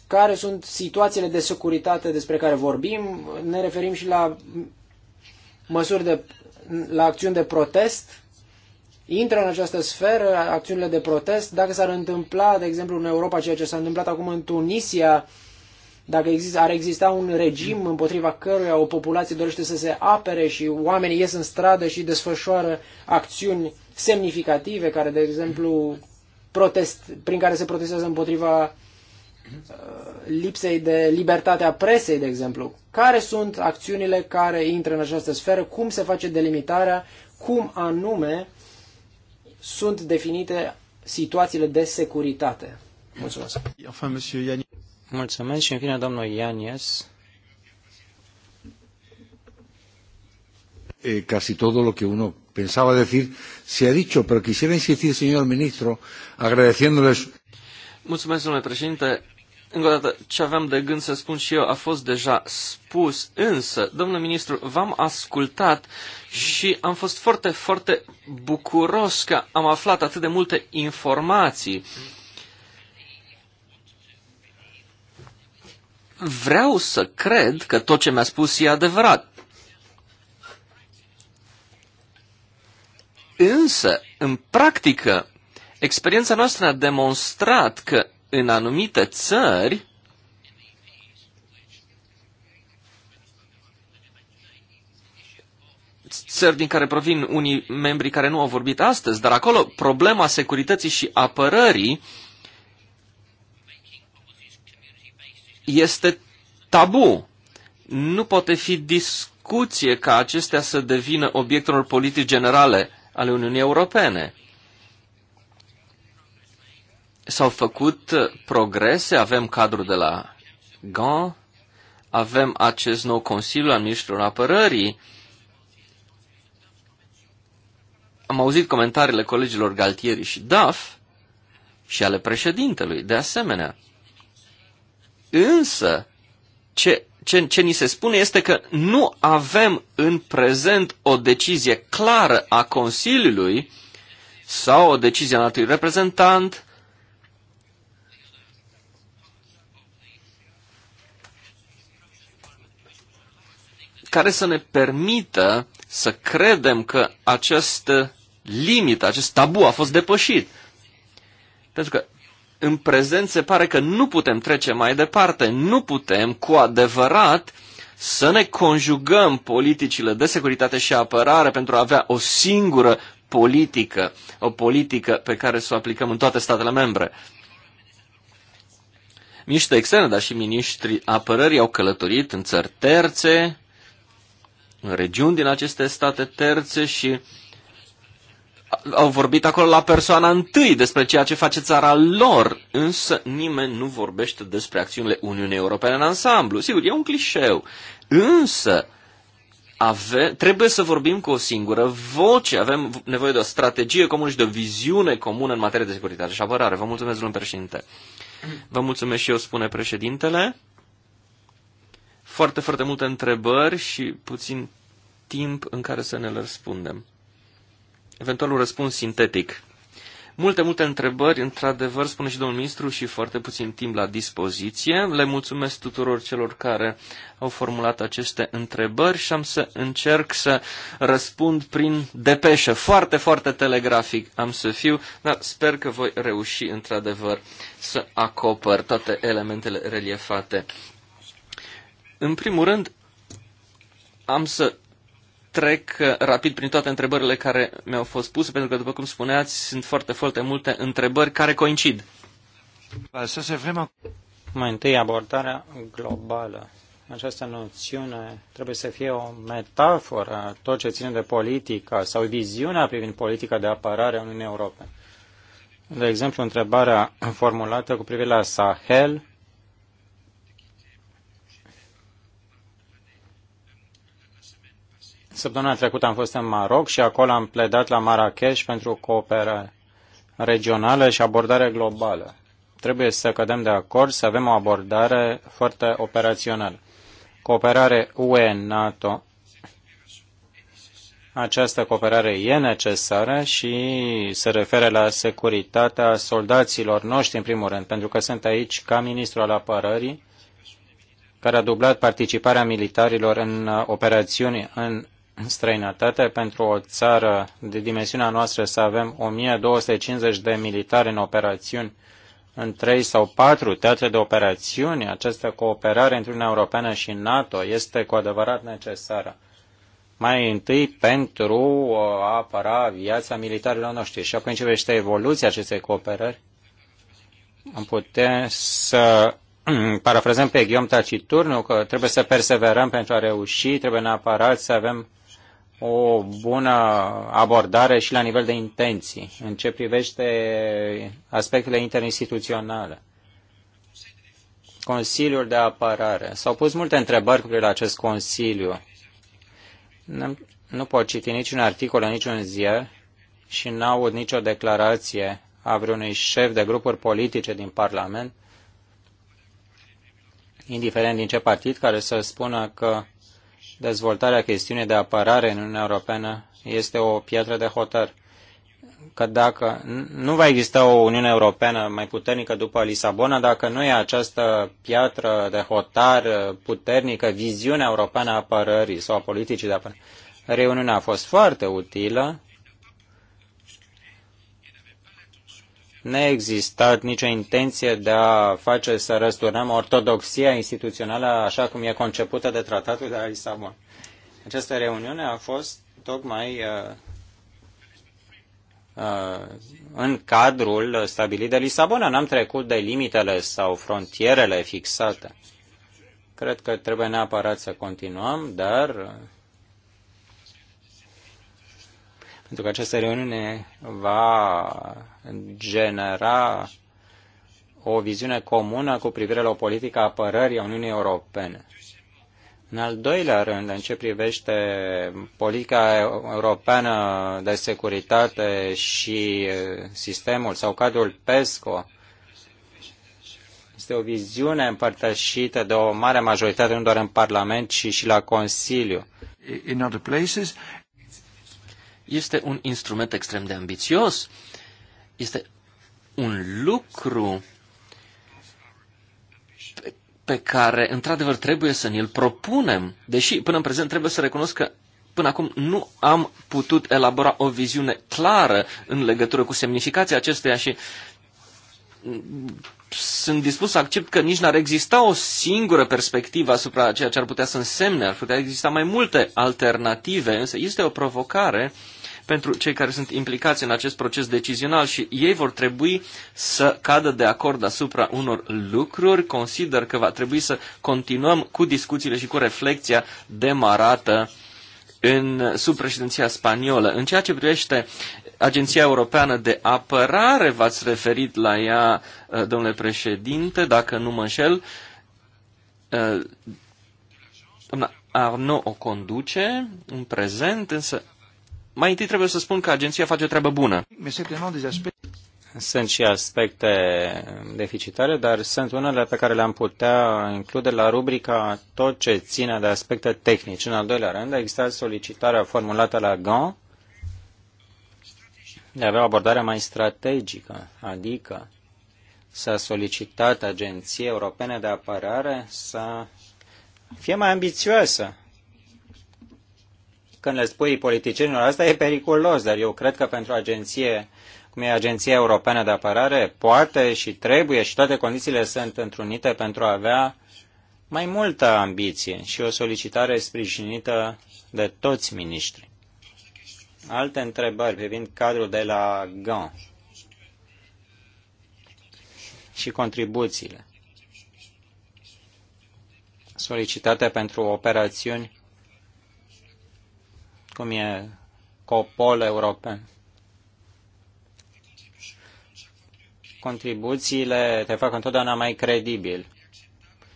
Care sunt situațiile de securitate despre care vorbim? Ne referim și la măsuri de, la acțiuni de protest intră în această sferă acțiunile de protest. Dacă s-ar întâmpla, de exemplu, în Europa, ceea ce s-a întâmplat acum în Tunisia, dacă exist, ar exista un regim împotriva căruia o populație dorește să se apere și oamenii ies în stradă și desfășoară acțiuni semnificative, care, de exemplu, protest, prin care se protestează împotriva uh, lipsei de libertate a presei, de exemplu. Care sunt acțiunile care intră în această sferă? Cum se face delimitarea? Cum anume sunt definite situațiile de securitate. Mulțumesc. Mulțumesc și în fine domnul Ianies. Eh, casi todo lo que uno pensaba decir se ha dicho, pero quisiera insistir, señor ministro, agradeciéndoles. Mulțumesc, domnule președinte. Încă o dată, ce aveam de gând să spun și eu a fost deja spus, însă, domnule ministru, v-am ascultat și am fost foarte, foarte bucuros că am aflat atât de multe informații. Vreau să cred că tot ce mi-a spus e adevărat. Însă, în practică, experiența noastră a demonstrat că în anumite țări țări din care provin unii membri care nu au vorbit astăzi, dar acolo problema securității și apărării este tabu. Nu poate fi discuție ca acestea să devină obiectul politici generale ale Uniunii Europene. S-au făcut progrese, avem cadrul de la GAN, avem acest nou Consiliu al Ministrilor Apărării, Am auzit comentariile colegilor Galtieri și Duff și ale președintelui, de asemenea. Însă, ce, ce, ce ni se spune este că nu avem în prezent o decizie clară a Consiliului sau o decizie a altui reprezentant. care să ne permită să credem că această limită, acest tabu a fost depășit. Pentru că în prezent se pare că nu putem trece mai departe, nu putem cu adevărat să ne conjugăm politicile de securitate și apărare pentru a avea o singură politică, o politică pe care să o aplicăm în toate statele membre. Miniștrii externe, dar și miniștrii apărării au călătorit în țări terțe, în regiuni din aceste state terțe și au vorbit acolo la persoana întâi despre ceea ce face țara lor, însă nimeni nu vorbește despre acțiunile Uniunii Europene în ansamblu. Sigur, e un clișeu, însă ave, trebuie să vorbim cu o singură voce. Avem nevoie de o strategie comună și de o viziune comună în materie de securitate și apărare. Vă mulțumesc, domnul președinte. Vă mulțumesc și eu, spune președintele. Foarte, foarte multe întrebări și puțin timp în care să ne răspundem eventual un răspuns sintetic. Multe, multe întrebări, într-adevăr, spune și domnul ministru, și foarte puțin timp la dispoziție. Le mulțumesc tuturor celor care au formulat aceste întrebări și am să încerc să răspund prin depeșă, foarte, foarte telegrafic am să fiu, dar sper că voi reuși, într-adevăr, să acopăr toate elementele reliefate. În primul rând, am să trec uh, rapid prin toate întrebările care mi-au fost puse, pentru că, după cum spuneați, sunt foarte, foarte multe întrebări care coincid. Mai întâi, abordarea globală. Această noțiune trebuie să fie o metaforă a tot ce ține de politica sau viziunea privind politica de apărare a Uniunii Europene. De exemplu, întrebarea formulată cu privire la Sahel, Săptămâna trecută am fost în Maroc și acolo am pledat la Marrakesh pentru cooperare regională și abordare globală. Trebuie să cădem de acord, să avem o abordare foarte operațională. Cooperare UE-NATO. Această cooperare e necesară și se referă la securitatea soldaților noștri, în primul rând, pentru că sunt aici ca ministru al apărării, care a dublat participarea militarilor în uh, operațiuni în în străinătate pentru o țară de dimensiunea noastră să avem 1250 de militari în operațiuni în trei sau patru teatre de operațiuni, această cooperare între Uniunea Europeană și NATO este cu adevărat necesară. Mai întâi pentru uh, a apăra viața militarilor noștri. Și apoi începește evoluția acestei cooperări. Am putea să *clears throat* parafrazăm pe Ghiom Taciturnu că trebuie să perseverăm pentru a reuși, trebuie neapărat să avem o bună abordare și la nivel de intenții în ce privește aspectele interinstituționale. Consiliul de apărare. S-au pus multe întrebări cu privire la acest Consiliu. Nu pot citi niciun articol în niciun ziar și n-aud nicio declarație a vreunui șef de grupuri politice din Parlament, indiferent din ce partid, care să spună că dezvoltarea chestiunii de apărare în Uniunea Europeană este o piatră de hotar. Că dacă nu va exista o Uniune Europeană mai puternică după Lisabona, dacă nu e această piatră de hotar puternică, viziunea europeană a apărării sau a politicii de apărare. Reuniunea a fost foarte utilă n-a existat nicio intenție de a face să răsturnăm ortodoxia instituțională așa cum e concepută de tratatul de la Lisabon. Această reuniune a fost tocmai uh, uh, în cadrul stabilit de Lisabona. N-am trecut de limitele sau frontierele fixate. Cred că trebuie neapărat să continuăm, dar uh, Pentru că această reuniune va genera o viziune comună cu privire la o politică a apărării a Uniunii Europene. În al doilea rând, în ce privește politica europeană de securitate și sistemul sau cadrul PESCO, este o viziune împărtășită de o mare majoritate, nu doar în Parlament, ci și la Consiliu. In other places, este un instrument extrem de ambițios, este un lucru pe, pe care, într-adevăr, trebuie să ne-l propunem, deși până în prezent trebuie să recunosc că până acum nu am putut elabora o viziune clară în legătură cu semnificația acesteia și sunt dispus să accept că nici n-ar exista o singură perspectivă asupra ceea ce ar putea să însemne, ar putea exista mai multe alternative, însă este o provocare uh, pentru cei care sunt implicați în acest proces decizional și ei vor trebui să cadă de acord asupra unor lucruri. Consider că va trebui să continuăm cu discuțiile și cu reflexia demarată în sub președinția spaniolă. În ceea ce privește Agenția Europeană de Apărare, v-ați referit la ea, uh, domnule președinte, dacă nu mă înșel, uh, doamna Arnaud o conduce în prezent, însă mai întâi trebuie să spun că agenția face o treabă bună. Sunt și aspecte deficitare, dar sunt unele pe care le-am putea include la rubrica tot ce ține de aspecte tehnice. În al doilea rând, există solicitarea formulată la GAN de a avea o abordare mai strategică, adică s-a solicitat Agenției Europene de Apărare să fie mai ambițioasă când le spui politicienilor, asta e periculos, dar eu cred că pentru agenție, cum e Agenția Europeană de Apărare, poate și trebuie și toate condițiile sunt întrunite pentru a avea mai multă ambiție și o solicitare sprijinită de toți miniștrii. Alte întrebări privind cadrul de la GAN și contribuțiile solicitate pentru operațiuni cum e Copol European. Contribuțiile te fac întotdeauna mai credibil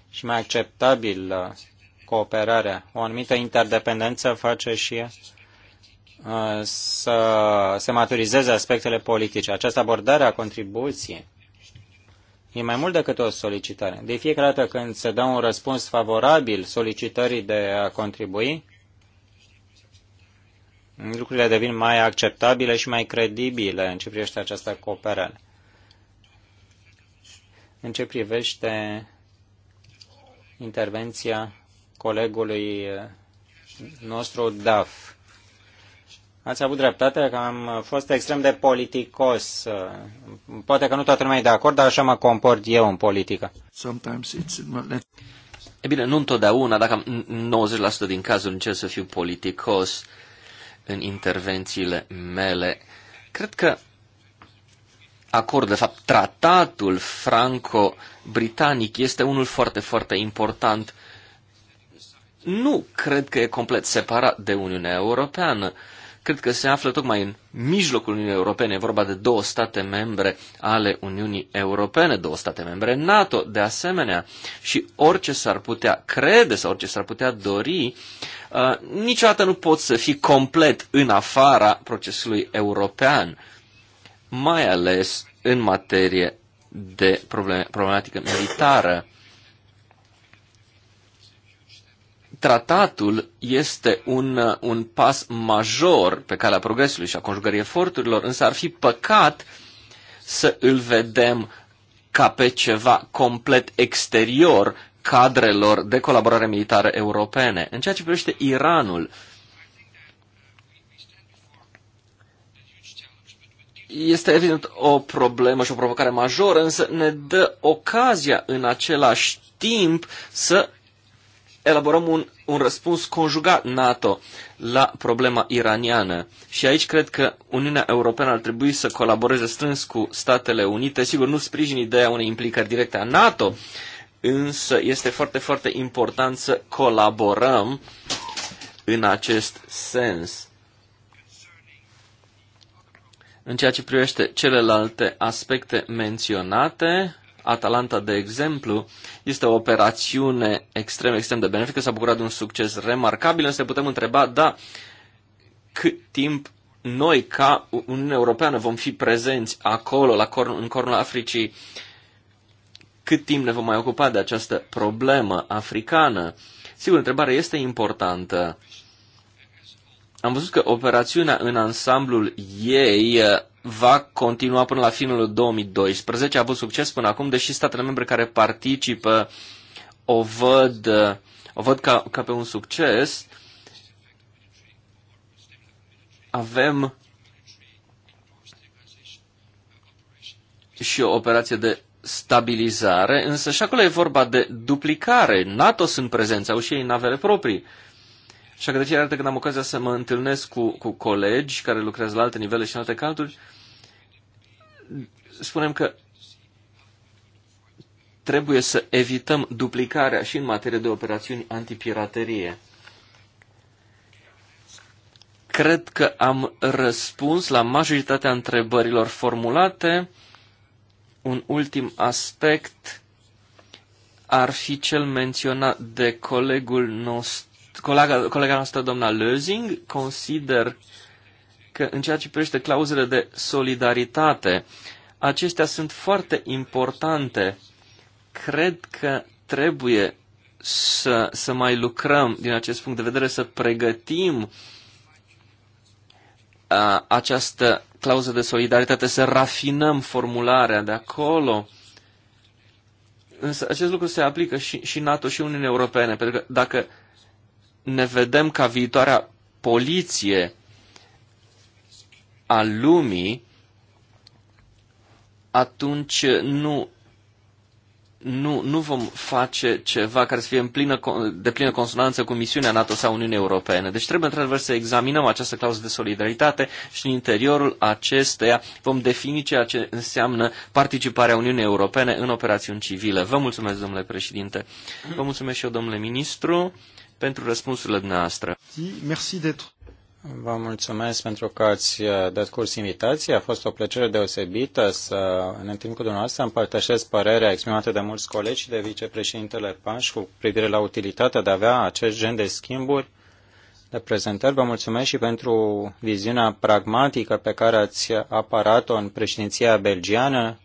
și mai acceptabil uh, cooperarea. O anumită interdependență face și uh, să se maturizeze aspectele politice. Această abordare a contribuției e mai mult decât o solicitare. De fiecare dată când se dă un răspuns favorabil solicitării de a contribui, lucrurile devin mai acceptabile și mai credibile în ce privește această cooperare. În ce privește intervenția colegului nostru DAF. Ați avut dreptate că am fost extrem de politicos. Poate că nu toată lumea e de acord, dar așa mă comport eu în politică. E bine, nu întotdeauna, dacă am 90% din cazuri încerc să fiu politicos, în intervențiile mele. Cred că acordul, de fapt tratatul franco-britanic este unul foarte, foarte important. Nu cred că e complet separat de Uniunea Europeană. Cred că se află tocmai în mijlocul Uniunii Europene. E vorba de două state membre ale Uniunii Europene, două state membre NATO, de asemenea. Și orice s-ar putea crede sau orice s-ar putea dori, Uh, niciodată nu poți să fii complet în afara procesului european, mai ales în materie de probleme, problematică militară. Tratatul este un, uh, un pas major pe calea progresului și a conjugării eforturilor, însă ar fi păcat să îl vedem ca pe ceva complet exterior cadrelor de colaborare militară europene. În ceea ce privește Iranul, este evident o problemă și o provocare majoră, însă ne dă ocazia în același timp să elaborăm un, un răspuns conjugat NATO la problema iraniană. Și aici cred că Uniunea Europeană ar trebui să colaboreze strâns cu Statele Unite. Sigur, nu sprijin ideea unei implicări directe a NATO însă este foarte, foarte important să colaborăm în acest sens. În ceea ce privește celelalte aspecte menționate, Atalanta, de exemplu, este o operațiune extrem, extrem de benefică, s-a bucurat de un succes remarcabil, însă putem întreba, da, cât timp noi, ca Uniunea Europeană, vom fi prezenți acolo, la corn, în cornul Africii, cât timp ne vom mai ocupa de această problemă africană. Sigur, întrebarea este importantă. Am văzut că operațiunea în ansamblul ei uh, va continua până la finalul 2012. A avut succes până acum, deși statele membre care participă o văd, uh, o văd ca, ca pe un succes. Avem și o operație de stabilizare, însă și acolo e vorba de duplicare. NATO sunt prezenți, au și ei navele proprii. Și că de fiecare dată când am ocazia să mă întâlnesc cu, cu colegi care lucrează la alte nivele și în alte calduri, spunem că trebuie să evităm duplicarea și în materie de operațiuni antipiraterie. Cred că am răspuns la majoritatea întrebărilor formulate. Un ultim aspect ar fi cel menționat de colegul nostru, colega, colega noastră, doamna Lözing. Consider că în ceea ce privește clauzele de solidaritate, acestea sunt foarte importante. Cred că trebuie să, să mai lucrăm din acest punct de vedere, să pregătim această clauză de solidaritate, să rafinăm formularea de acolo. Însă acest lucru se aplică și, și NATO și Uniunea Europene, pentru că dacă ne vedem ca viitoarea poliție a lumii, atunci nu nu, nu vom face ceva care să fie în plină, de plină consonanță cu misiunea NATO sau Uniunii Europene. Deci trebuie într-adevăr să examinăm această clauză de solidaritate și în interiorul acesteia vom defini ceea ce înseamnă participarea Uniunii Europene în operațiuni civile. Vă mulțumesc, domnule președinte. Vă mulțumesc și eu, domnule ministru, pentru răspunsurile dumneavoastră. Merci d'être Vă mulțumesc pentru că ați eh, dat curs invitației. A fost o plăcere deosebită să ne întâlnim cu dumneavoastră. Împărtășesc părerea exprimată de mulți colegi și de vicepreședintele Paș cu privire la utilitatea de a avea acest gen de schimburi de prezentări. Vă mulțumesc și pentru viziunea pragmatică pe care ați aparat-o în președinția belgiană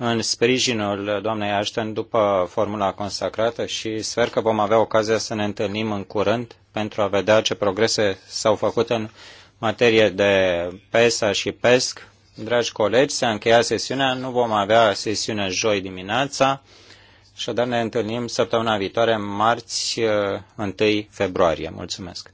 în sprijinul doamnei Ashton după formula consacrată și sper că vom avea ocazia să ne întâlnim în curând pentru a vedea ce progrese s-au făcut în materie de PESA și PESC. Dragi colegi, Se încheia sesiunea, nu vom avea sesiune joi dimineața, așadar ne întâlnim săptămâna viitoare, marți 1 ă, februarie. Mulțumesc!